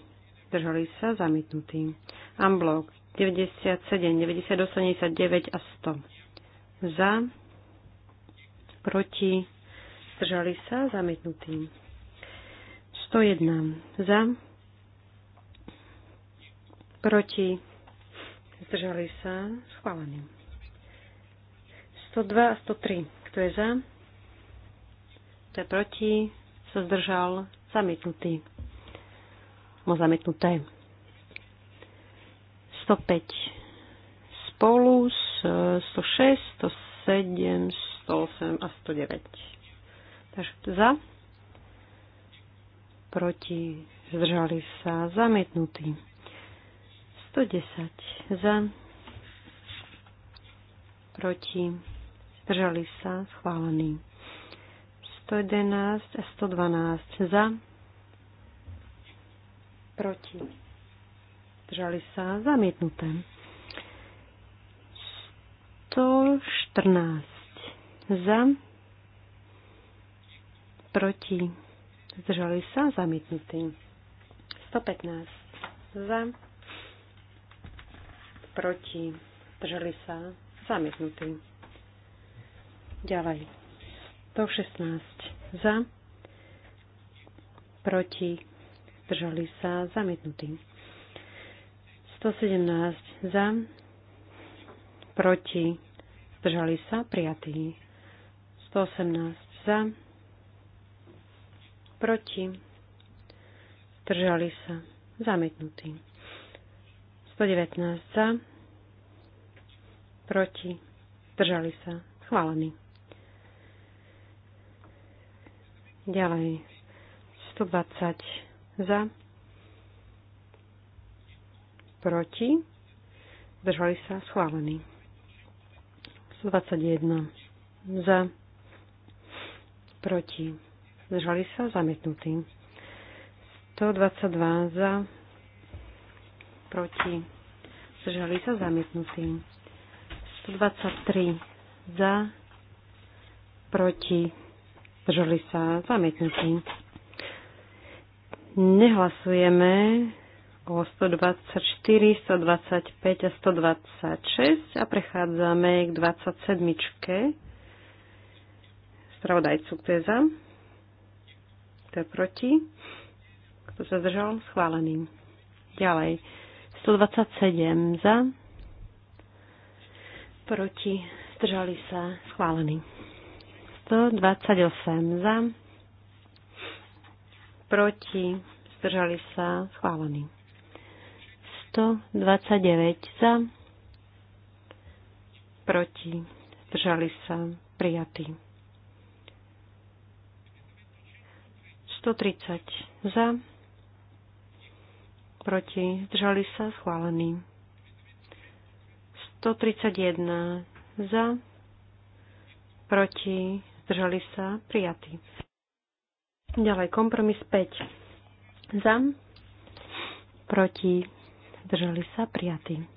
zdržali sa, zamietnutý. Amblok 97, 90, 89 a 100. Za, proti, zdržali sa, zamietnutým. 101 za, proti, zdržali sa, schválený. 102 a 103, kto je za, kto je proti, sa zdržal, zamietnutý. Mo zamietnuté. 105 spolu s 106, 107, 108 a 109 za, proti, zdržali sa, zamietnutý. 110 za, proti, zdržali sa, schválený. 111 a 112 za, proti, zdržali sa, zamietnuté. 114 za, proti, zdržali sa, zamietnutý. 115 za, proti, zdržali sa, zamietnutý. Ďalej. 116 za, proti, zdržali sa, zamietnutý. 117 za, proti, zdržali sa, prijatý. 118 za, proti, Držali sa, zamietnutý. 119 za, proti, držali sa, Chválený. Ďalej, 120 za, proti, držali sa, schválený. 121 za, proti, zdržali sa, zamietnutý. 122 za, proti, zdržali sa, zamietnutý. 123 za, proti, zdržali sa, zamietnutý. Nehlasujeme o 124, 125 a 126 a prechádzame k 27. Spravodajcu, kto je za? je proti? Kto sa zdržal? Schválený. Ďalej. 127 za. Proti. Zdržali sa. Schválený. 128 za. Proti. Zdržali sa. Schválený. 129 za. Proti. Zdržali sa. Prijatý. 130 za, proti, zdržali sa, schválený. 131 za, proti, zdržali sa, prijatý. Ďalej kompromis 5 za, proti, zdržali sa, prijatý.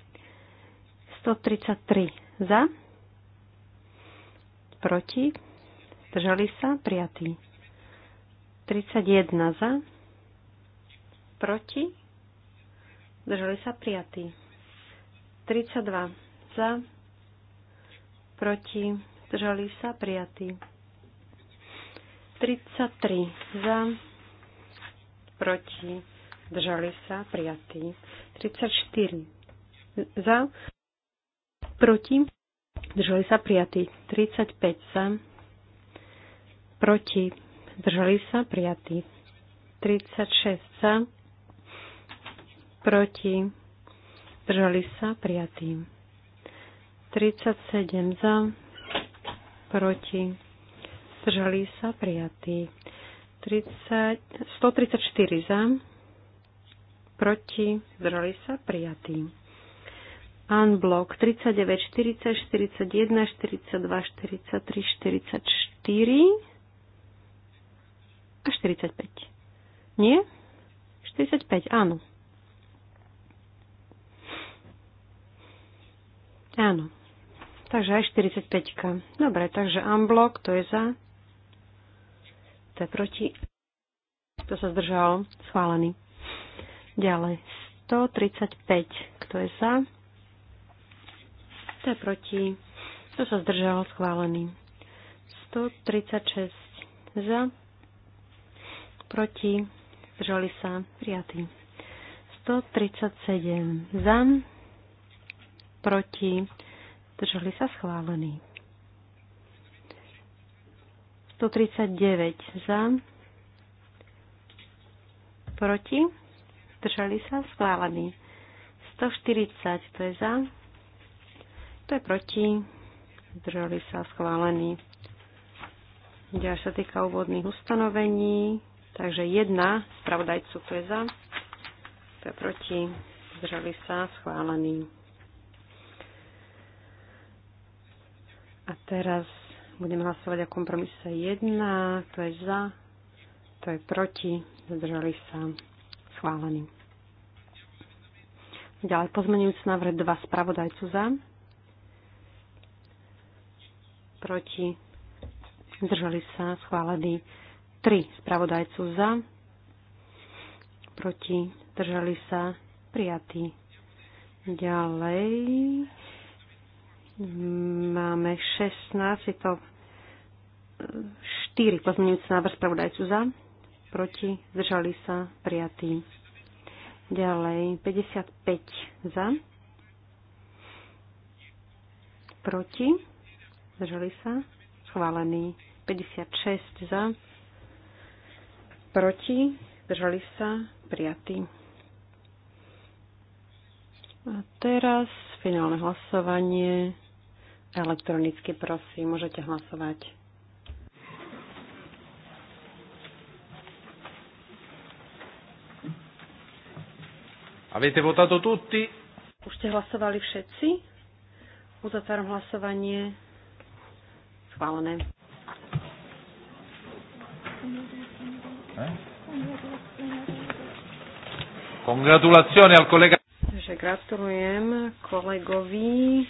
133 za, proti, zdržali sa, prijatý. 31 za, proti, zdržali sa prijatí. 32 za, proti, zdržali sa prijatí. 33 za, proti, zdržali sa prijatí. 34 za, proti, zdržali sa prijatí. 35 za, proti, zdržali sa, prijatí. 36 za, proti, zdržali sa, prijatý. 37 za, proti, zdržali sa, prijatý. 30, 134 za, proti, zdržali sa, prijatý. Unblock 39, 40, 41, 42, 43, 44 a 45. Nie? 45, áno. Áno. Takže aj 45. Dobre, takže unblock, to je za. To je proti. To sa zdržalo. Schválený. Ďalej. 135. Kto je za? To je proti. To sa zdržalo. Schválený. 136. Za proti, zdržali sa, prijatý. 137 za, proti, zdržali sa, schválený. 139 za, proti, zdržali sa, schválený. 140, to je za, to je proti, zdržali sa, schválený, Ďalej sa týka úvodných ustanovení. Takže jedna, spravodajcu, Feza, je za, to je proti, zdržali sa, schválený. A teraz budeme hlasovať o kompromise 1, to je za, to je proti, zdržali sa, schválený. Ďalej pozmenujúci návrh 2 spravodajcu za, proti, zdržali sa, schválený 3 spravodajcu za, proti, držali sa, prijatí. Ďalej máme 16, je to 4 e, pozmeňujúce návrh spravodajcu za, proti, držali sa, prijatí. Ďalej 55 za, proti, držali sa, schválený. 56 za, proti, držali sa, prijatí. A teraz finálne hlasovanie. Elektronicky prosím, môžete hlasovať. Avete votato tutti? Už ste hlasovali všetci? Uzatváram hlasovanie. Schválené. Eh? Congratulazioni al collega. Takže gratulujem kolegovi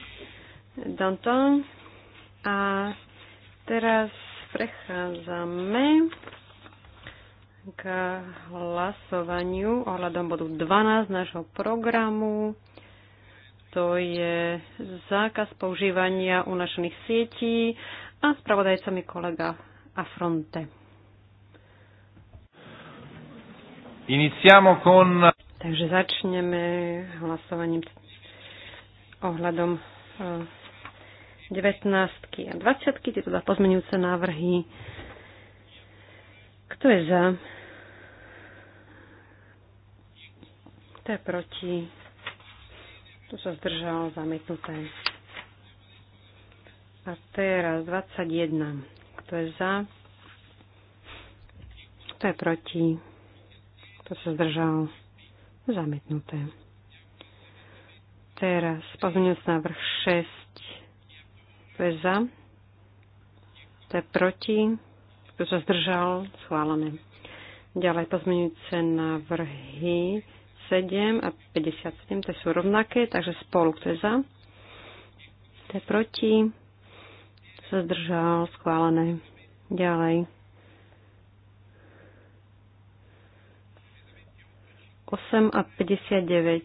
Danton. A teraz prechádzame k hlasovaniu ohľadom bodu 12 nášho programu. To je zákaz používania unašených sietí a spravodajcami kolega Afronte. Iniziamo con... Takže začneme hlasovaním ohľadom 19 e, a 20, tieto dva pozmenujúce návrhy. Kto je za? Kto je proti? Tu sa zdržal? Zamietnuté. A teraz 21. Kto je za? Kto je proti? Kto sa zdržal? Zamietnuté. Teraz pozmeňujúc návrh 6. to je za? Kto je proti? Kto sa zdržal? Schválené. Ďalej pozmeňujúce návrhy 7 a 57, to sú rovnaké, takže spolu kto je za? to je proti? Kto sa zdržal? Schválené. Ďalej. 8 a 59.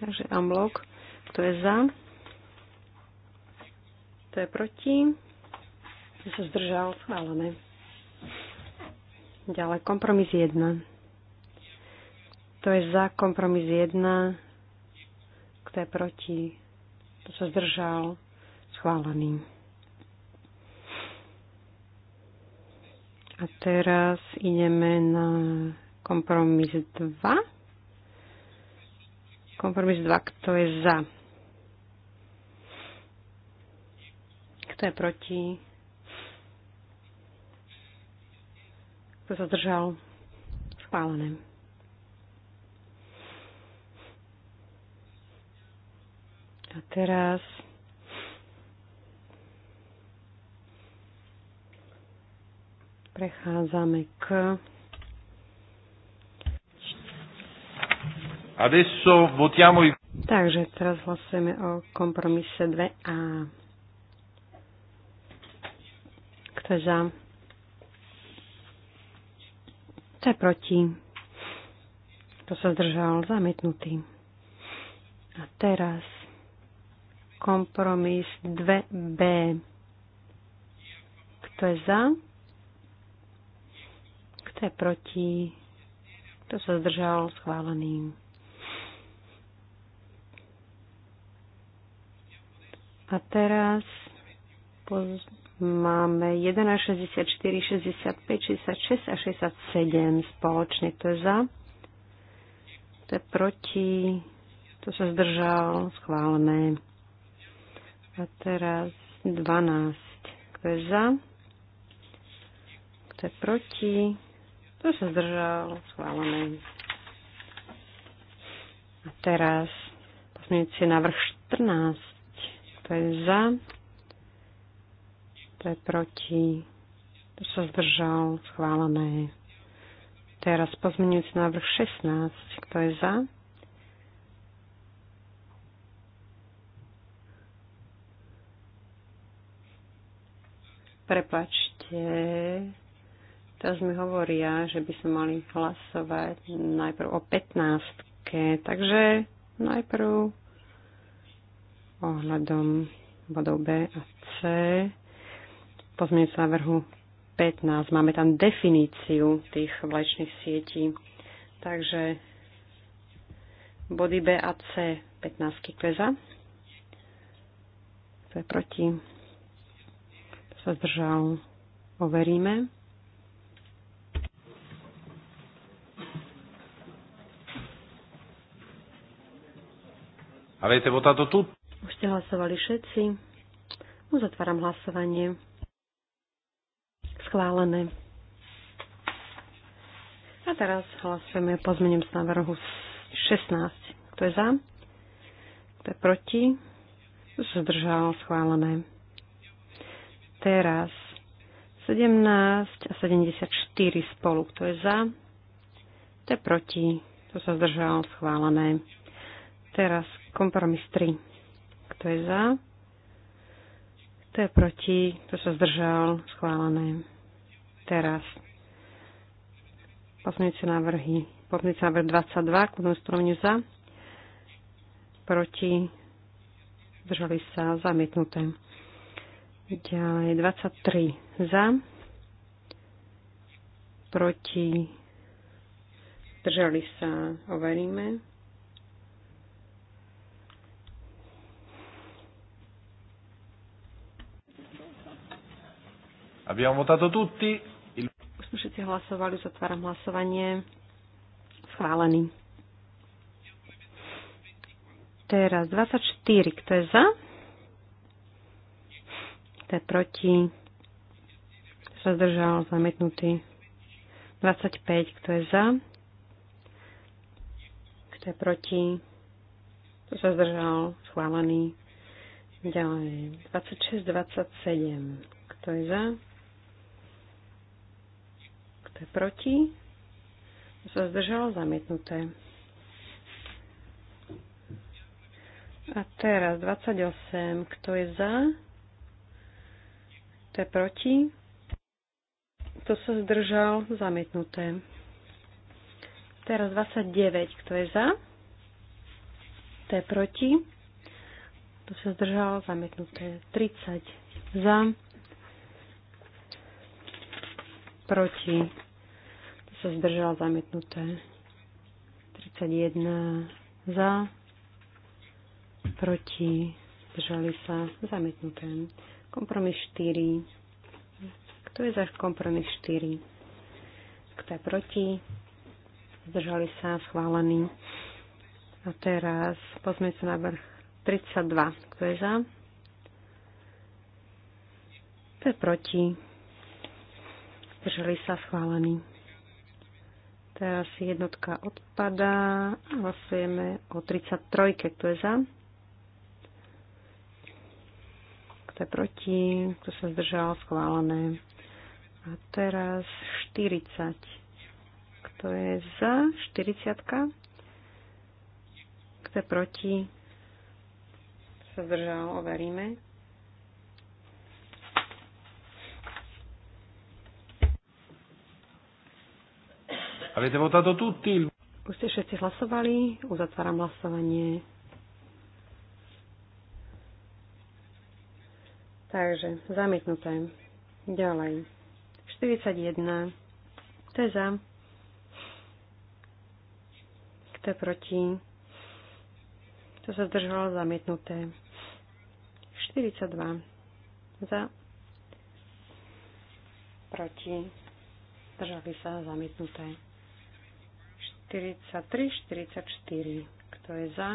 Takže unblock. Kto je za? Kto je proti? Kto sa zdržal? Schválené. Ďalej kompromis 1. Kto je za kompromis 1? Kto je proti? Kto sa zdržal? Schválený. A teraz ideme na Kompromis 2. Kompromis 2. Kto je za? Kto je proti? Kto sa držal? Schválené. A teraz prechádzame k Adesso votiamo i... Takže teraz hlasujeme o kompromise 2a. Kto je za? Kto je proti? Kto sa zdržal? Zamietnutý. A teraz kompromis 2b. Kto je za? Kto je proti? Kto sa zdržal schváleným? A teraz poz- máme 11, 64, 65, 66 a 67 spoločne. To je za. To je proti. To sa zdržal. schválené. A teraz 12. Kto je za? Kto je proti? Kto sa zdržal? Schválené. A teraz pozmeňujúci návrh 14. To je za? to je proti? To sa zdržal? Schválené. Teraz pozmeňujúci návrh 16. Kto je za? Prepačte, teraz mi hovoria, že by sme mali hlasovať najprv o 15. Takže najprv ohľadom bodov B a C. na návrhu 15. Máme tam definíciu tých vlečných sietí. Takže body B a C 15 kveza. To je proti. To sa zdržal. Overíme. Avete votato tutti? Už ste hlasovali všetci. Uzatváram hlasovanie. Schválené. A teraz hlasujeme po zmením z návrhu 16. Kto je za? Kto je proti? Zdržal schválené. Teraz 17 a 74 spolu. Kto je za? Kto je proti? Kto sa zdržal schválené. Teraz kompromis 3. Kto je za? Kto je proti? To sa zdržal? Schválené. Teraz. Pozmeňujúce návrhy. Pozmeňujúce návrh 22. Kľudnú stromňu za. Proti. Zdržali sa. Zamietnuté. Ďalej 23 za. Proti. Zdržali sa. Overíme. Abbiamo votato tutti. Il... Sme všetci hlasovali, zatváram hlasovanie. Schválený. Teraz 24, kto je za? Kto je proti? Kto sa zdržal? Zamietnutý. 25, kto je za? Kto je proti? Kto sa zdržal? Schválený. Ďalej. 26, 27. Kto je za? Kto je proti? Kto sa zdržalo Zamietnuté. A teraz 28. Kto je za? Kto je proti? Kto sa zdržal? Zamietnuté. Teraz 29. Kto je za? Kto je proti? Kto sa zdržal? Zamietnuté. 30. Za. Proti sa zdržal zamietnuté. 31 za, proti, zdržali sa zamietnuté. Kompromis 4. Kto je za kompromis 4? Kto je proti? Zdržali sa schválený. A teraz pozme sa vrch 32. Kto je za? Kto je proti? Zdržali sa schválený. Teraz jednotka odpadá. a Hlasujeme o 33, kto je za. Kto je proti, kto sa zdržal, schválené. A teraz 40. Kto je za 40? Kto je proti? Kto sa zdržal, overíme. Avete votato tutti? Už ste všetci hlasovali, uzatváram hlasovanie. Takže, zamietnuté. Ďalej. 41. Kto je za? Kto je proti? Kto sa zdržalo zamietnuté? 42. Za. Proti. Zdržali sa zamietnuté. 43, 44. Kto je za?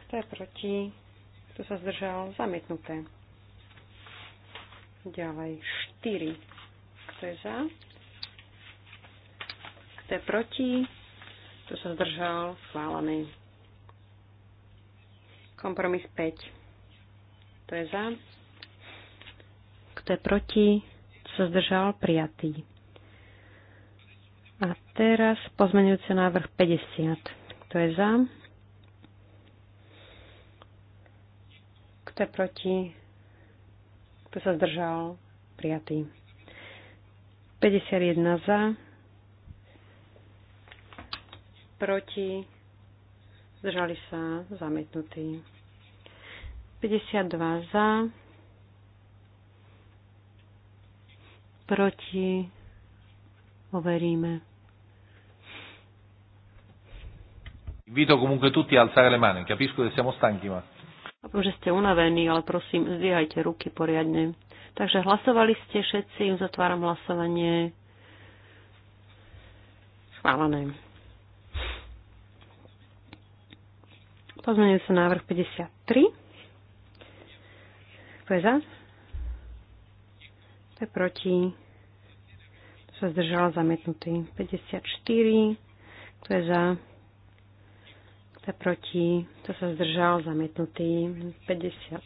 Kto je proti? Kto sa zdržal? Zamietnuté. Ďalej 4. Kto je za? Kto je proti? Kto sa zdržal? Schválený. Kompromis 5. Kto je za? Kto je proti? Kto sa zdržal? Prijatý. A teraz pozmenujúci návrh 50. Kto je za? Kto je proti? Kto sa zdržal? Prijatý. 51 za. Proti. Zdržali sa. Zamietnutý. 52 za. Proti. Overíme. Invito comunque tutti a alzare le mani, capisco che siamo stanchi, ma... Chápem, che ste unaveni, ale prosím, zdvíhajte ruky poriadne. Takže hlasovali ste všetci, uzatváram hlasovanie. Schválené. Pozmeňujem sa návrh 53. Kto je za? Kto je proti? Kto sa zdržal zamietnutý? 54. Kto je za? za proti, to sa zdržal, zamietnutý 55,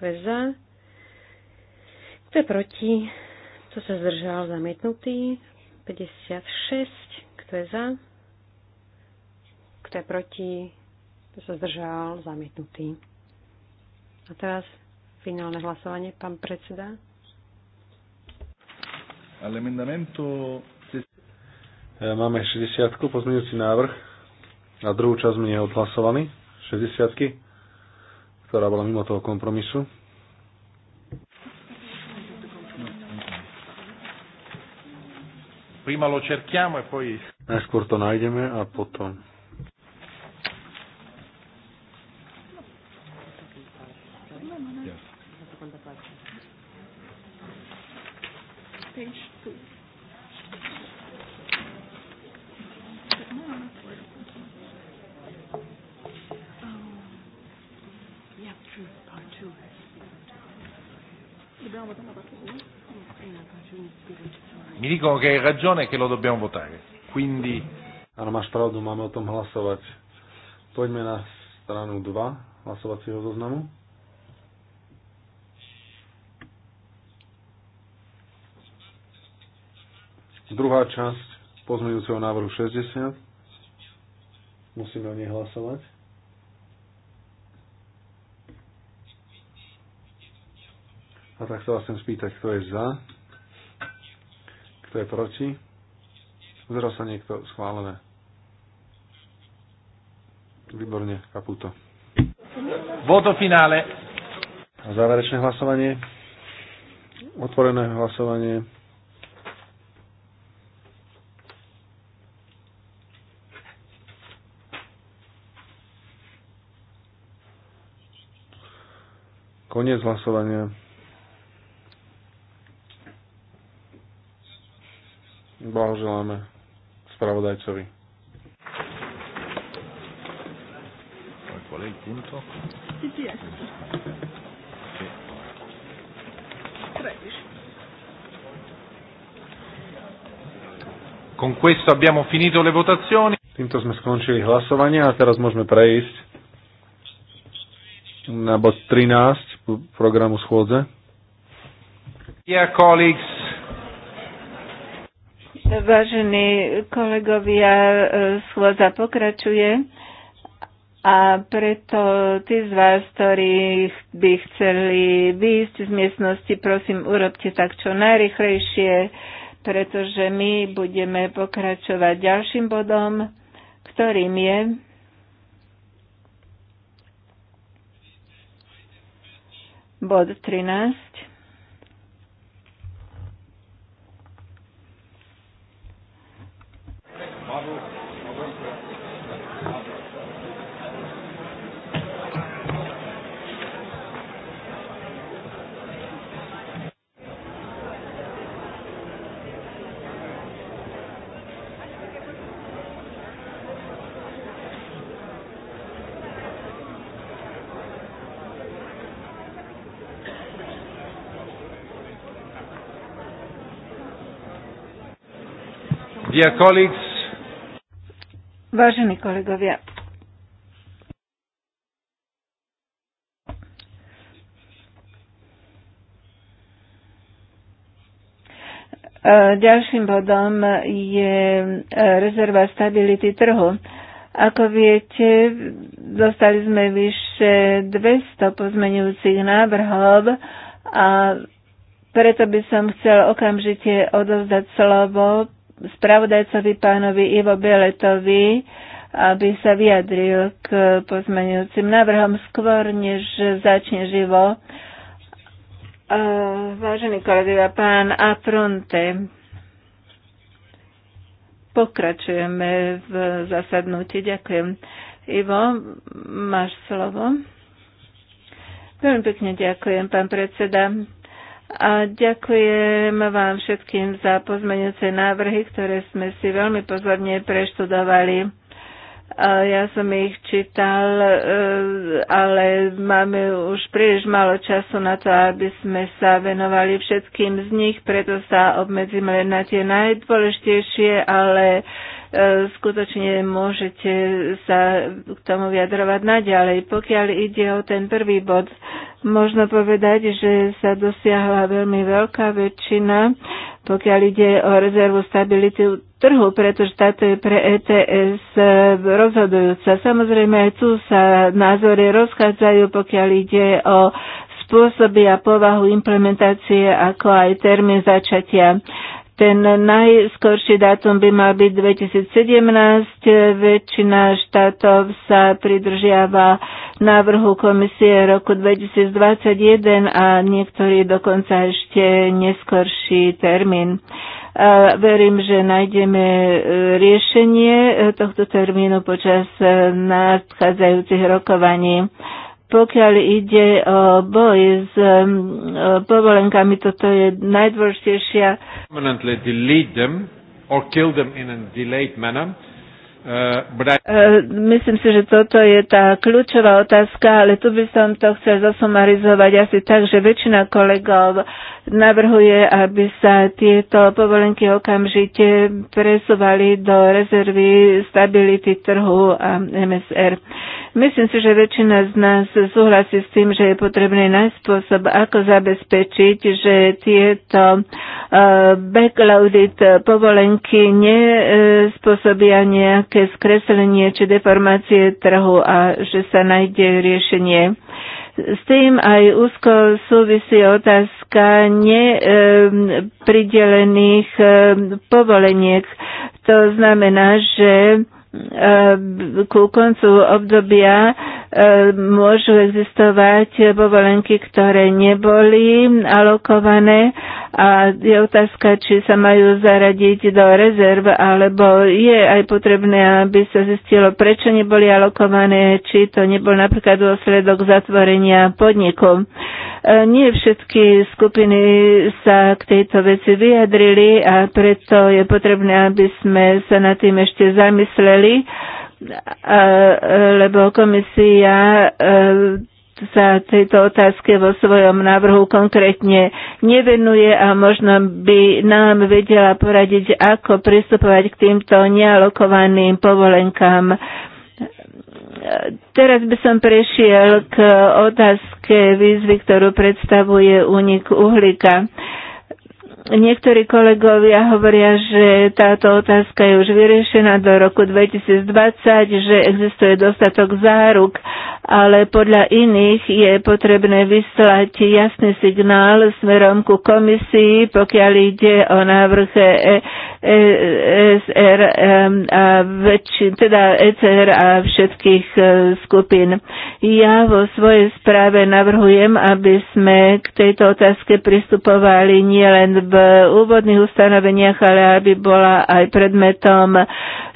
to je za, Kto je proti, to sa zdržal, zamietnutý 56, kto je za, kto je proti, to sa zdržal, zamietnutý. A teraz finálne hlasovanie, pán predseda. Máme 60 pozmeňujúci návrh. A druhú časť mi je odhlasovaný, 60 ktorá bola mimo toho kompromisu. Prima lo cerchiamo e poi... Najskôr to nájdeme a potom... dicono che hai ragione e che lo dobbiamo votare. Quindi... Áno, máš pravdu, máme o tom hlasovať. Poďme na stranu 2 hlasovacieho zoznamu. Druhá časť pozmeňujúceho návrhu 60. Musíme o nej hlasovať. A tak sa vás chcem spýtať, kto je za kto je proti? Zdrav sa niekto? Schválené. Výborne, kaputo. Voto finále. A záverečné hlasovanie. Otvorené hlasovanie. Koniec hlasovania. Blahoželáme spravodajcovi. Con questo abbiamo finito le votazioni. Týmto sme skončili hlasovanie a teraz môžeme prejsť na bod 13 programu schôdze. Dear colleagues, Vážení kolegovia, e, schôdza pokračuje a preto tí z vás, ktorí by chceli výjsť z miestnosti, prosím, urobte tak čo najrychlejšie, pretože my budeme pokračovať ďalším bodom, ktorým je bod 13. Dear colleagues, Vážení kolegovia, e, Ďalším bodom je e, rezerva stability trhu. Ako viete, dostali sme vyše 200 pozmenujúcich návrhov a preto by som chcel okamžite odovzdať slovo spravodajcovi pánovi Ivo Beletovi, aby sa vyjadril k pozmeňujúcim návrhom skôr, než začne živo. Vážený kolega pán Apronte, pokračujeme v zasadnutí. Ďakujem. Ivo, máš slovo. Veľmi pekne ďakujem, pán predseda. A ďakujem vám všetkým za pozmeňujúce návrhy, ktoré sme si veľmi pozorne preštudovali. Ja som ich čítal, e, ale máme už príliš málo času na to, aby sme sa venovali všetkým z nich, preto sa obmedzím len na tie najdôležitejšie, ale e, skutočne môžete sa k tomu vyjadrovať naďalej. Pokiaľ ide o ten prvý bod, Možno povedať, že sa dosiahla veľmi veľká väčšina, pokiaľ ide o rezervu stability trhu, pretože táto je pre ETS e, rozhodujúca. Samozrejme, aj tu sa názory rozchádzajú, pokiaľ ide o spôsoby a povahu implementácie, ako aj termín začatia ten najskorší dátum by mal byť 2017. Väčšina štátov sa pridržiava návrhu komisie roku 2021 a niektorí dokonca ešte neskorší termín. Verím, že nájdeme e, riešenie e, tohto termínu počas e, nadchádzajúcich rokovaní. Pokiaľ ide o boj s e, povolenkami, toto je najdôležitejšia. Uh, e, myslím si, že toto je tá kľúčová otázka, ale tu by som to chcel zosumarizovať asi tak, že väčšina kolegov navrhuje, aby sa tieto povolenky okamžite presúvali do rezervy stability trhu a MSR. Myslím si, že väčšina z nás súhlasí s tým, že je potrebný nájsť spôsob, ako zabezpečiť, že tieto e, backloaded povolenky nespôsobia nejaké skreslenie či deformácie trhu a že sa nájde riešenie. S tým aj úzko súvisí otázka nepridelených eh, povoleniek. To znamená, že eh, ku koncu obdobia Ehm, môžu existovať povolenky, ktoré neboli alokované a je otázka, či sa majú zaradiť do rezerv, alebo je aj potrebné, aby sa zistilo, prečo neboli alokované, či to nebol napríklad dôsledok zatvorenia podniku. Ehm, nie všetky skupiny sa k tejto veci vyjadrili a preto je potrebné, aby sme sa nad tým ešte zamysleli E, lebo komisia e, sa tejto otázke vo svojom návrhu konkrétne nevenuje a možno by nám vedela poradiť, ako pristupovať k týmto nealokovaným povolenkám. Teraz by som prešiel k otázke výzvy, ktorú predstavuje únik uhlíka. Uh, Niektorí kolegovia hovoria, že táto otázka je už vyriešená do roku 2020, že existuje dostatok záruk, ale podľa iných je potrebné vyslať jasný signál smerom ku komisii, pokiaľ ide o návrh e- ESR, teda ECR a všetkých e, skupín. Ja vo svojej správe navrhujem, aby sme k tejto otázke pristupovali nielen v úvodných ustanoveniach, ale aby bola aj predmetom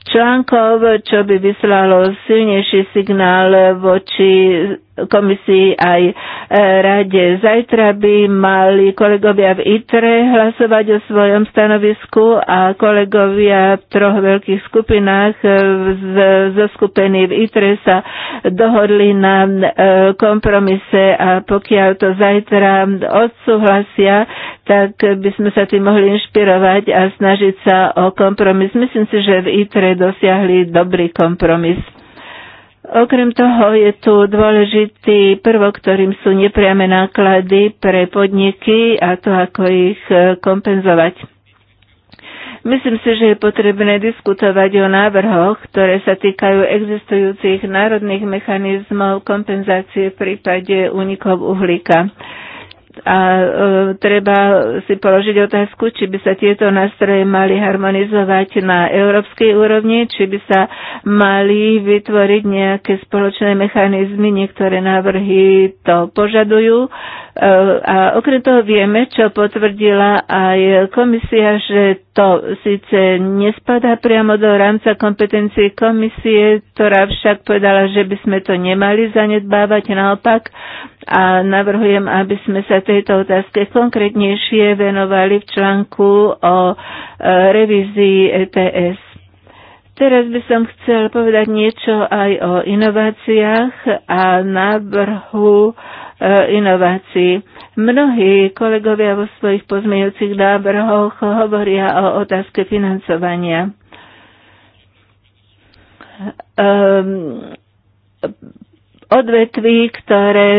článkov, čo by vyslalo silnejší signál voči komisii aj e, rade. Zajtra by mali kolegovia v ITRE hlasovať o svojom stanovisku a kolegovia v troch veľkých skupinách e, zoskupení v ITRE sa dohodli na e, kompromise a pokiaľ to zajtra odsúhlasia, tak by sme sa tým mohli inšpirovať a snažiť sa o kompromis. Myslím si, že v ITRE dosiahli dobrý kompromis. Okrem toho je tu dôležitý prvok, ktorým sú nepriame náklady pre podniky a to, ako ich e, kompenzovať. Myslím si, že je potrebné diskutovať o návrhoch, ktoré sa týkajú existujúcich národných mechanizmov kompenzácie v prípade únikov uhlíka a e, treba si položiť otázku, či by sa tieto nástroje mali harmonizovať na európskej úrovni, či by sa mali vytvoriť nejaké spoločné mechanizmy, niektoré návrhy to požadujú. E, Eh, a okrem toho vieme, čo potvrdila aj komisia, že to síce nespadá priamo do rámca kompetencie komisie, ktorá však povedala, že by sme to nemali zanedbávať naopak a navrhujem, aby sme sa tejto otázke konkrétnejšie venovali v článku o eh, revízii ETS. Teraz by som chcel povedať niečo aj o inováciách a návrhu uh, Eh, inovácií. Mnohí kolegovia vo svojich pozmejúcich návrhoch hovoria o otázke financovania. Um, odvetví, ktoré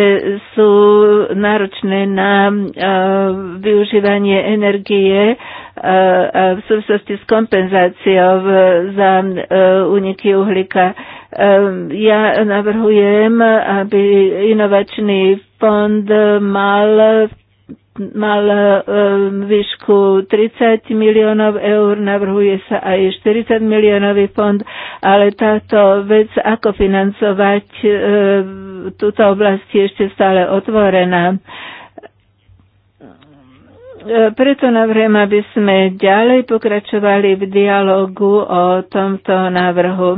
sú náročné na eh, využívanie energie eh, v súvislosti s kompenzáciou za uniky uhlíka. Ehm, ja navrhujem, aby inovačný fond mal mal um, výšku 30 miliónov eur, navrhuje sa aj 40 miliónový fond, ale táto vec, ako financovať um, túto oblasť je ešte stále otvorená. Preto navrhujem, aby sme ďalej pokračovali v dialogu o tomto návrhu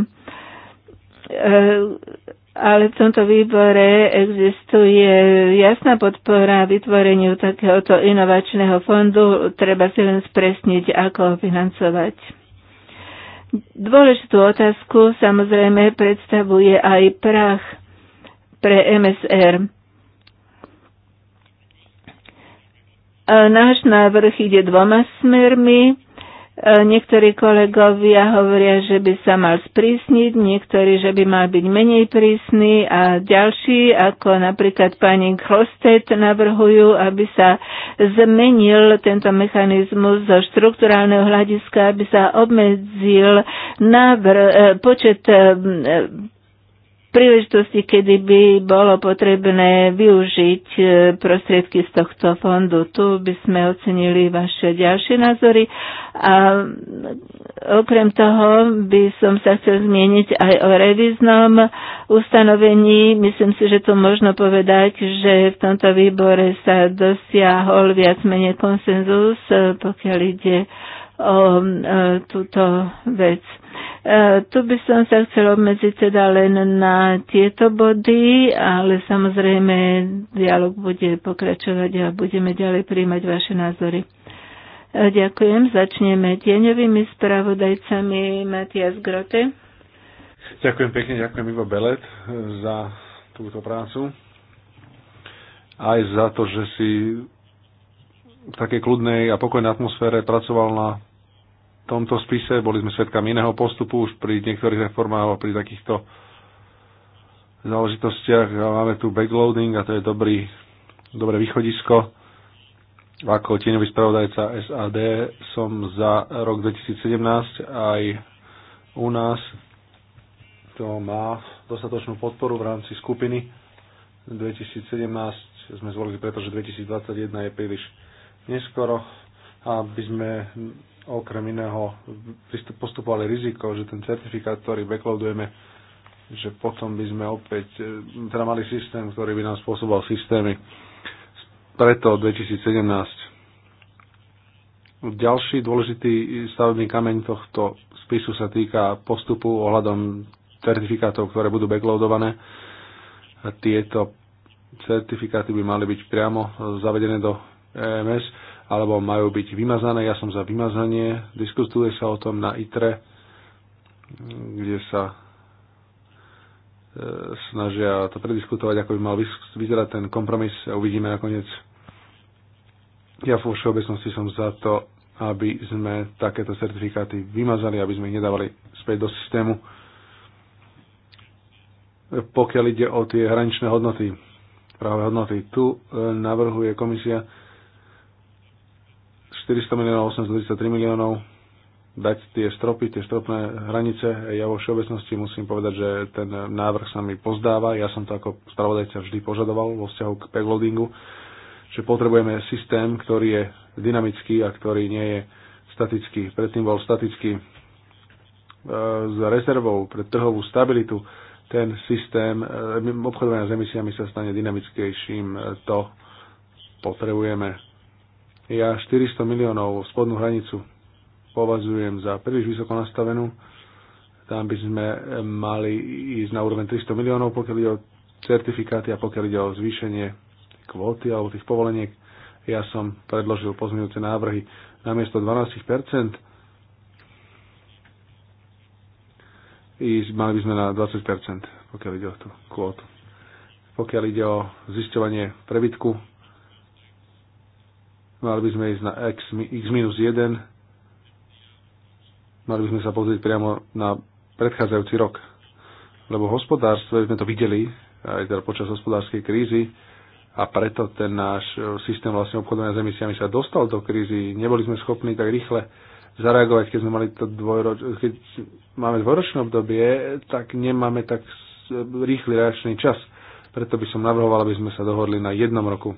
ale v tomto výbore existuje jasná podpora vytvoreniu takéhoto inovačného fondu. Treba si len spresniť, ako ho financovať. Dôležitú otázku samozrejme predstavuje aj prach pre MSR. Náš návrh ide dvoma smermi. E, niektorí kolegovia hovoria, že by sa mal sprísniť, niektorí, že by mal byť menej prísny a ďalší, ako napríklad pani Krostet navrhujú, aby sa zmenil tento mechanizmus zo štruktúrálneho hľadiska, aby sa obmedzil návr, e, počet e, príležitosti, kedy by bolo potrebné využiť e, prostriedky z tohto fondu. Tu by sme ocenili vaše ďalšie názory a okrem toho by som sa chcel zmieniť aj o reviznom ustanovení. Myslím si, že to možno povedať, že v tomto výbore sa dosiahol viac menej konsenzus, e, pokiaľ ide o e, túto vec. Eh, tu by som sa chcel obmedziť teda len na tieto body, ale samozrejme dialog bude pokračovať a budeme ďalej príjmať vaše názory. Eh, ďakujem. Začneme tieňovými spravodajcami Matias Grote. Ďakujem pekne, ďakujem Ivo Belet eh, za túto prácu. Aj za to, že si v takej kľudnej a pokojnej atmosfére pracoval na tomto spise. Boli sme svedkami iného postupu už pri niektorých reformách alebo pri takýchto záležitostiach. Máme tu backloading a to je dobrý, dobré východisko. Ako tieňový spravodajca SAD som za rok 2017 aj u nás. To má dostatočnú podporu v rámci skupiny. 2017 sme zvolili, pretože 2021 je príliš neskoro, aby sme okrem iného postupovali riziko, že ten certifikát, ktorý backloadujeme, že potom by sme opäť e, teda mali systém, ktorý by nám spôsoboval systémy. Preto 2017. Ďalší dôležitý stavebný kameň tohto spisu sa týka postupu ohľadom certifikátov, ktoré budú backloadované. Tieto certifikáty by mali byť priamo zavedené do EMS alebo majú byť vymazané. Ja som za vymazanie. Diskutuje sa o tom na ITRE, kde sa e, snažia to prediskutovať, ako by mal vyzerať ten kompromis. Uvidíme nakoniec. Ja vo všeobecnosti som za to, aby sme takéto certifikáty vymazali, aby sme ich nedávali späť do systému. Pokiaľ ide o tie hraničné hodnoty, práve hodnoty, tu e, navrhuje komisia 400 miliónov, 833 miliónov, dať tie stropy, tie stropné hranice. Ja vo všeobecnosti musím povedať, že ten návrh sa mi pozdáva. Ja som to ako spravodajca vždy požadoval vo vzťahu k backloadingu, že potrebujeme systém, ktorý je dynamický a ktorý nie je statický. Predtým bol statický e, s rezervou pre trhovú stabilitu. Ten systém e, obchodovania s emisiami sa stane dynamickejším. E, to potrebujeme ja 400 miliónov spodnú hranicu považujem za príliš vysoko nastavenú. Tam by sme eh, mali ísť na úroveň 300 miliónov, pokiaľ ide o certifikáty a pokiaľ ide o zvýšenie kvóty alebo tých povoleniek. Ja som predložil pozmeňujúce návrhy namiesto 12 ísť, mali by sme na 20 pokiaľ ide o tú kvótu. Pokiaľ ide o zisťovanie prebytku, Mali by sme ísť na x, x-1, mali by sme sa pozrieť priamo na predchádzajúci rok. Lebo v hospodárstve sme to videli, aj teda počas hospodárskej krízy, a preto ten náš e, systém vlastne obchodovania s emisiami sa dostal do krízy. Neboli sme schopní tak rýchle zareagovať, keď sme mali to dvojroč, keď máme dvojročné obdobie, tak nemáme tak rýchly reakčný čas. Preto by som navrhoval, aby sme sa dohodli na jednom roku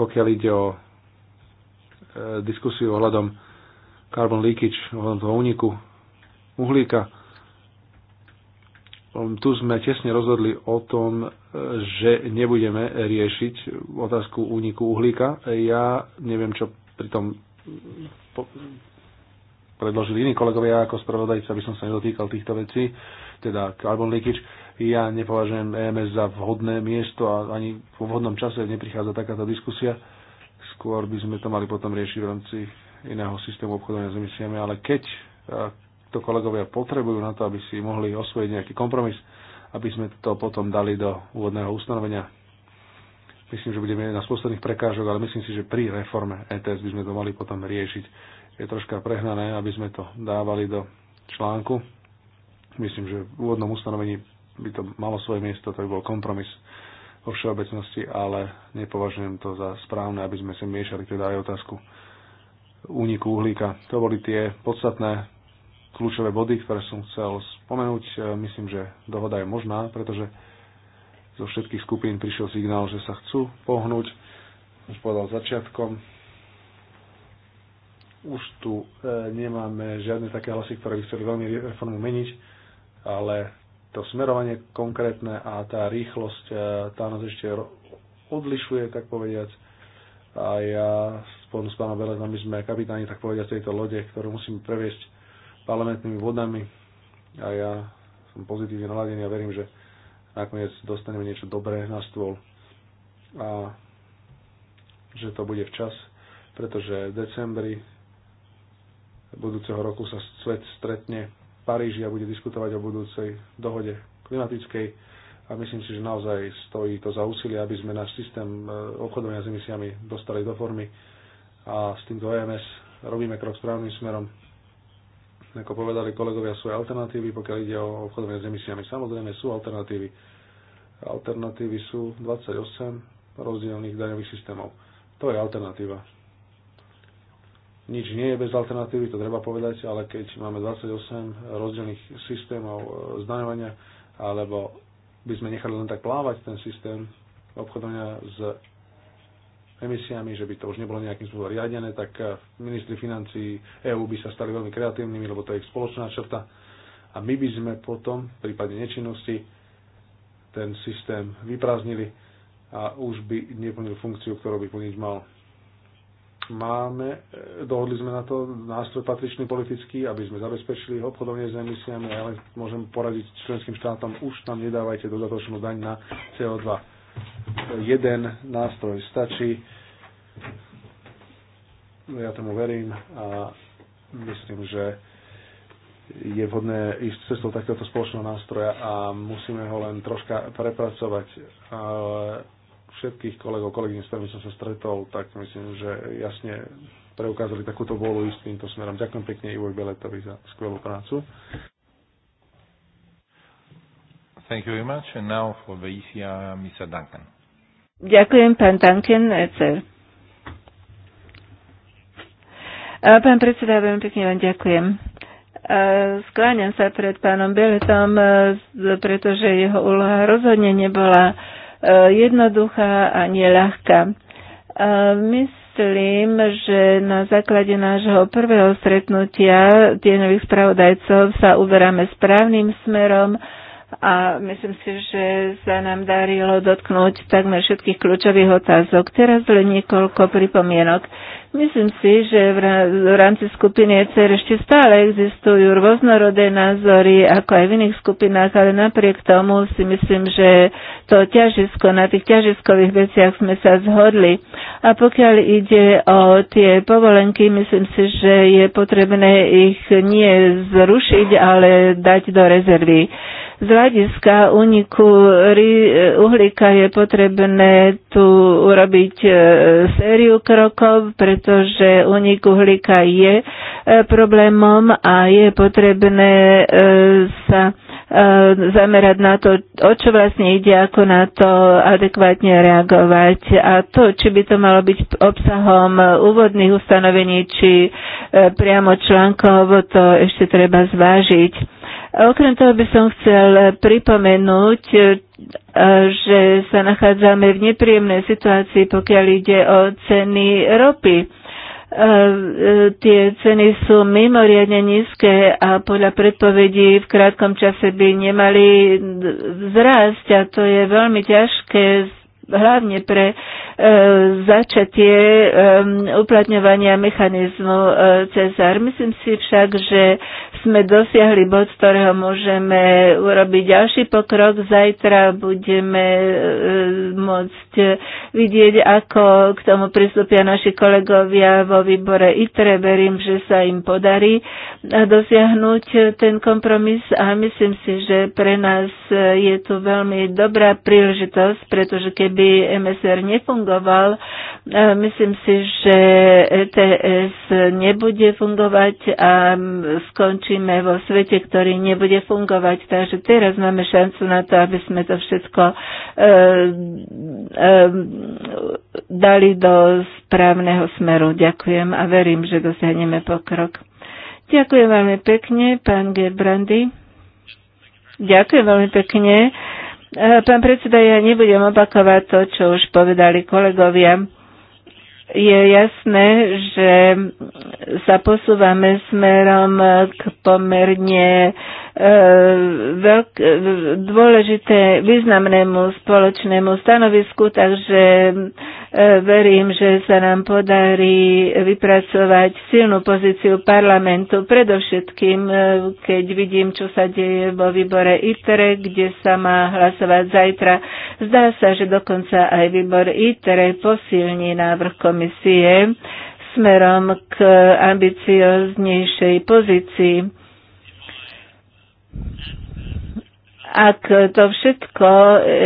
pokiaľ ide o e, diskusiu ohľadom carbon leakage, ohľadom toho úniku uhlíka. Tu sme tesne rozhodli o tom, e, že nebudeme riešiť otázku úniku uhlíka. Ja neviem, čo pri tom predložili iní kolegovia ako spravodajca, aby som sa nedotýkal týchto vecí, teda carbon leakage. Ja nepovažujem EMS za vhodné miesto a ani po vhodnom čase neprichádza takáto diskusia. Skôr by sme to mali potom riešiť v rámci iného systému obchodovania s emisiami, ale keď e, to kolegovia potrebujú na to, aby si mohli osvojiť nejaký kompromis, aby sme to potom dali do úvodného ustanovenia. Myslím, že budeme na z posledných prekážok, ale myslím si, že pri reforme ETS by sme to mali potom riešiť. Je troška prehnané, aby sme to dávali do článku. Myslím, že v úvodnom ustanovení by to malo svoje miesto, to by bol kompromis vo všeobecnosti, ale nepovažujem to za správne, aby sme sem miešali teda aj otázku úniku uhlíka. To boli tie podstatné kľúčové body, ktoré som chcel spomenúť. E, myslím, že dohoda je možná, pretože zo všetkých skupín prišiel signál, že sa chcú pohnúť. Už povedal začiatkom. Už tu e, nemáme žiadne také hlasy, ktoré by chceli veľmi reformu meniť, ale to smerovanie konkrétne a tá rýchlosť, e, tá nás ešte odlišuje, tak povediať. A ja spolu s pánom Belenom, my sme kapitáni, tak povediať, tejto lode, ktorú musíme previesť parlamentnými vodami. A ja som pozitívne naladený a verím, že nakoniec dostaneme niečo dobré na stôl. A že to bude včas, pretože v decembri budúceho roku sa svet stretne Paríži a bude diskutovať o budúcej dohode klimatickej a myslím si, že naozaj stojí to za úsilie, aby sme náš systém e, obchodovania s emisiami dostali do formy a s týmto EMS robíme krok správnym smerom. Ako povedali kolegovia, sú alternatívy, pokiaľ ide o obchodovanie s emisiami. Samozrejme sú alternatívy. Alternatívy sú 28 rozdielných daňových systémov. To je alternatíva nič nie je bez alternatívy, to treba povedať, ale keď máme 28 rozdielných systémov e, zdaňovania, alebo by sme nechali len tak plávať ten systém obchodovania s emisiami, že by to už nebolo nejakým spôsobom riadené, tak e, ministri financí EÚ by sa stali veľmi kreatívnymi, lebo to je ich spoločná črta. A my by sme potom, v prípade nečinnosti, ten systém vyprázdnili a už by neplnil funkciu, ktorú by plniť mal máme, e, dohodli sme na to nástroj patričný politický, aby sme zabezpečili obchodovne s emisiami, ale môžem poradiť členským štátom, už tam nedávajte dodatočnú daň na CO2. Jeden nástroj stačí, no ja tomu verím a myslím, že je vhodné ísť cestou takéhoto spoločného nástroja a musíme ho len troška prepracovať. Ale všetkých kolegov, kolegyň, s ktorými som sa stretol, tak myslím, že jasne preukázali takúto vôľu ísť týmto smerom. Ďakujem pekne Ivoj Beletovi za skvelú prácu. Thank you very much. And now for the ECR, Mr. Duncan. Ďakujem, pán Duncan, ECR. Pán predseda, veľmi pekne vám ďakujem. Skláňam sa pred pánom Beletom, pretože jeho úloha rozhodne nebola Eh, jednoduchá a neľahká. Myslím, že na základe nášho prvého stretnutia tieňových spravodajcov sa uberáme správnym smerom a myslím si, že sa nám darilo dotknúť takmer všetkých kľúčových otázok. Teraz len niekoľko pripomienok. Myslím si, že v rámci skupiny ECR ešte stále existujú rôznorodé názory, ako aj v iných skupinách, ale napriek tomu si myslím, že to ťažisko, na tých ťažiskových veciach sme sa zhodli. A pokiaľ ide o tie povolenky, myslím si, že je potrebné ich nie zrušiť, ale dať do rezervy. Z hľadiska úniku uhlíka je potrebné tu urobiť e, sériu krokov, pre pretože unik uhlíka je e, problémom a je potrebné e, sa e, zamerať na to, o čo vlastne ide, ako na to adekvátne reagovať. A to, či by to malo byť obsahom úvodných ustanovení, či priamo článkov, to ešte treba zvážiť. Okrem toho by som chcel pripomenúť, e, že sa nachádzame v nepríjemnej situácii, pokiaľ ide o ceny ropy e, e, tie ceny sú mimoriadne nízke a podľa predpovedí v krátkom čase by nemali vzrásť a to je veľmi ťažké z hlavne pre e, začatie e, uplatňovania mechanizmu e, Cezar. Myslím si však, že sme dosiahli bod, z ktorého môžeme urobiť ďalší pokrok. Zajtra budeme môcť vidieť, ako k tomu pristúpia naši kolegovia vo výbore ITRE. Verím, že sa im podarí dosiahnuť ten kompromis a myslím si, že pre nás je to veľmi dobrá príležitosť, pretože keby by MSR nefungoval. E, myslím si, že ETS nebude fungovať a skončíme vo svete, ktorý nebude fungovať. Takže teraz máme šancu na to, aby sme to všetko e, e, dali do správneho smeru. Ďakujem a verím, že dosiahneme pokrok. Ďakujem veľmi pekne, pán Gerbrandy. Ďakujem veľmi pekne. Eh, pán predseda, ja nebudem opakovať to, čo už povedali kolegovia. Je jasné, že sa posúvame smerom k pomerne eh, veľk, dôležité, významnému spoločnému stanovisku, takže E, verím, že sa nám podarí vypracovať silnú pozíciu parlamentu, predovšetkým, e, keď vidím, čo sa deje vo výbore ITRE, kde sa má hlasovať zajtra. Zdá sa, že dokonca aj výbor ITRE posilní návrh komisie smerom k ambicioznejšej pozícii. Ak to všetko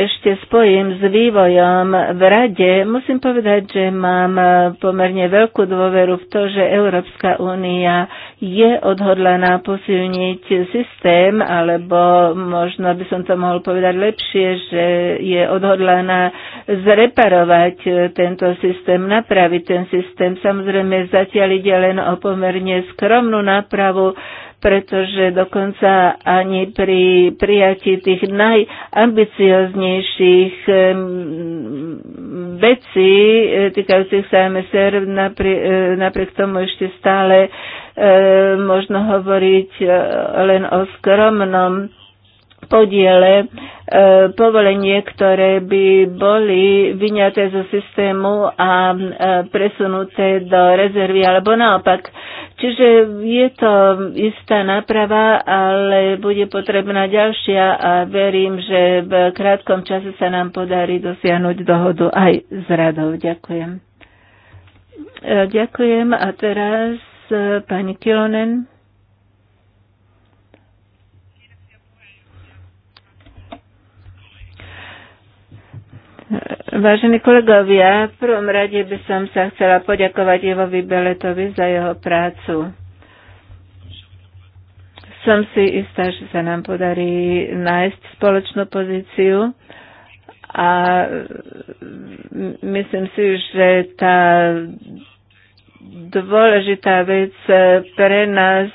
ešte spojím s vývojom v rade, musím povedať, že mám pomerne veľkú dôveru v to, že Európska únia je odhodlaná posilniť systém, alebo možno by som to mohol povedať lepšie, že je odhodlaná zreparovať tento systém, napraviť ten systém. Samozrejme, zatiaľ ide len o pomerne skromnú nápravu pretože dokonca ani pri prijatí tých najambicioznejších vecí e, týkajúcich sa MSR e, napriek tomu ešte stále e, možno hovoriť len o skromnom podiele povolenie, ktoré by boli vyňaté zo systému a presunuté do rezervy, alebo naopak. Čiže je to istá náprava, ale bude potrebná ďalšia a verím, že v krátkom čase sa nám podarí dosiahnuť dohodu aj s radou. Ďakujem. E, ďakujem a teraz e, pani Kilonen. Vážení kolegovia, v prvom rade by som sa chcela poďakovať Ivovi Beletovi za jeho prácu. Som si istá, že sa nám podarí nájsť spoločnú pozíciu a myslím si, že tá dôležitá vec pre nás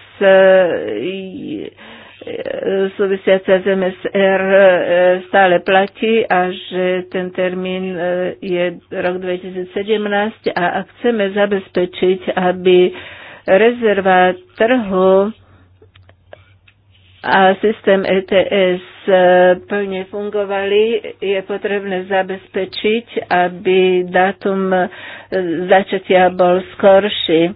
je súvisiaca z MSR e, stále platí a že ten termín e, je rok 2017 a ak chceme zabezpečiť, aby rezerva trhu a systém ETS e, plne fungovali, je potrebné zabezpečiť, aby dátum začatia bol skorší,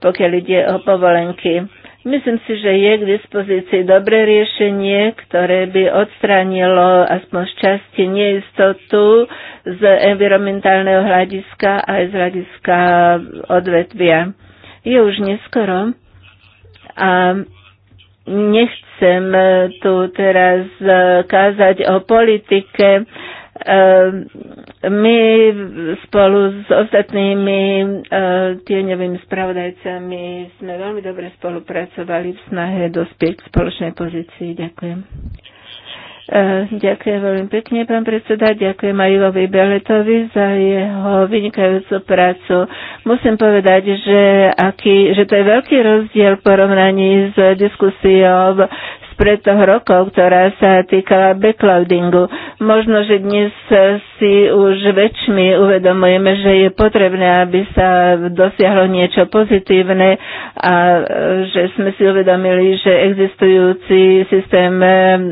pokiaľ ide o povolenky. Myslím si, že je k dispozícii dobré riešenie, ktoré by odstránilo aspoň z časti neistotu z environmentálneho hľadiska aj z hľadiska odvetvia. Je už neskoro a nechcem tu teraz kázať o politike Ehm, my spolu s ostatnými e, tieňovými spravodajcami sme veľmi dobre spolupracovali v snahe dospieť k spoločnej pozícii. Ďakujem. E, ďakujem veľmi pekne, pán predseda. Ďakujem aj Ivovi Beletovi za jeho vynikajúcu prácu. Musím povedať, že, aký, že to je veľký rozdiel v porovnaní s diskusiou v spred toho rokov, ktorá sa týkala backloadingu. Možno, že dnes si už väčšmi uvedomujeme, že je potrebné, aby sa dosiahlo niečo pozitívne a e, že sme si uvedomili, že existujúci systém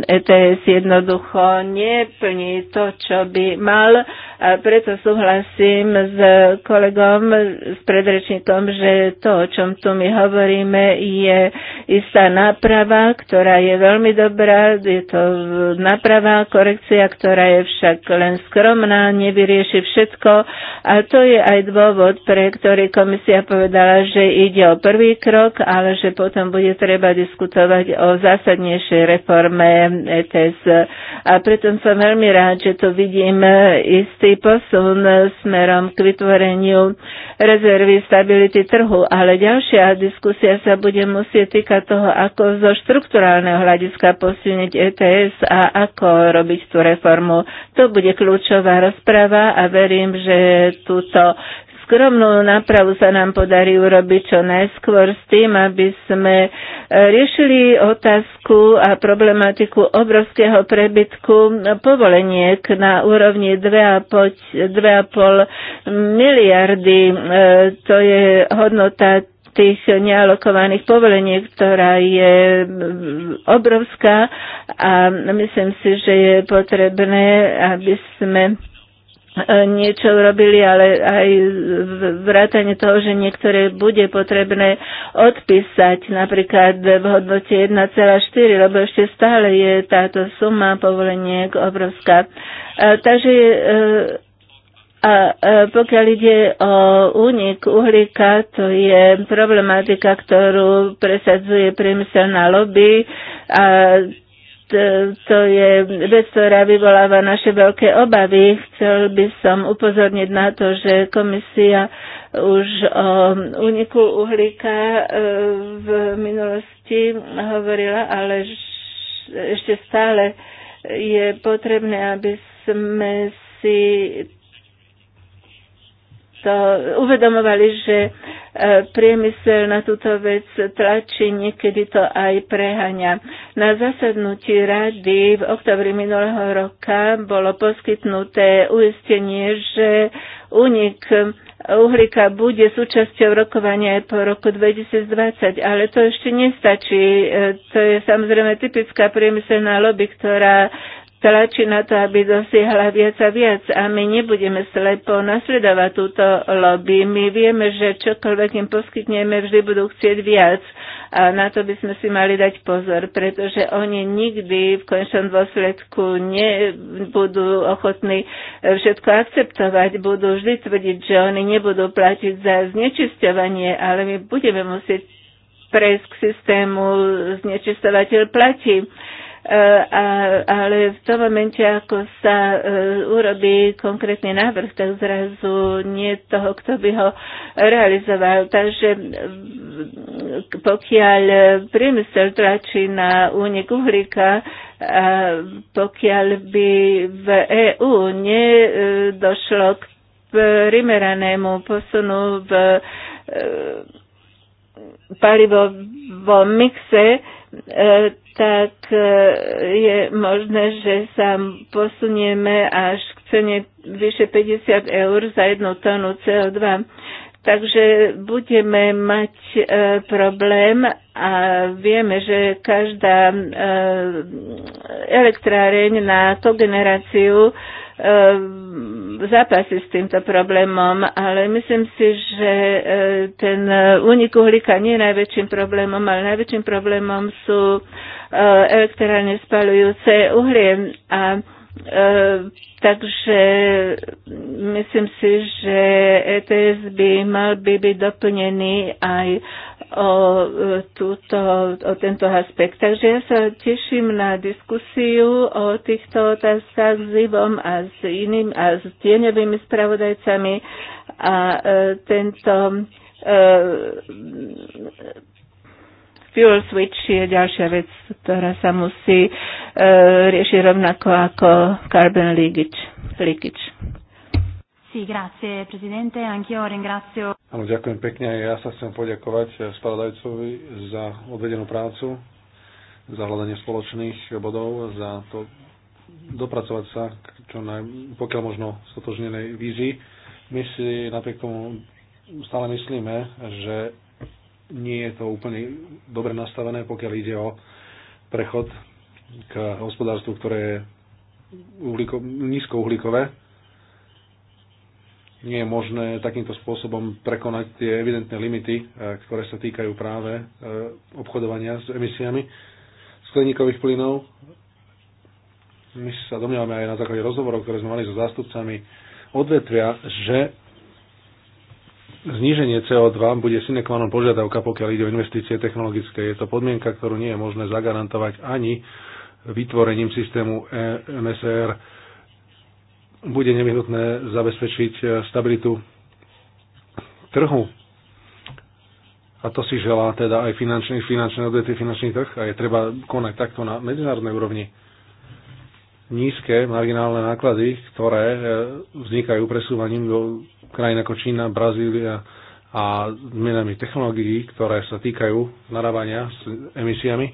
ETS e jednoducho neplní to, čo by mal a preto súhlasím s kolegom, s predrečníkom, že to, o čom tu my hovoríme, je istá náprava, ktorá je je veľmi dobrá, je to napravá korekcia, ktorá je však len skromná, nevyrieši všetko a to je aj dôvod, pre ktorý komisia povedala, že ide o prvý krok, ale že potom bude treba diskutovať o zásadnejšej reforme ETS. A preto som veľmi rád, že tu vidím istý posun smerom k vytvoreniu rezervy stability trhu, ale ďalšia diskusia sa bude musieť týkať toho, ako zo štrukturálneho hľadiska posilniť ETS a ako robiť tú reformu. To bude kľúčová rozprava a verím, že túto skromnú nápravu sa nám podarí urobiť čo najskôr s tým, aby sme e, riešili otázku a problematiku obrovského prebytku povoleniek na úrovni 2,5 miliardy. E, to je hodnota tých nealokovaných povolení, ktorá je obrovská a myslím si, že je potrebné, aby sme e, niečo robili, ale aj vrátanie toho, že niektoré bude potrebné odpísať napríklad v hodnote 1,4, lebo ešte stále je táto suma povoleniek obrovská. E, takže e, a pokiaľ ide o únik uhlíka, to je problematika, ktorú presadzuje priemyselná lobby a to je vec, ktorá vyvoláva naše veľké obavy. Chcel by som upozorniť na to, že komisia už o úniku uhlíka e, v minulosti hovorila, ale ešte stále je potrebné, aby sme si to uvedomovali, že e, priemysel na túto vec tlačí, niekedy to aj preháňa. Na zasadnutí rady v oktobri minulého roka bolo poskytnuté uistenie, že únik uhlíka bude súčasťou rokovania aj po roku 2020, ale to ešte nestačí. E, to je samozrejme typická priemyselná lobby, ktorá tlačí na to, aby dosiahla viac a viac. A my nebudeme slepo nasledovať túto lobby. My vieme, že čokoľvek im poskytneme, vždy budú chcieť viac. A na to by sme si mali dať pozor, pretože oni nikdy v končnom dôsledku nebudú ochotní všetko akceptovať. Budú vždy tvrdiť, že oni nebudú platiť za znečisťovanie, ale my budeme musieť prejsť k systému znečistovateľ platí. E, ale v tom momente, ako sa e, urobí konkrétny návrh, tak zrazu nie toho, kto by ho realizoval. Takže e, pokiaľ priemysel tlačí na únik uhlíka, a pokiaľ by v EÚ nedošlo k primeranému posunu v palivovom mixe, E, tak e, je možné, že sa posunieme až k cene vyše 50 eur za jednu tonu CO2. Takže budeme mať e, problém a vieme, že každá e, elektráreň na kogeneráciu generáciu E, zápasy s týmto problémom, ale myslím si, že e, ten únik uhlíka nie je najväčším problémom, ale najväčším problémom sú e, elektrárne spalujúce uhlie a E, takže myslím si, že ETS by mal by byť doplnený aj o, e, túto, o tento aspekt. Takže ja sa teším na diskusiu o týchto otázkach s Ivom a s iným a s tieňovými spravodajcami a e, tento Fuel switch je ďalšia vec, ktorá sa musí e, riešiť rovnako ako carbon leakage. leakage. Sì, grazie Presidente, anch'io ringrazio. Áno, ďakujem pekne ja sa chcem poďakovať spravodajcovi za odvedenú prácu, za hľadanie spoločných bodov, za to dopracovať sa k čo naj, pokiaľ možno stotožnenej vízii. My si napriek tomu stále myslíme, že nie je to úplne dobre nastavené, pokiaľ ide o prechod k hospodárstvu, ktoré je uhlíko, nízkouhlíkové. Nie je možné takýmto spôsobom prekonať tie evidentné limity, eh, ktoré sa týkajú práve eh, obchodovania s emisiami skleníkových plynov. My sa domnievame aj na základe rozhovorov, ktoré sme mali so zástupcami odvetvia, že zníženie CO2 bude sine qua non požiadavka, pokiaľ ide o investície technologické. Je to podmienka, ktorú nie je možné zagarantovať ani vytvorením systému MSR. Bude nevyhnutné zabezpečiť e, stabilitu trhu. A to si želá teda aj finančný, finančné odvety, finančný trh a je treba konať takto na medzinárodnej úrovni nízke marginálne náklady, ktoré e, vznikajú presúvaním do krajín ako Čína, Brazília a zmenami technológií, ktoré sa týkajú narábania s emisiami,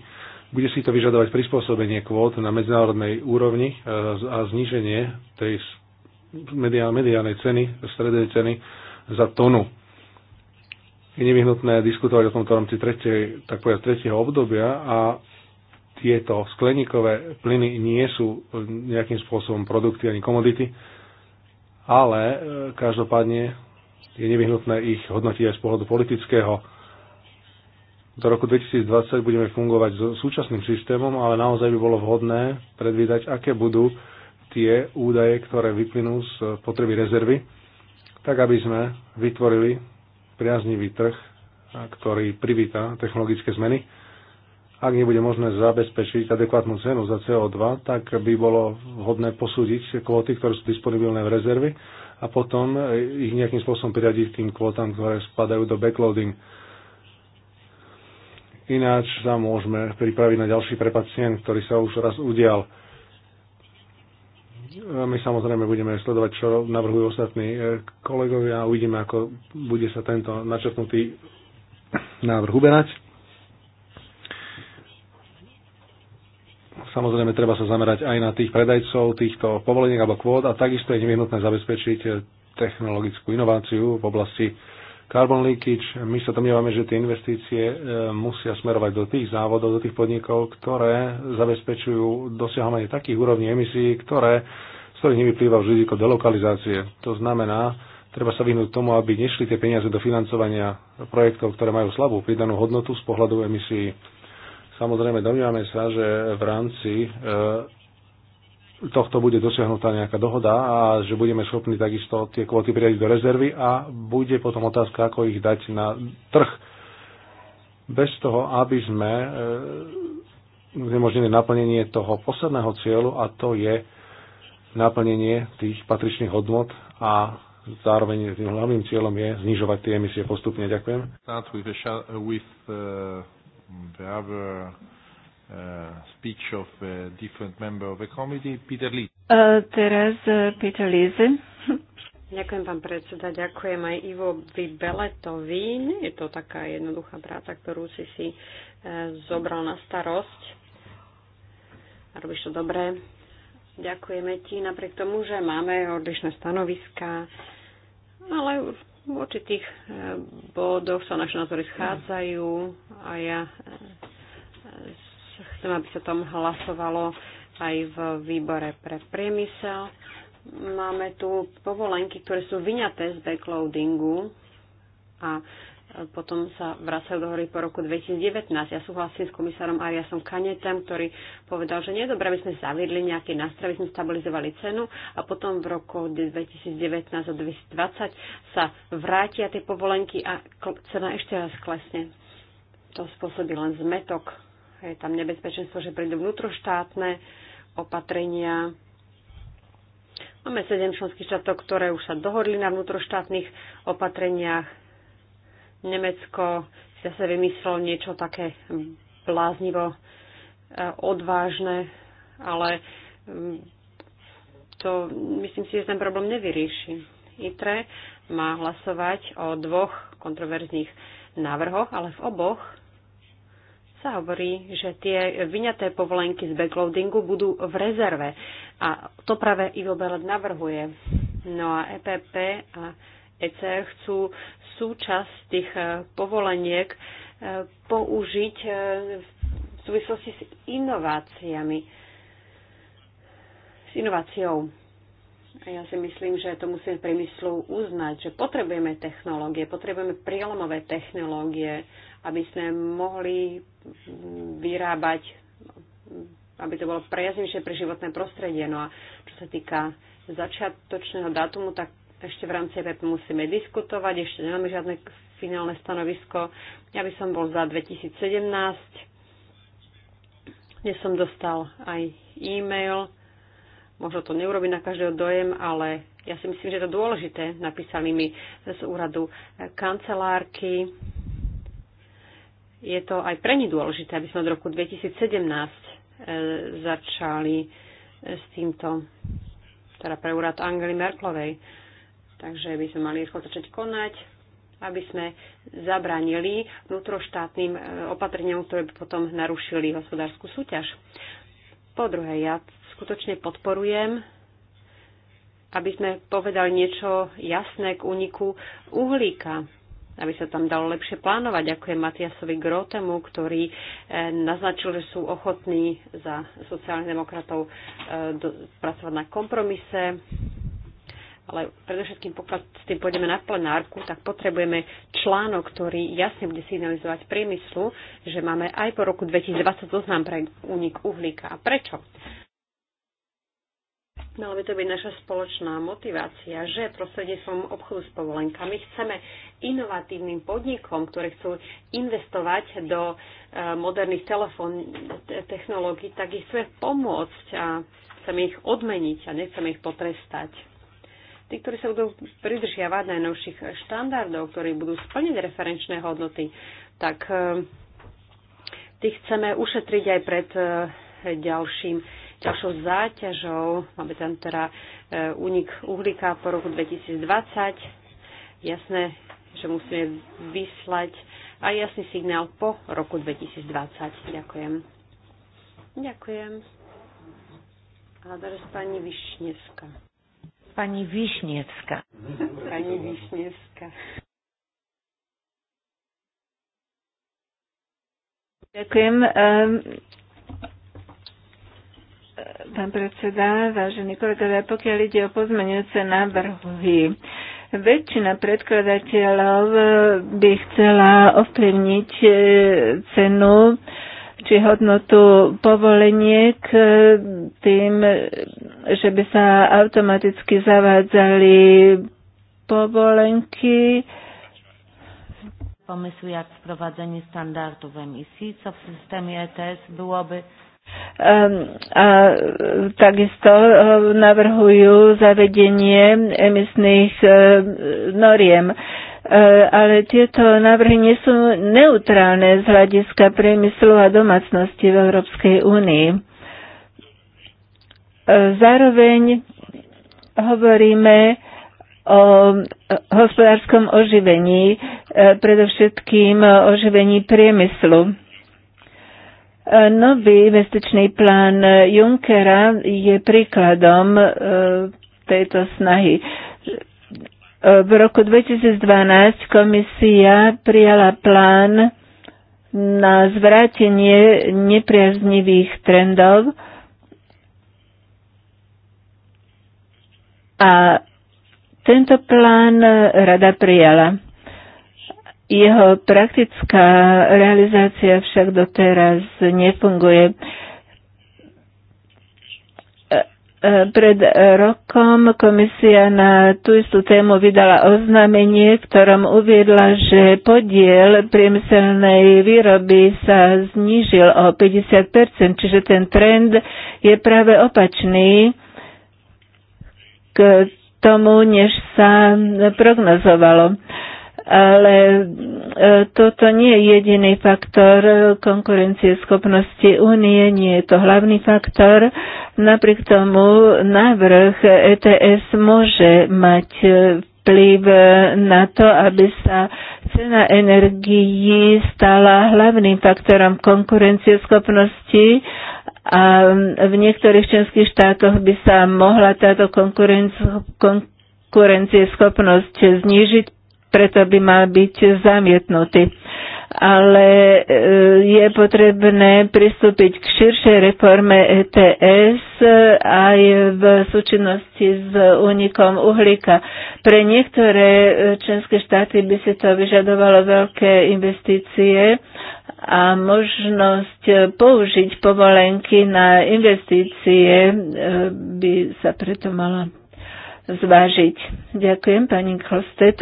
bude si to vyžadovať prispôsobenie kvót na medzinárodnej úrovni e, a zníženie tej mediálnej ceny, strednej ceny za tonu. Je nevyhnutné diskutovať o tomto rámci tretej, tak povedať, tretieho obdobia a tieto skleníkové plyny nie sú eh, nejakým spôsobom produkty ani komodity, ale eh, každopádne je nevyhnutné ich hodnotiť aj z pohľadu politického. Do roku 2020 budeme fungovať so súčasným systémom, ale naozaj by bolo vhodné predvídať, aké budú tie údaje, ktoré vyplynú z eh, potreby rezervy, tak aby sme vytvorili priaznivý trh, ktorý privíta technologické zmeny ak nebude možné zabezpečiť adekvátnu cenu za CO2, tak by bolo vhodné posúdiť kvóty, ktoré sú disponibilné v rezervy a potom e, ich nejakým spôsobom priradiť k tým kvótam, ktoré spadajú do backloading. Ináč sa môžeme pripraviť na ďalší prepad cien, ktorý sa už raz udial my samozrejme budeme sledovať, čo navrhujú ostatní e, kolegovia a uvidíme, ako bude sa tento načrtnutý návrh uberať. Samozrejme, treba sa zamerať aj na tých predajcov týchto povoleniek alebo kvót a takisto je nevyhnutné zabezpečiť technologickú inováciu v oblasti carbon leakage. My sa domnievame, že tie investície e, musia smerovať do tých závodov, do tých podnikov, ktoré zabezpečujú dosiahovanie takých úrovní emisí, ktoré, z ktorých nevyplýva už riziko delokalizácie. To znamená, treba sa vyhnúť tomu, aby nešli tie peniaze do financovania projektov, ktoré majú slabú pridanú hodnotu z pohľadu emisí Samozrejme, domnívame sa, že v rámci e, tohto bude dosiahnutá nejaká dohoda a že budeme schopní takisto tie kvóty prijať do rezervy a bude potom otázka, ako ich dať na trh. Bez toho, aby sme e, znemožnili naplnenie toho posledného cieľu a to je naplnenie tých patričných hodnot a zároveň tým hlavným cieľom je znižovať tie emisie postupne. Ďakujem the other uh, speech of a different member of the committee, Peter Lee. Uh, teraz uh, Peter Lee. Ďakujem, pán predseda. Ďakujem aj Ivovi Beletovi. Nie je to taká jednoduchá práca, ktorú si si e, zobral na starosť. A robíš to dobre. Ďakujeme ti napriek tomu, že máme odlišné stanoviská, ale v určitých eh, bodoch sa naše názory schádzajú a ja eh, chcem, aby sa tam hlasovalo aj v výbore pre priemysel. Máme tu povolenky, ktoré sú vyňaté z backloadingu a potom sa vracajú do hory po roku 2019. Ja súhlasím s komisárom Ariasom Kanetem, ktorý povedal, že nie je dobré, aby sme zaviedli nejaké nástroje, aby sme stabilizovali cenu a potom v roku 2019 a 2020 sa vrátia tie povolenky a cena ešte raz klesne. To spôsobí len zmetok. Je tam nebezpečenstvo, že prídu vnútroštátne opatrenia, Máme sedem členských štátov, ktoré už sa dohodli na vnútroštátnych opatreniach. Nemecko si zase vymyslelo niečo také bláznivo e, odvážne, ale mm, to myslím si, že ten problém nevyrieši. ITRE má hlasovať o dvoch kontroverzných návrhoch, ale v oboch sa hovorí, že tie vyňaté povolenky z backloadingu budú v rezerve. A to práve Ivo Belet navrhuje. No a EPP a ECR chcú súčasť tých eh, povoleniek eh, použiť eh, v súvislosti s inováciami. S inováciou. A ja si myslím, že to musíme priemyslu uznať, že potrebujeme technológie, potrebujeme prielomové technológie, aby sme mohli vyrábať, aby to bolo prejaznejšie pre životné prostredie. No a čo sa týka začiatočného dátumu, tak ešte v rámci EPP e musíme diskutovať, ešte nemáme žiadne finálne stanovisko. Ja by som bol za 2017, kde som dostal aj e-mail. Možno to neurobi na každého dojem, ale ja si myslím, že je to dôležité. Napísali mi z úradu kancelárky. Je to aj pre nich dôležité, aby sme od roku 2017 e, začali s týmto, teda pre úrad Angely Merklovej. Takže by sme mali rýchlo začať konať, aby sme zabránili vnútroštátnym e, opatreniam, ktoré by potom narušili hospodárskú súťaž. Po druhé, ja skutočne podporujem, aby sme povedali niečo jasné k úniku uhlíka, aby sa tam dalo lepšie plánovať. Ďakujem Matiasovi Grotemu, ktorý e, naznačil, že sú ochotní za sociálnych demokratov e, pracovať na kompromise ale predovšetkým pokiaľ s tým pôjdeme na plenárku, tak potrebujeme článok, ktorý jasne bude signalizovať priemyslu, že máme aj po roku 2020 zoznam pre únik uhlíka. A prečo? Mala by to byť naša spoločná motivácia, že prostredníctvom obchodu s povolenkami chceme inovatívnym podnikom, ktoré chcú investovať do e, moderných telefón technológií, tak ich chceme pomôcť a chceme ich odmeniť a nechceme ich potrestať tí, ktorí sa budú pridržiavať najnovších štandardov, ktorí budú splniť referenčné hodnoty, tak e, tých chceme ušetriť aj pred e, ďalším, ďalšou záťažou. Máme tam teda e, únik uhlíka po roku 2020. Jasné, že musíme vyslať aj jasný signál po roku 2020. Ďakujem. Ďakujem. A teraz pani Višnevská pani Wiśniewska. Pani Wiśniewska. Ďakujem. Ehm, e, pán predseda, vážení kolegovia, pokiaľ ide o pozmenujúce návrhy, väčšina predkladateľov by chcela ovplyvniť e, cenu či hodnotu povoleniek tým, že by sa automaticky zavádzali povolenky. Pomysł jak wprowadzenie standardów emisji, co w systemie ETS byłoby um, a takisto um, navrhujú zavedenie emisných um, noriem. E, ale tieto návrhy nie sú neutrálne z hľadiska priemyslu a domácnosti v Európskej únii. E, zároveň hovoríme o hospodárskom oživení, e, predovšetkým oživení priemyslu. Nový investičný plán Junckera je príkladom tejto snahy. V roku 2012 komisia prijala plán na zvrátenie nepriaznivých trendov a tento plán rada prijala. Jeho praktická realizácia však doteraz nefunguje. E, pred e, rokom komisia na tú istú tému vydala oznámenie, v ktorom uviedla, že podiel priemyselnej výroby sa znížil o 50%, čiže ten trend je práve opačný k tomu, než sa prognozovalo ale e, toto nie je jediný faktor konkurencie schopnosti únie, nie je to hlavný faktor. Napriek tomu návrh ETS môže mať e, vplyv na to, aby sa cena energií stala hlavným faktorom konkurencieschopnosti a v niektorých členských štátoch by sa mohla táto konkurencieschopnosť znížiť preto by mal byť zamietnutý. Ale e, je potrebné pristúpiť k širšej reforme ETS e, aj v súčinnosti s únikom uhlíka. Pre niektoré e, členské štáty by si to vyžadovalo veľké investície a možnosť použiť povolenky na investície by sa preto mala zvážiť. Ďakujem pani Kostet,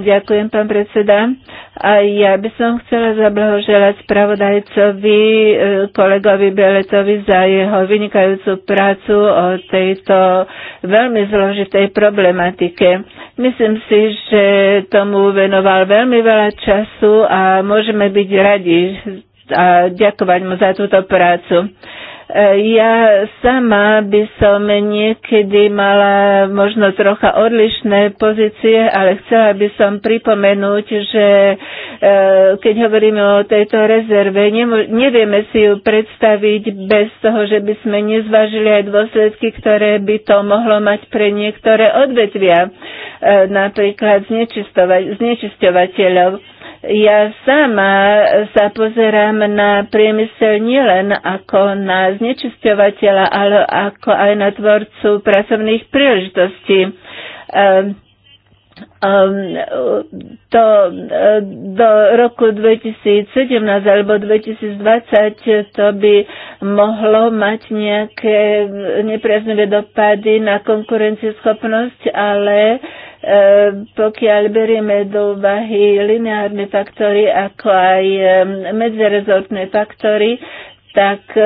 Ďakujem pán predseda. A ja by som chcela zablahoželať spravodajcovi e, kolegovi Beletovi za jeho vynikajúcu prácu o tejto veľmi zložitej problematike. Myslím si, že tomu venoval veľmi veľa času a môžeme byť radi a ďakovať mu za túto prácu. Ja sama by som niekedy mala možno trocha odlišné pozície, ale chcela by som pripomenúť, že e, keď hovoríme o tejto rezerve, nevieme si ju predstaviť bez toho, že by sme nezvážili aj dôsledky, ktoré by to mohlo mať pre niektoré odvetvia, e, napríklad znečisťovateľov ja sama e, sa pozerám na priemysel nielen ako na znečisťovateľa, ale ako aj na tvorcu pracovných príležitostí. Ehm, Um, to eh, do roku 2017 alebo 2020 to by mohlo mať nejaké nepriaznivé dopady na konkurencieschopnosť, ale eh, pokiaľ berieme do úvahy lineárne faktory ako aj eh, medzerezortné faktory, tak e,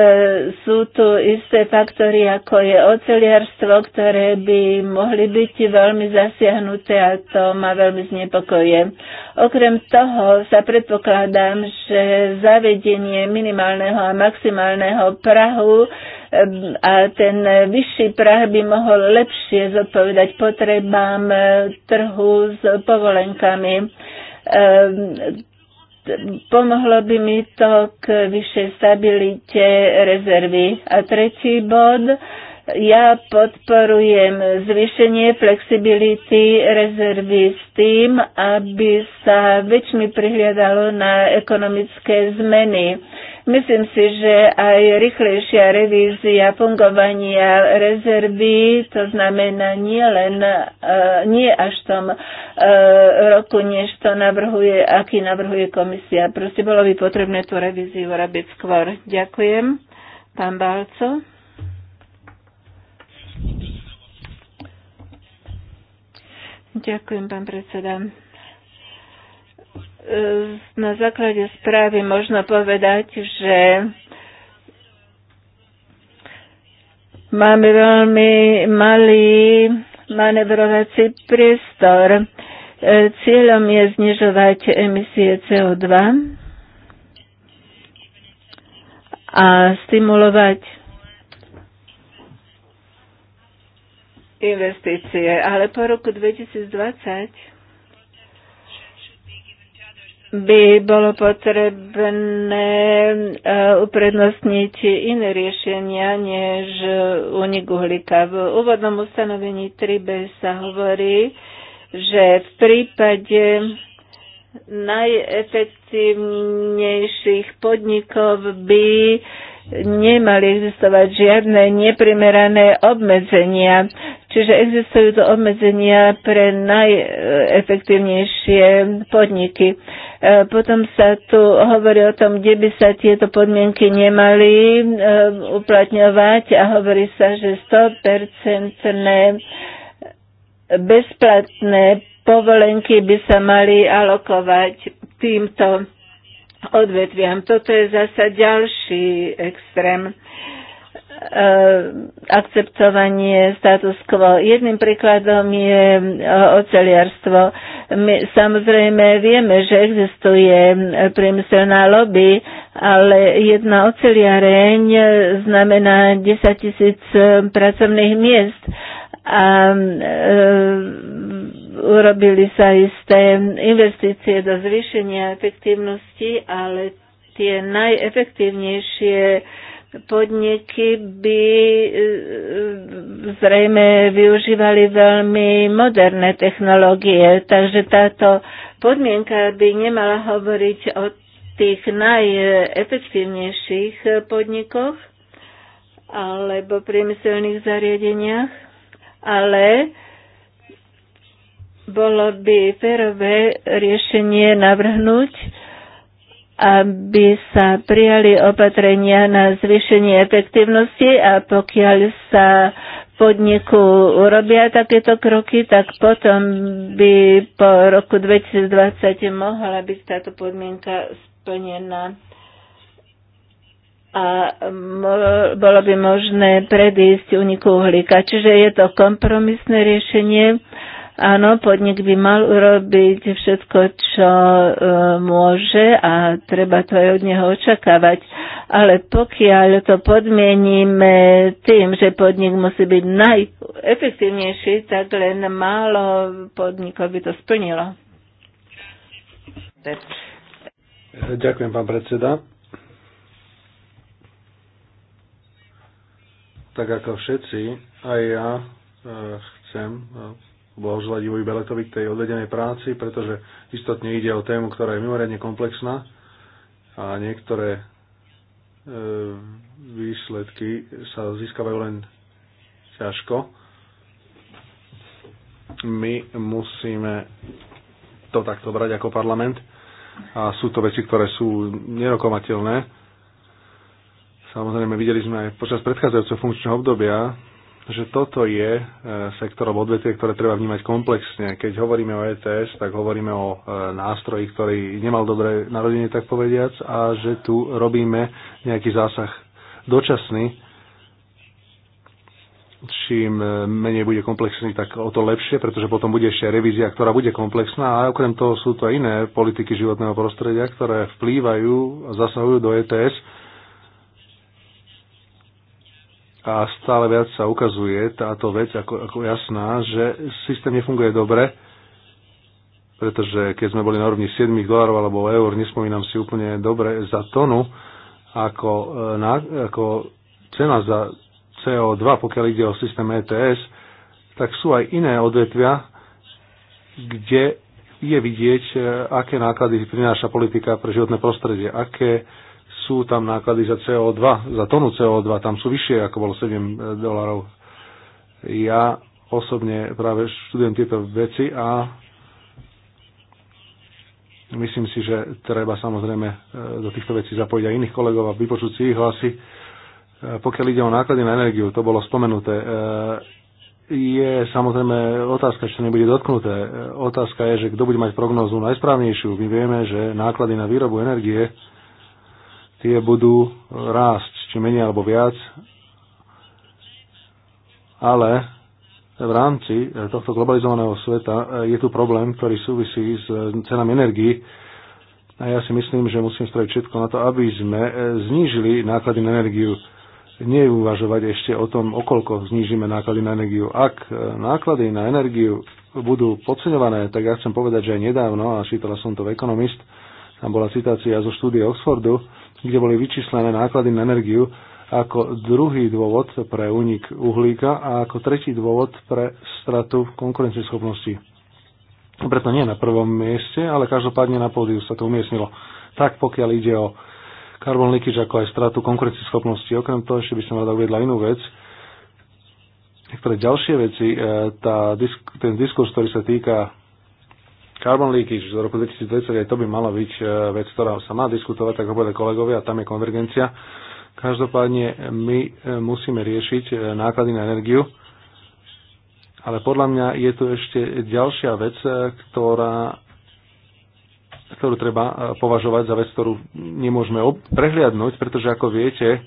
sú tu isté faktory, ako je oceliarstvo, ktoré by mohli byť veľmi zasiahnuté a to ma veľmi znepokoje. Okrem toho sa predpokladám, že zavedenie minimálneho a maximálneho prahu e, a ten vyšší prah by mohol lepšie zodpovedať potrebám e, trhu s povolenkami pomohlo by mi to k vyššej stabilite rezervy. A tretí bod, ja podporujem zvýšenie flexibility rezervy s tým, aby sa väčšmi prihliadalo na ekonomické zmeny Myslím si, že aj rýchlejšia revízia fungovania rezervy, to znamená nie len, e, nie až v tom e, roku, než to navrhuje, aký navrhuje komisia. Proste bolo by potrebné tú revíziu robiť skôr. Ďakujem. Pán Balco. Ďakujem, pán predseda na základe správy možno povedať, že máme veľmi malý manevrovací priestor. Cieľom je znižovať emisie CO2 a stimulovať investície. Ale po roku 2020 by bolo potrebné e, uprednostniť iné riešenia než unik uhlíka. V úvodnom ustanovení 3b sa hovorí, že v prípade najefektívnejších podnikov by nemali existovať žiadne neprimerané obmedzenia. Čiže existujú to obmedzenia pre najefektívnejšie podniky. E, potom sa tu hovorí o tom, kde by sa tieto podmienky nemali e, uplatňovať a hovorí sa, že 100% bezplatné povolenky by sa mali alokovať týmto odvetviam. Toto je zasa ďalší extrém. Eh, akceptovanie status quo. Jedným príkladom je eh, oceliarstvo. My samozrejme vieme, že existuje eh, priemyselná lobby, ale jedna oceliareň znamená 10 tisíc pracovných miest a e, urobili sa isté investície do zvýšenia efektívnosti, ale tie najefektívnejšie podniky by e, zrejme využívali veľmi moderné technológie, takže táto podmienka by nemala hovoriť o tých najefektívnejších podnikoch alebo priemyselných zariadeniach, ale bolo by férové riešenie navrhnúť, aby sa prijali opatrenia na zvýšenie efektivnosti a pokiaľ sa podniku urobia takéto kroky, tak potom by po roku 2020 mohla byť táto podmienka splnená a bolo by možné predísť uniku uhlíka. Čiže je to kompromisné riešenie Áno, podnik by mal urobiť všetko, čo e, môže a treba to aj od neho očakávať. Ale pokiaľ to podmieníme tým, že podnik musí byť najefektívnejší, tak len málo podnikov by to splnilo. Ďakujem, pán predseda. Tak ako všetci, aj ja e, chcem E, blahoželať Beletovi k tej odvedenej práci, pretože istotne ide o tému, ktorá je mimoriadne komplexná a niektoré e, výsledky sa získavajú len ťažko. My musíme to takto brať ako parlament a sú to veci, ktoré sú nerokomateľné. Samozrejme, videli sme aj počas predchádzajúceho funkčného obdobia, že toto je e, sektorov alebo odvetvie, ktoré treba vnímať komplexne. Keď hovoríme o ETS, tak hovoríme o e, nástroji, ktorý nemal dobré narodenie, tak povediac, a že tu robíme nejaký zásah dočasný. Čím e, menej bude komplexný, tak o to lepšie, pretože potom bude ešte revízia, ktorá bude komplexná a okrem toho sú to iné politiky životného prostredia, ktoré vplývajú a zasahujú do ETS a stále viac sa ukazuje táto vec ako, ako jasná, že systém nefunguje dobre, pretože keď sme boli na úrovni 7 dolarov alebo eur, nespomínam si úplne dobre, za tonu ako, e, na, ako cena za CO2, pokiaľ ide o systém ETS, tak sú aj iné odvetvia, kde je vidieť, e, aké náklady prináša politika pre životné prostredie, aké sú tam náklady za CO2, za tonu CO2, tam sú vyššie, ako bolo 7 eh, dolarov. Ja osobne práve študujem tieto veci a myslím si, že treba samozrejme eh, do týchto vecí zapojiť aj iných kolegov a vypočuť si ich hlasy. Eh, pokiaľ ide o náklady na energiu, to bolo spomenuté, je samozrejme otázka, čo nebude dotknuté. Otázka je, že kto bude mať prognozu najsprávnejšiu. My vieme, že náklady na výrobu energie tie budú rásť, či menej alebo viac, ale v rámci tohto globalizovaného sveta eh, je tu problém, ktorý súvisí s eh, cenami energii. A ja si myslím, že musím spraviť všetko na to, aby sme eh, znížili náklady na energiu. Nie uvažovať ešte o tom, okolko znížime náklady na energiu. Ak náklady na energiu budú podceňované, tak ja chcem povedať, že aj nedávno, a čítala som to v Economist, tam bola citácia zo štúdie Oxfordu, kde boli vyčíslené náklady na energiu ako druhý dôvod pre únik uhlíka a ako tretí dôvod pre stratu konkurencieschopnosti. Preto nie na prvom mieste, ale každopádne na pódiu sa to umiestnilo. Tak pokiaľ ide o carbon leakage ako aj stratu konkurencieschopnosti. Okrem toho ešte by som rada uvedla inú vec. Niektoré ďalšie veci, e, tá, ten diskurs, ktorý sa týka Carbon leakage z roku 2020, aj to by mala byť e, vec, ktorá sa má diskutovať, tak povedali kolegovia, tam je konvergencia. Každopádne my e, musíme riešiť e, náklady na energiu, ale podľa mňa je tu ešte ďalšia vec, ktorá, ktorú treba považovať za vec, ktorú nemôžeme prehliadnúť, pretože ako viete,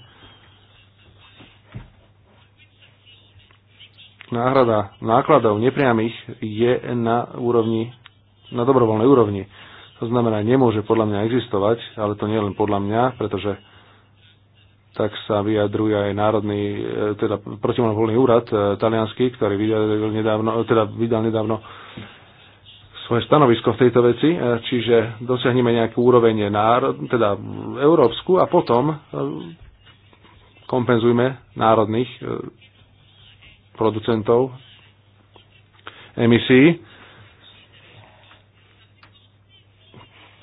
náhrada nákladov nepriamých je na úrovni na dobrovoľnej úrovni. To znamená, nemôže podľa mňa existovať, ale to nie len podľa mňa, pretože tak sa vyjadruje aj národný, e, teda protimonopolný úrad e, talianský, ktorý vydal nedávno, e, teda vydal nedávno svoje stanovisko v tejto veci, čiže dosiahneme nejakú úroveň národ, teda európsku a potom kompenzujme národných producentov emisí.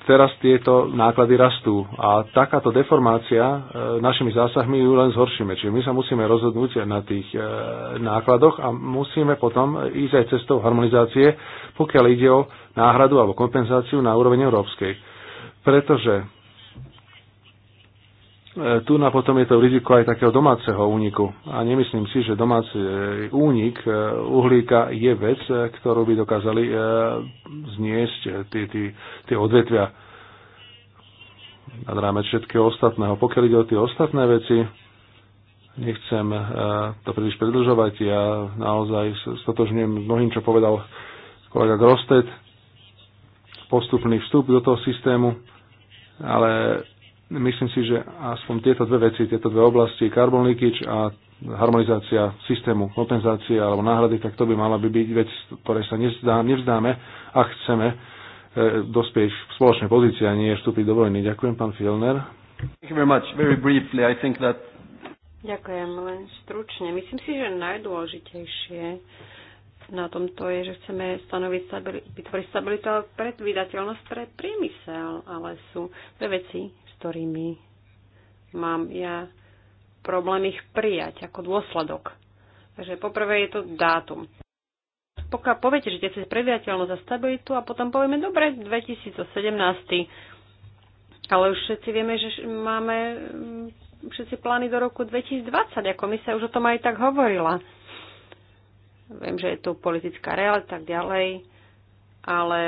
teraz tieto náklady rastú a takáto deformácia e, našimi zásahmi ju len zhoršíme. Čiže my sa musíme rozhodnúť na tých e, nákladoch a musíme potom ísť aj cestou harmonizácie, pokiaľ ide o náhradu alebo kompenzáciu na úroveň európskej. Pretože E, tu na potom je to riziko aj takého domáceho úniku. A nemyslím si, že domáci e, únik e, uhlíka je vec, ktorú by dokázali zniesť tie odvetvia nad rámec všetkého ostatného. Pokiaľ ide o tie ostatné veci, nechcem to príliš predlžovať. Ja naozaj stotožňujem mnohým, čo povedal kolega Grosted. Postupný vstup do toho systému, ale Myslím si, že aspoň tieto dve veci, tieto dve oblasti, carbon leakage a harmonizácia systému kompenzácie alebo náhrady, tak to by mala by byť vec, ktoré sa nevzdá, nevzdáme a chceme e, dospieť v spoločnej pozícii a nie vstúpiť do vojny. Ďakujem, pán Fielner. That... Ďakujem, len stručne. Myslím si, že najdôležitejšie na tomto je, že chceme stanoviť stabil- vytvoriť stabilitu a predvídateľnosť pre priemysel, ale sú dve veci ktorými mám ja problém ich prijať ako dôsledok. Takže poprvé je to dátum. Pokiaľ poviete, že chcete predviateľnosť a stabilitu a potom povieme, dobre, 2017, ale už všetci vieme, že máme mm, všetci plány do roku 2020, ako my sa už o tom aj tak hovorila. Viem, že je tu politická realita tak ďalej, ale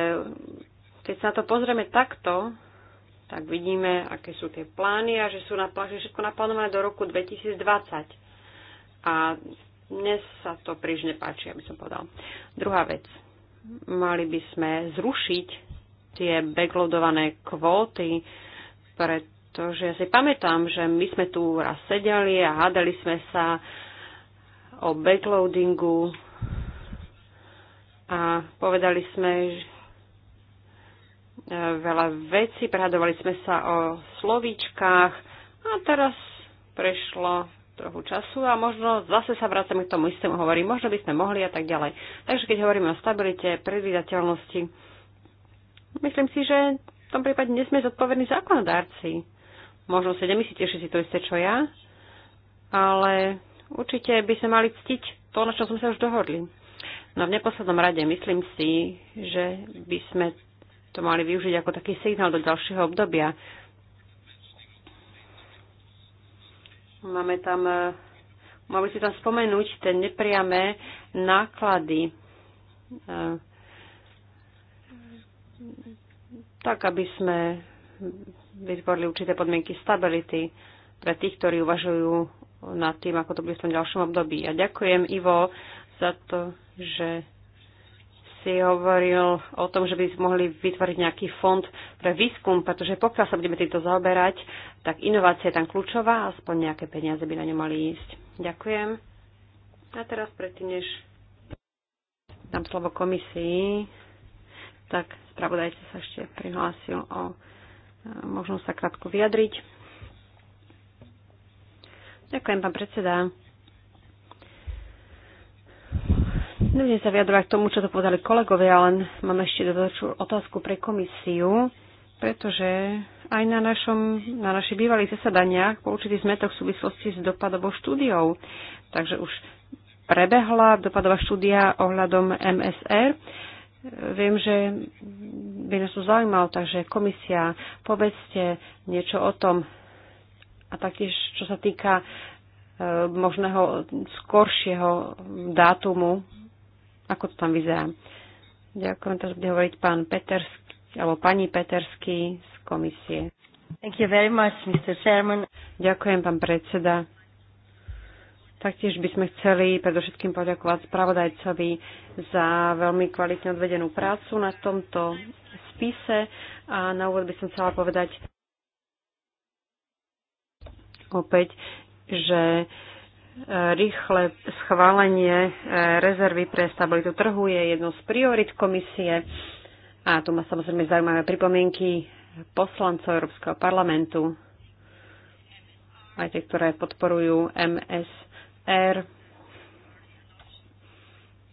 keď sa na to pozrieme takto, tak vidíme, aké sú tie plány a že sú na, že všetko naplánované do roku 2020. A dnes sa to príliš nepáči, aby som povedal. Druhá vec. Mali by sme zrušiť tie backloadované kvóty, pretože ja si pamätám, že my sme tu raz sedeli a hádali sme sa o backloadingu a povedali sme, že veľa vecí, prehadovali sme sa o slovíčkách a teraz prešlo trochu času a možno zase sa vracame k tomu istému, hovorím, možno by sme mohli a tak ďalej. Takže keď hovoríme o stabilite, predvídateľnosti, myslím si, že v tom prípade nie sme zodpovední zákonodárci. Možno si nemyslíte, že si to isté, čo ja, ale určite by sme mali ctiť to, na čo sme sa už dohodli. No v neposlednom rade myslím si, že by sme to mali využiť ako taký signál do ďalšieho obdobia. Máme tam, e, mali si tam spomenúť tie nepriame náklady, e, tak aby sme vytvorili určité podmienky stability pre tých, ktorí uvažujú nad tým, ako to bude v tom ďalšom období. A ďakujem Ivo za to, že si hovoril o tom, že by sme mohli vytvoriť nejaký fond pre výskum, pretože pokiaľ sa budeme týmto zaoberať, tak inovácia je tam kľúčová, aspoň nejaké peniaze by na ňu mali ísť. Ďakujem. A teraz predtým, než dám slovo komisii, tak spravodajte sa ešte prihlásil o e, možnosť sa krátko vyjadriť. Ďakujem, pán predseda. Nebudem sa vyjadrovať k tomu, čo to povedali kolegovia, len mám ešte dodatočnú otázku pre komisiu, pretože aj na, našom, na našich bývalých zasadaniach po určitých zmetok v súvislosti s dopadovou štúdiou. Takže už prebehla dopadová štúdia ohľadom MSR. Viem, že by nás to zaujímalo, takže komisia, povedzte niečo o tom. A taktiež, čo sa týka e, možného skoršieho dátumu ako to tam vyzerá? Ďakujem, teraz bude hovoriť pán Petersky, alebo pani Petersky z komisie. Thank you very much, Mr. Chairman. Ďakujem, pán predseda. Taktiež by sme chceli predovšetkým poďakovať spravodajcovi za veľmi kvalitne odvedenú prácu na tomto spise a na úvod by som chcela povedať opäť, že rýchle schválenie e, rezervy pre stabilitu trhu je jednou z priorit komisie a tu ma samozrejme zaujímavé pripomienky poslancov Európskeho parlamentu, aj tie, ktoré podporujú MSR.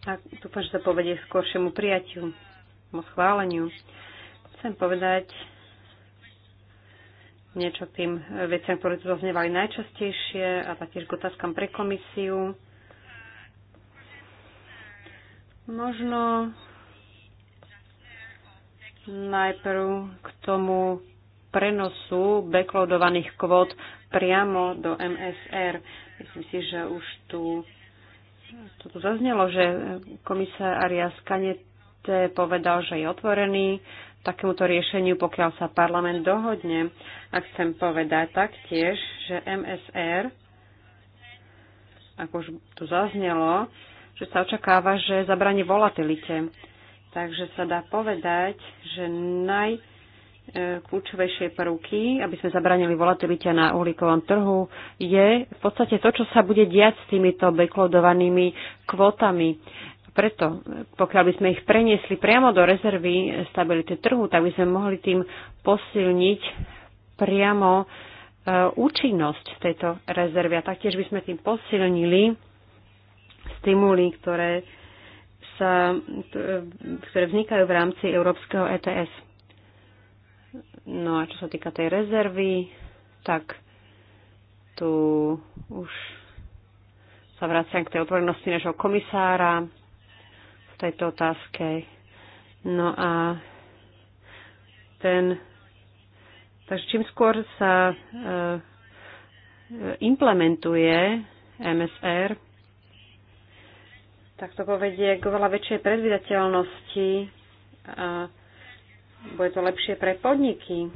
A dúfam, že to povedie k skoršiemu prijatiu, schváleniu. Chcem povedať, niečo k tým veciam, ktoré tu zaznievali najčastejšie a taktiež k otázkam pre komisiu. Možno najprv k tomu prenosu backloadovaných kvót priamo do MSR. Myslím si, že už tu, to tu zaznelo, že komisár Arias Kanete povedal, že je otvorený takémuto riešeniu, pokiaľ sa parlament dohodne. A chcem povedať taktiež, že MSR, ako už tu zaznelo, že sa očakáva, že zabraní volatilite. Takže sa dá povedať, že najkľúčovejšie e, prvky, aby sme zabranili volatilite na uhlíkovom trhu, je v podstate to, čo sa bude diať s týmito backloadovanými kvotami. Preto, pokiaľ by sme ich preniesli priamo do rezervy stability trhu, tak by sme mohli tým posilniť priamo e, účinnosť tejto rezervy. A taktiež by sme tým posilnili stimuly, ktoré, sa, ktoré vznikajú v rámci európskeho ETS. No a čo sa týka tej rezervy, tak tu už sa vraciam k tej otvorenosti našho komisára tejto otázke. No a ten, takže čím skôr sa uh, implementuje MSR, tak to povedie k oveľa väčšej predvydateľnosti a bude to lepšie pre podniky.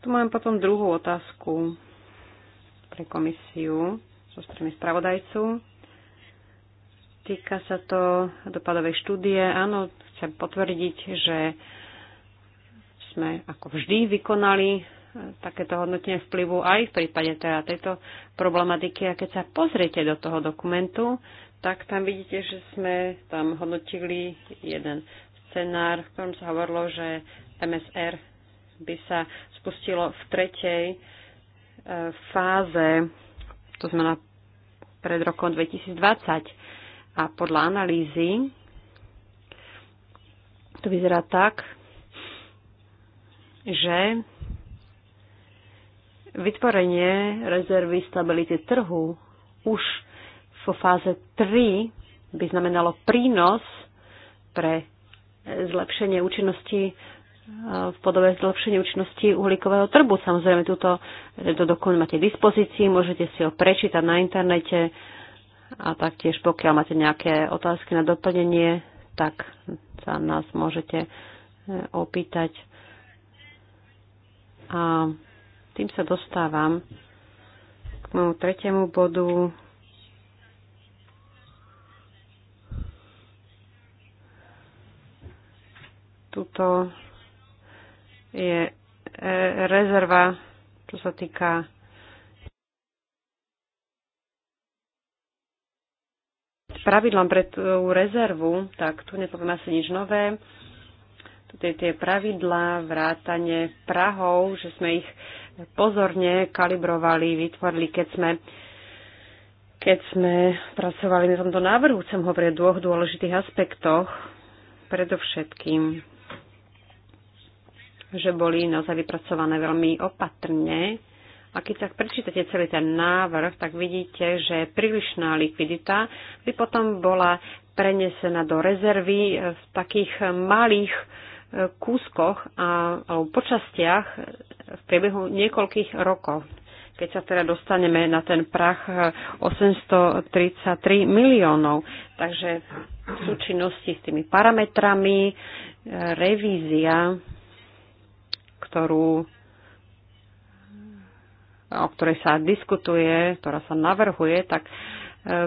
Tu mám potom druhú otázku pre komisiu zo strany spravodajcu. Týka sa to dopadovej štúdie. Áno, chcem potvrdiť, že sme ako vždy vykonali e, takéto hodnotenie vplyvu aj v prípade teda tejto problematiky. A keď sa pozriete do toho dokumentu, tak tam vidíte, že sme tam hodnotili jeden scenár, v ktorom sa hovorilo, že MSR by sa spustilo v tretej fáze, to znamená pred rokom 2020. A podľa analýzy to vyzerá tak, že vytvorenie rezervy stability trhu už vo fáze 3 by znamenalo prínos pre zlepšenie účinnosti Eh, v podobe zlepšenia účinnosti uhlíkového trbu. Samozrejme, túto, tento dokument máte k dispozícii, môžete si ho prečítať na internete a taktiež pokiaľ máte nejaké otázky na doplnenie, tak sa nás môžete eh, opýtať. A tým sa dostávam k môjmu tretiemu bodu. Tuto je e, rezerva, čo sa týka pravidlom pre tú rezervu, tak tu nepoviem asi nič nové. je tie pravidlá, vrátanie Prahov, že sme ich pozorne kalibrovali, vytvorili, keď sme, keď sme pracovali na tomto návrhu. Chcem hovoriť o dvoch dôležitých aspektoch. Predovšetkým že boli naozaj vypracované veľmi opatrne. A keď sa prečítate celý ten návrh, tak vidíte, že prílišná likvidita by potom bola prenesená do rezervy v takých malých e, kúskoch a, alebo počastiach v priebehu niekoľkých rokov. Keď sa teda dostaneme na ten prach 833 e, miliónov. Takže v súčinnosti s tými parametrami e, revízia ktorú o ktorej sa diskutuje, ktorá sa navrhuje, tak e,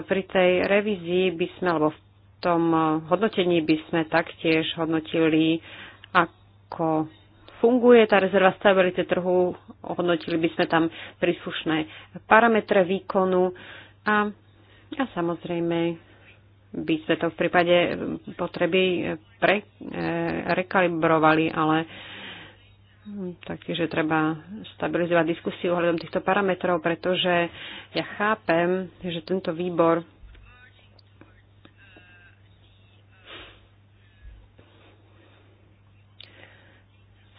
pri tej revízii by sme, alebo v tom hodnotení by sme taktiež hodnotili, ako funguje tá rezerva stability trhu, hodnotili by sme tam príslušné parametre výkonu a, a samozrejme by sme to v prípade potreby pre, e, rekalibrovali, ale Takže treba stabilizovať diskusiu ohľadom týchto parametrov, pretože ja chápem, že tento výbor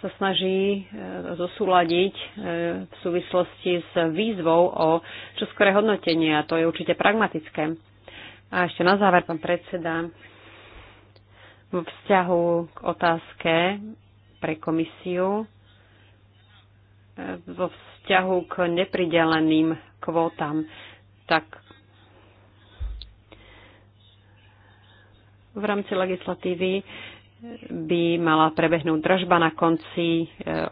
sa snaží e, zosúľadiť e, v súvislosti s výzvou o čoskoré hodnotenie a to je určite pragmatické. A ešte na záver, pán predseda, vo vzťahu k otázke pre komisiu vo vzťahu k neprideleným kvótam, tak v rámci legislatívy by mala prebehnúť dražba na konci e,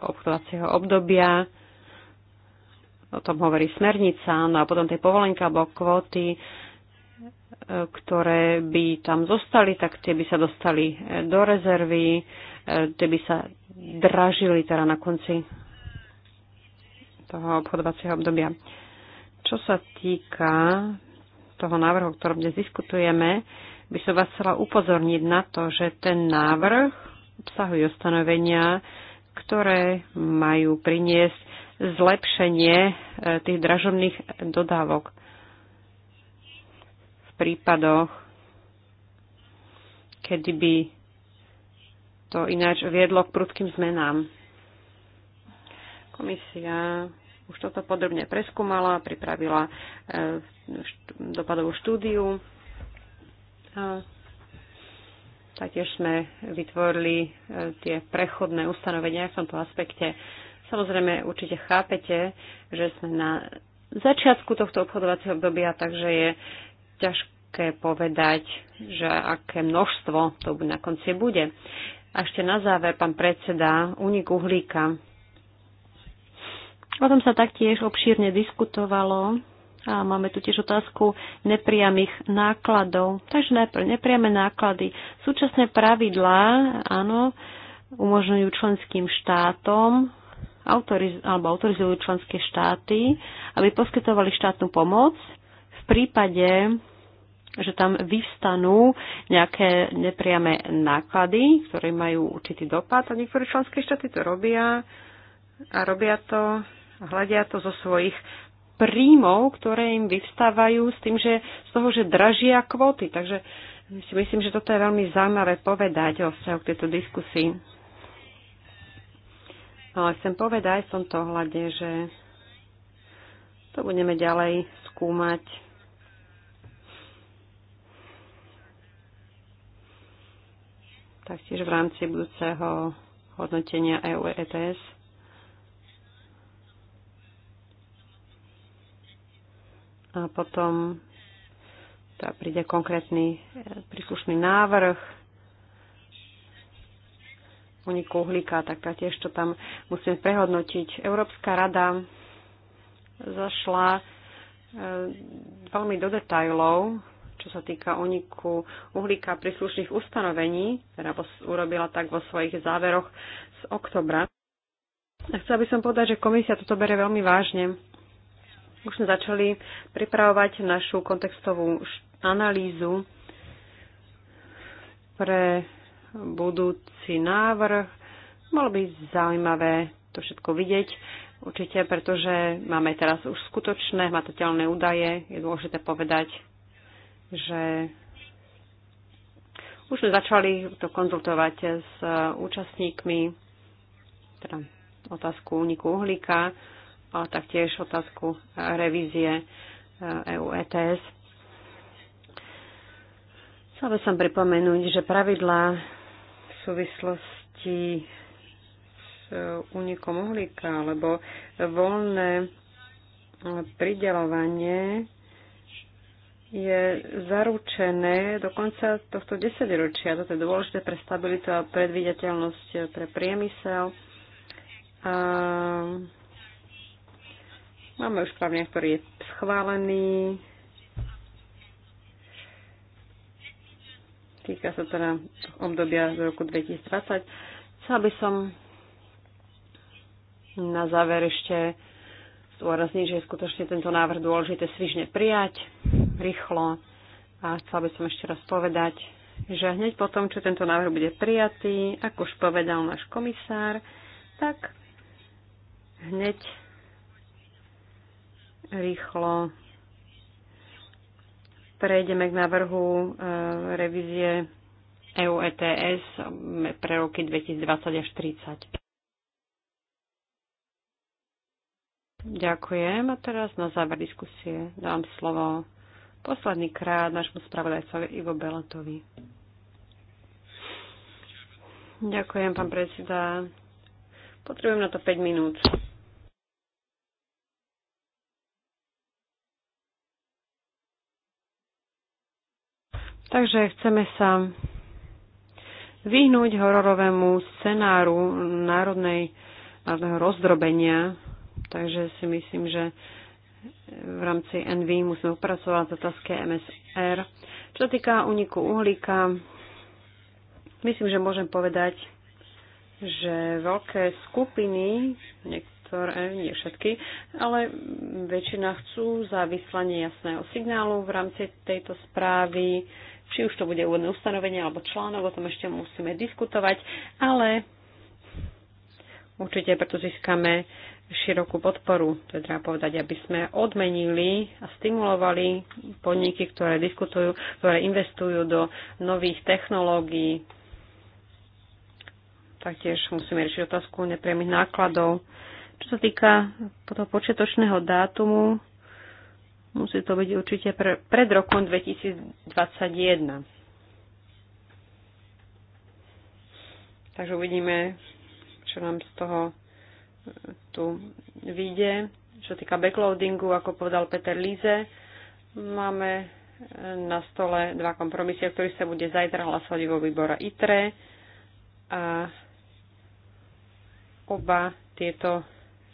obchodovacieho obdobia. O tom hovorí smernica, no a potom tie povolenky alebo kvóty, e, ktoré by tam zostali, tak tie by sa dostali e, do rezervy, tie by sa dražili teda na konci toho obchodovacieho obdobia. Čo sa týka toho návrhu, o ktorom dnes diskutujeme, by som vás chcela upozorniť na to, že ten návrh obsahuje ustanovenia, ktoré majú priniesť zlepšenie e, tých dražobných dodávok v prípadoch, kedy by to ináč viedlo k prudkým zmenám. Komisia už toto podrobne preskúmala, pripravila e, dopadovú štúdiu. A taktiež sme vytvorili e, tie prechodné ustanovenia v tomto aspekte. Samozrejme, určite chápete, že sme na začiatku tohto obchodovacieho obdobia, takže je ťažké povedať, že aké množstvo to na konci bude. A ešte na záver, pán predseda, únik uhlíka. O tom sa taktiež obšírne diskutovalo a máme tu tiež otázku nepriamých nákladov. Takže najprv nepriame náklady. Súčasné pravidlá, áno, umožňujú členským štátom autoriz- alebo autorizujú členské štáty, aby poskytovali štátnu pomoc v prípade, že tam vyvstanú nejaké nepriame náklady, ktoré majú určitý dopad a niektoré členské štáty to robia a robia to hľadia to zo svojich príjmov, ktoré im vyvstávajú s tým, že z toho, že dražia kvóty. Takže si myslím, že toto je veľmi zaujímavé povedať o vzťahu k tejto diskusii. No Ale chcem povedať v tomto hľade, že to budeme ďalej skúmať. Taktiež v rámci budúceho hodnotenia EU ETS. a potom teda príde konkrétny e, príslušný návrh uniku uhlíka, tak tiež to tam musíme prehodnotiť. Európska rada zašla e, veľmi do detajlov, čo sa týka uniku uhlíka príslušných ustanovení, teda urobila tak vo svojich záveroch z oktobra. Chcela by som povedať, že komisia toto bere veľmi vážne už sme začali pripravovať našu kontextovú analýzu pre budúci návrh. Malo by zaujímavé to všetko vidieť, určite, pretože máme teraz už skutočné hmatateľné údaje. Je dôležité povedať, že už sme začali to konzultovať s účastníkmi, teda otázku úniku uhlíka a taktiež otázku e, revízie EU e ETS. Chcel by som pripomenúť, že pravidlá v súvislosti s e, únikom uhlíka alebo voľné pridelovanie je zaručené do konca tohto desaťročia. Toto je dôležité pre stabilitu a predvídateľnosť pre priemysel. A Máme už právne, ktorý je schválený. Týka sa teda obdobia z roku 2020. Chcela by som na záver ešte zdôrazniť, že je skutočne tento návrh dôležité svižne prijať rýchlo. A chcela by som ešte raz povedať, že hneď po tom, čo tento návrh bude prijatý, ako už povedal náš komisár, tak hneď rýchlo prejdeme k návrhu e, revízie EU ETS pre roky 2020 až 30. Ďakujem. A teraz na záver diskusie dám slovo posledný krát nášmu spravodajcovi Ivo Belatovi. Ďakujem, pán predseda. Potrebujem na to 5 minút. Takže chceme sa vyhnúť hororovému scenáru národnej, národného rozdrobenia. Takže si myslím, že v rámci NV musíme upracovať otázky MSR. Čo týka uniku uhlíka, myslím, že môžem povedať, že veľké skupiny, niektoré, nie všetky, ale väčšina chcú za vyslanie jasného signálu v rámci tejto správy či už to bude úvodné ustanovenie alebo článok, o tom ešte musíme diskutovať, ale určite preto získame širokú podporu, to je treba povedať, aby sme odmenili a stimulovali podniky, ktoré diskutujú, ktoré investujú do nových technológií. Taktiež musíme riešiť otázku nepriamých nákladov. Čo sa týka toho počiatočného dátumu, Musí to byť určite pr- pred rokom 2021. Takže uvidíme, čo nám z toho e, tu vyjde. Čo týka backloadingu, ako povedal Peter Líze, máme e, na stole dva kompromisy, ktorý sa bude zajtra hlasovať vo výbora ITRE. A oba tieto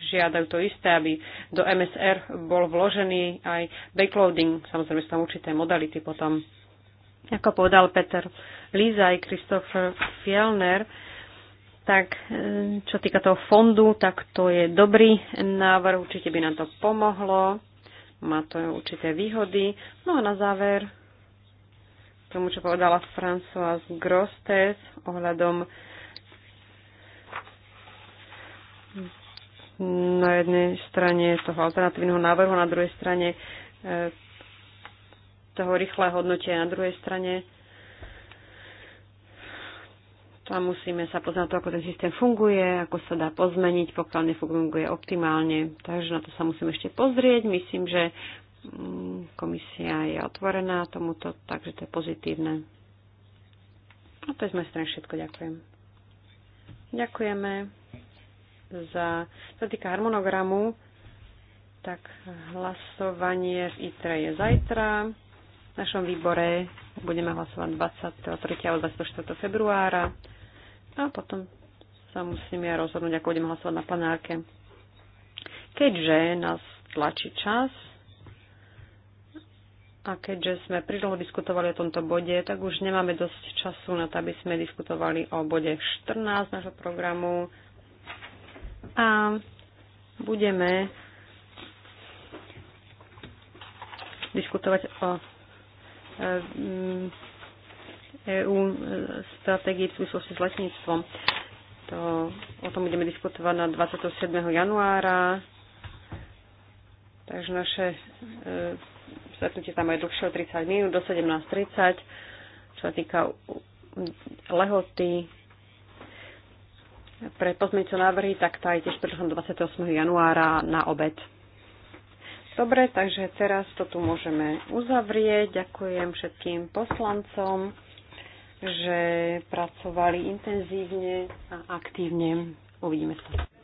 žiadajú to isté, aby do MSR bol vložený aj backloading, samozrejme sú tam určité modality potom. Ako povedal Peter Líza aj Christopher Fielner, tak eh, čo týka toho fondu, tak to je dobrý návrh, určite by nám to pomohlo, má to určité výhody. No a na záver, tomu, čo povedala Françoise Grostes ohľadom na jednej strane toho alternatívneho návrhu, na druhej strane e, toho rýchle hodnotia, na druhej strane tam musíme sa poznať to, ako ten systém funguje, ako sa dá pozmeniť, pokiaľ nefunguje optimálne. Takže na to sa musíme ešte pozrieť. Myslím, že mm, komisia je otvorená tomuto, takže to je pozitívne. A to je z mojej strany všetko. Ďakujem. Ďakujeme za, sa týka harmonogramu, tak hlasovanie v ITRE je zajtra. V našom výbore budeme hlasovať 23. alebo 24. februára no a potom sa musíme rozhodnúť, ako budeme hlasovať na plenárke. Keďže nás tlačí čas a keďže sme pridlho diskutovali o tomto bode, tak už nemáme dosť času na to, aby sme diskutovali o bode 14 nášho programu a budeme diskutovať o EU eh, mm, e eh, stratégii v súvislosti s letníctvom. To, o tom budeme diskutovať na 27. januára. Takže naše e, stretnutie tam je dlhšie o 30 minút, do 17.30, čo sa týka lehoty pre pozmeňujúce návrhy, tak tá je tiež predložená 28. januára na obed. Dobre, takže teraz to tu môžeme uzavrieť. Ďakujem všetkým poslancom, že pracovali intenzívne a aktívne. Uvidíme sa.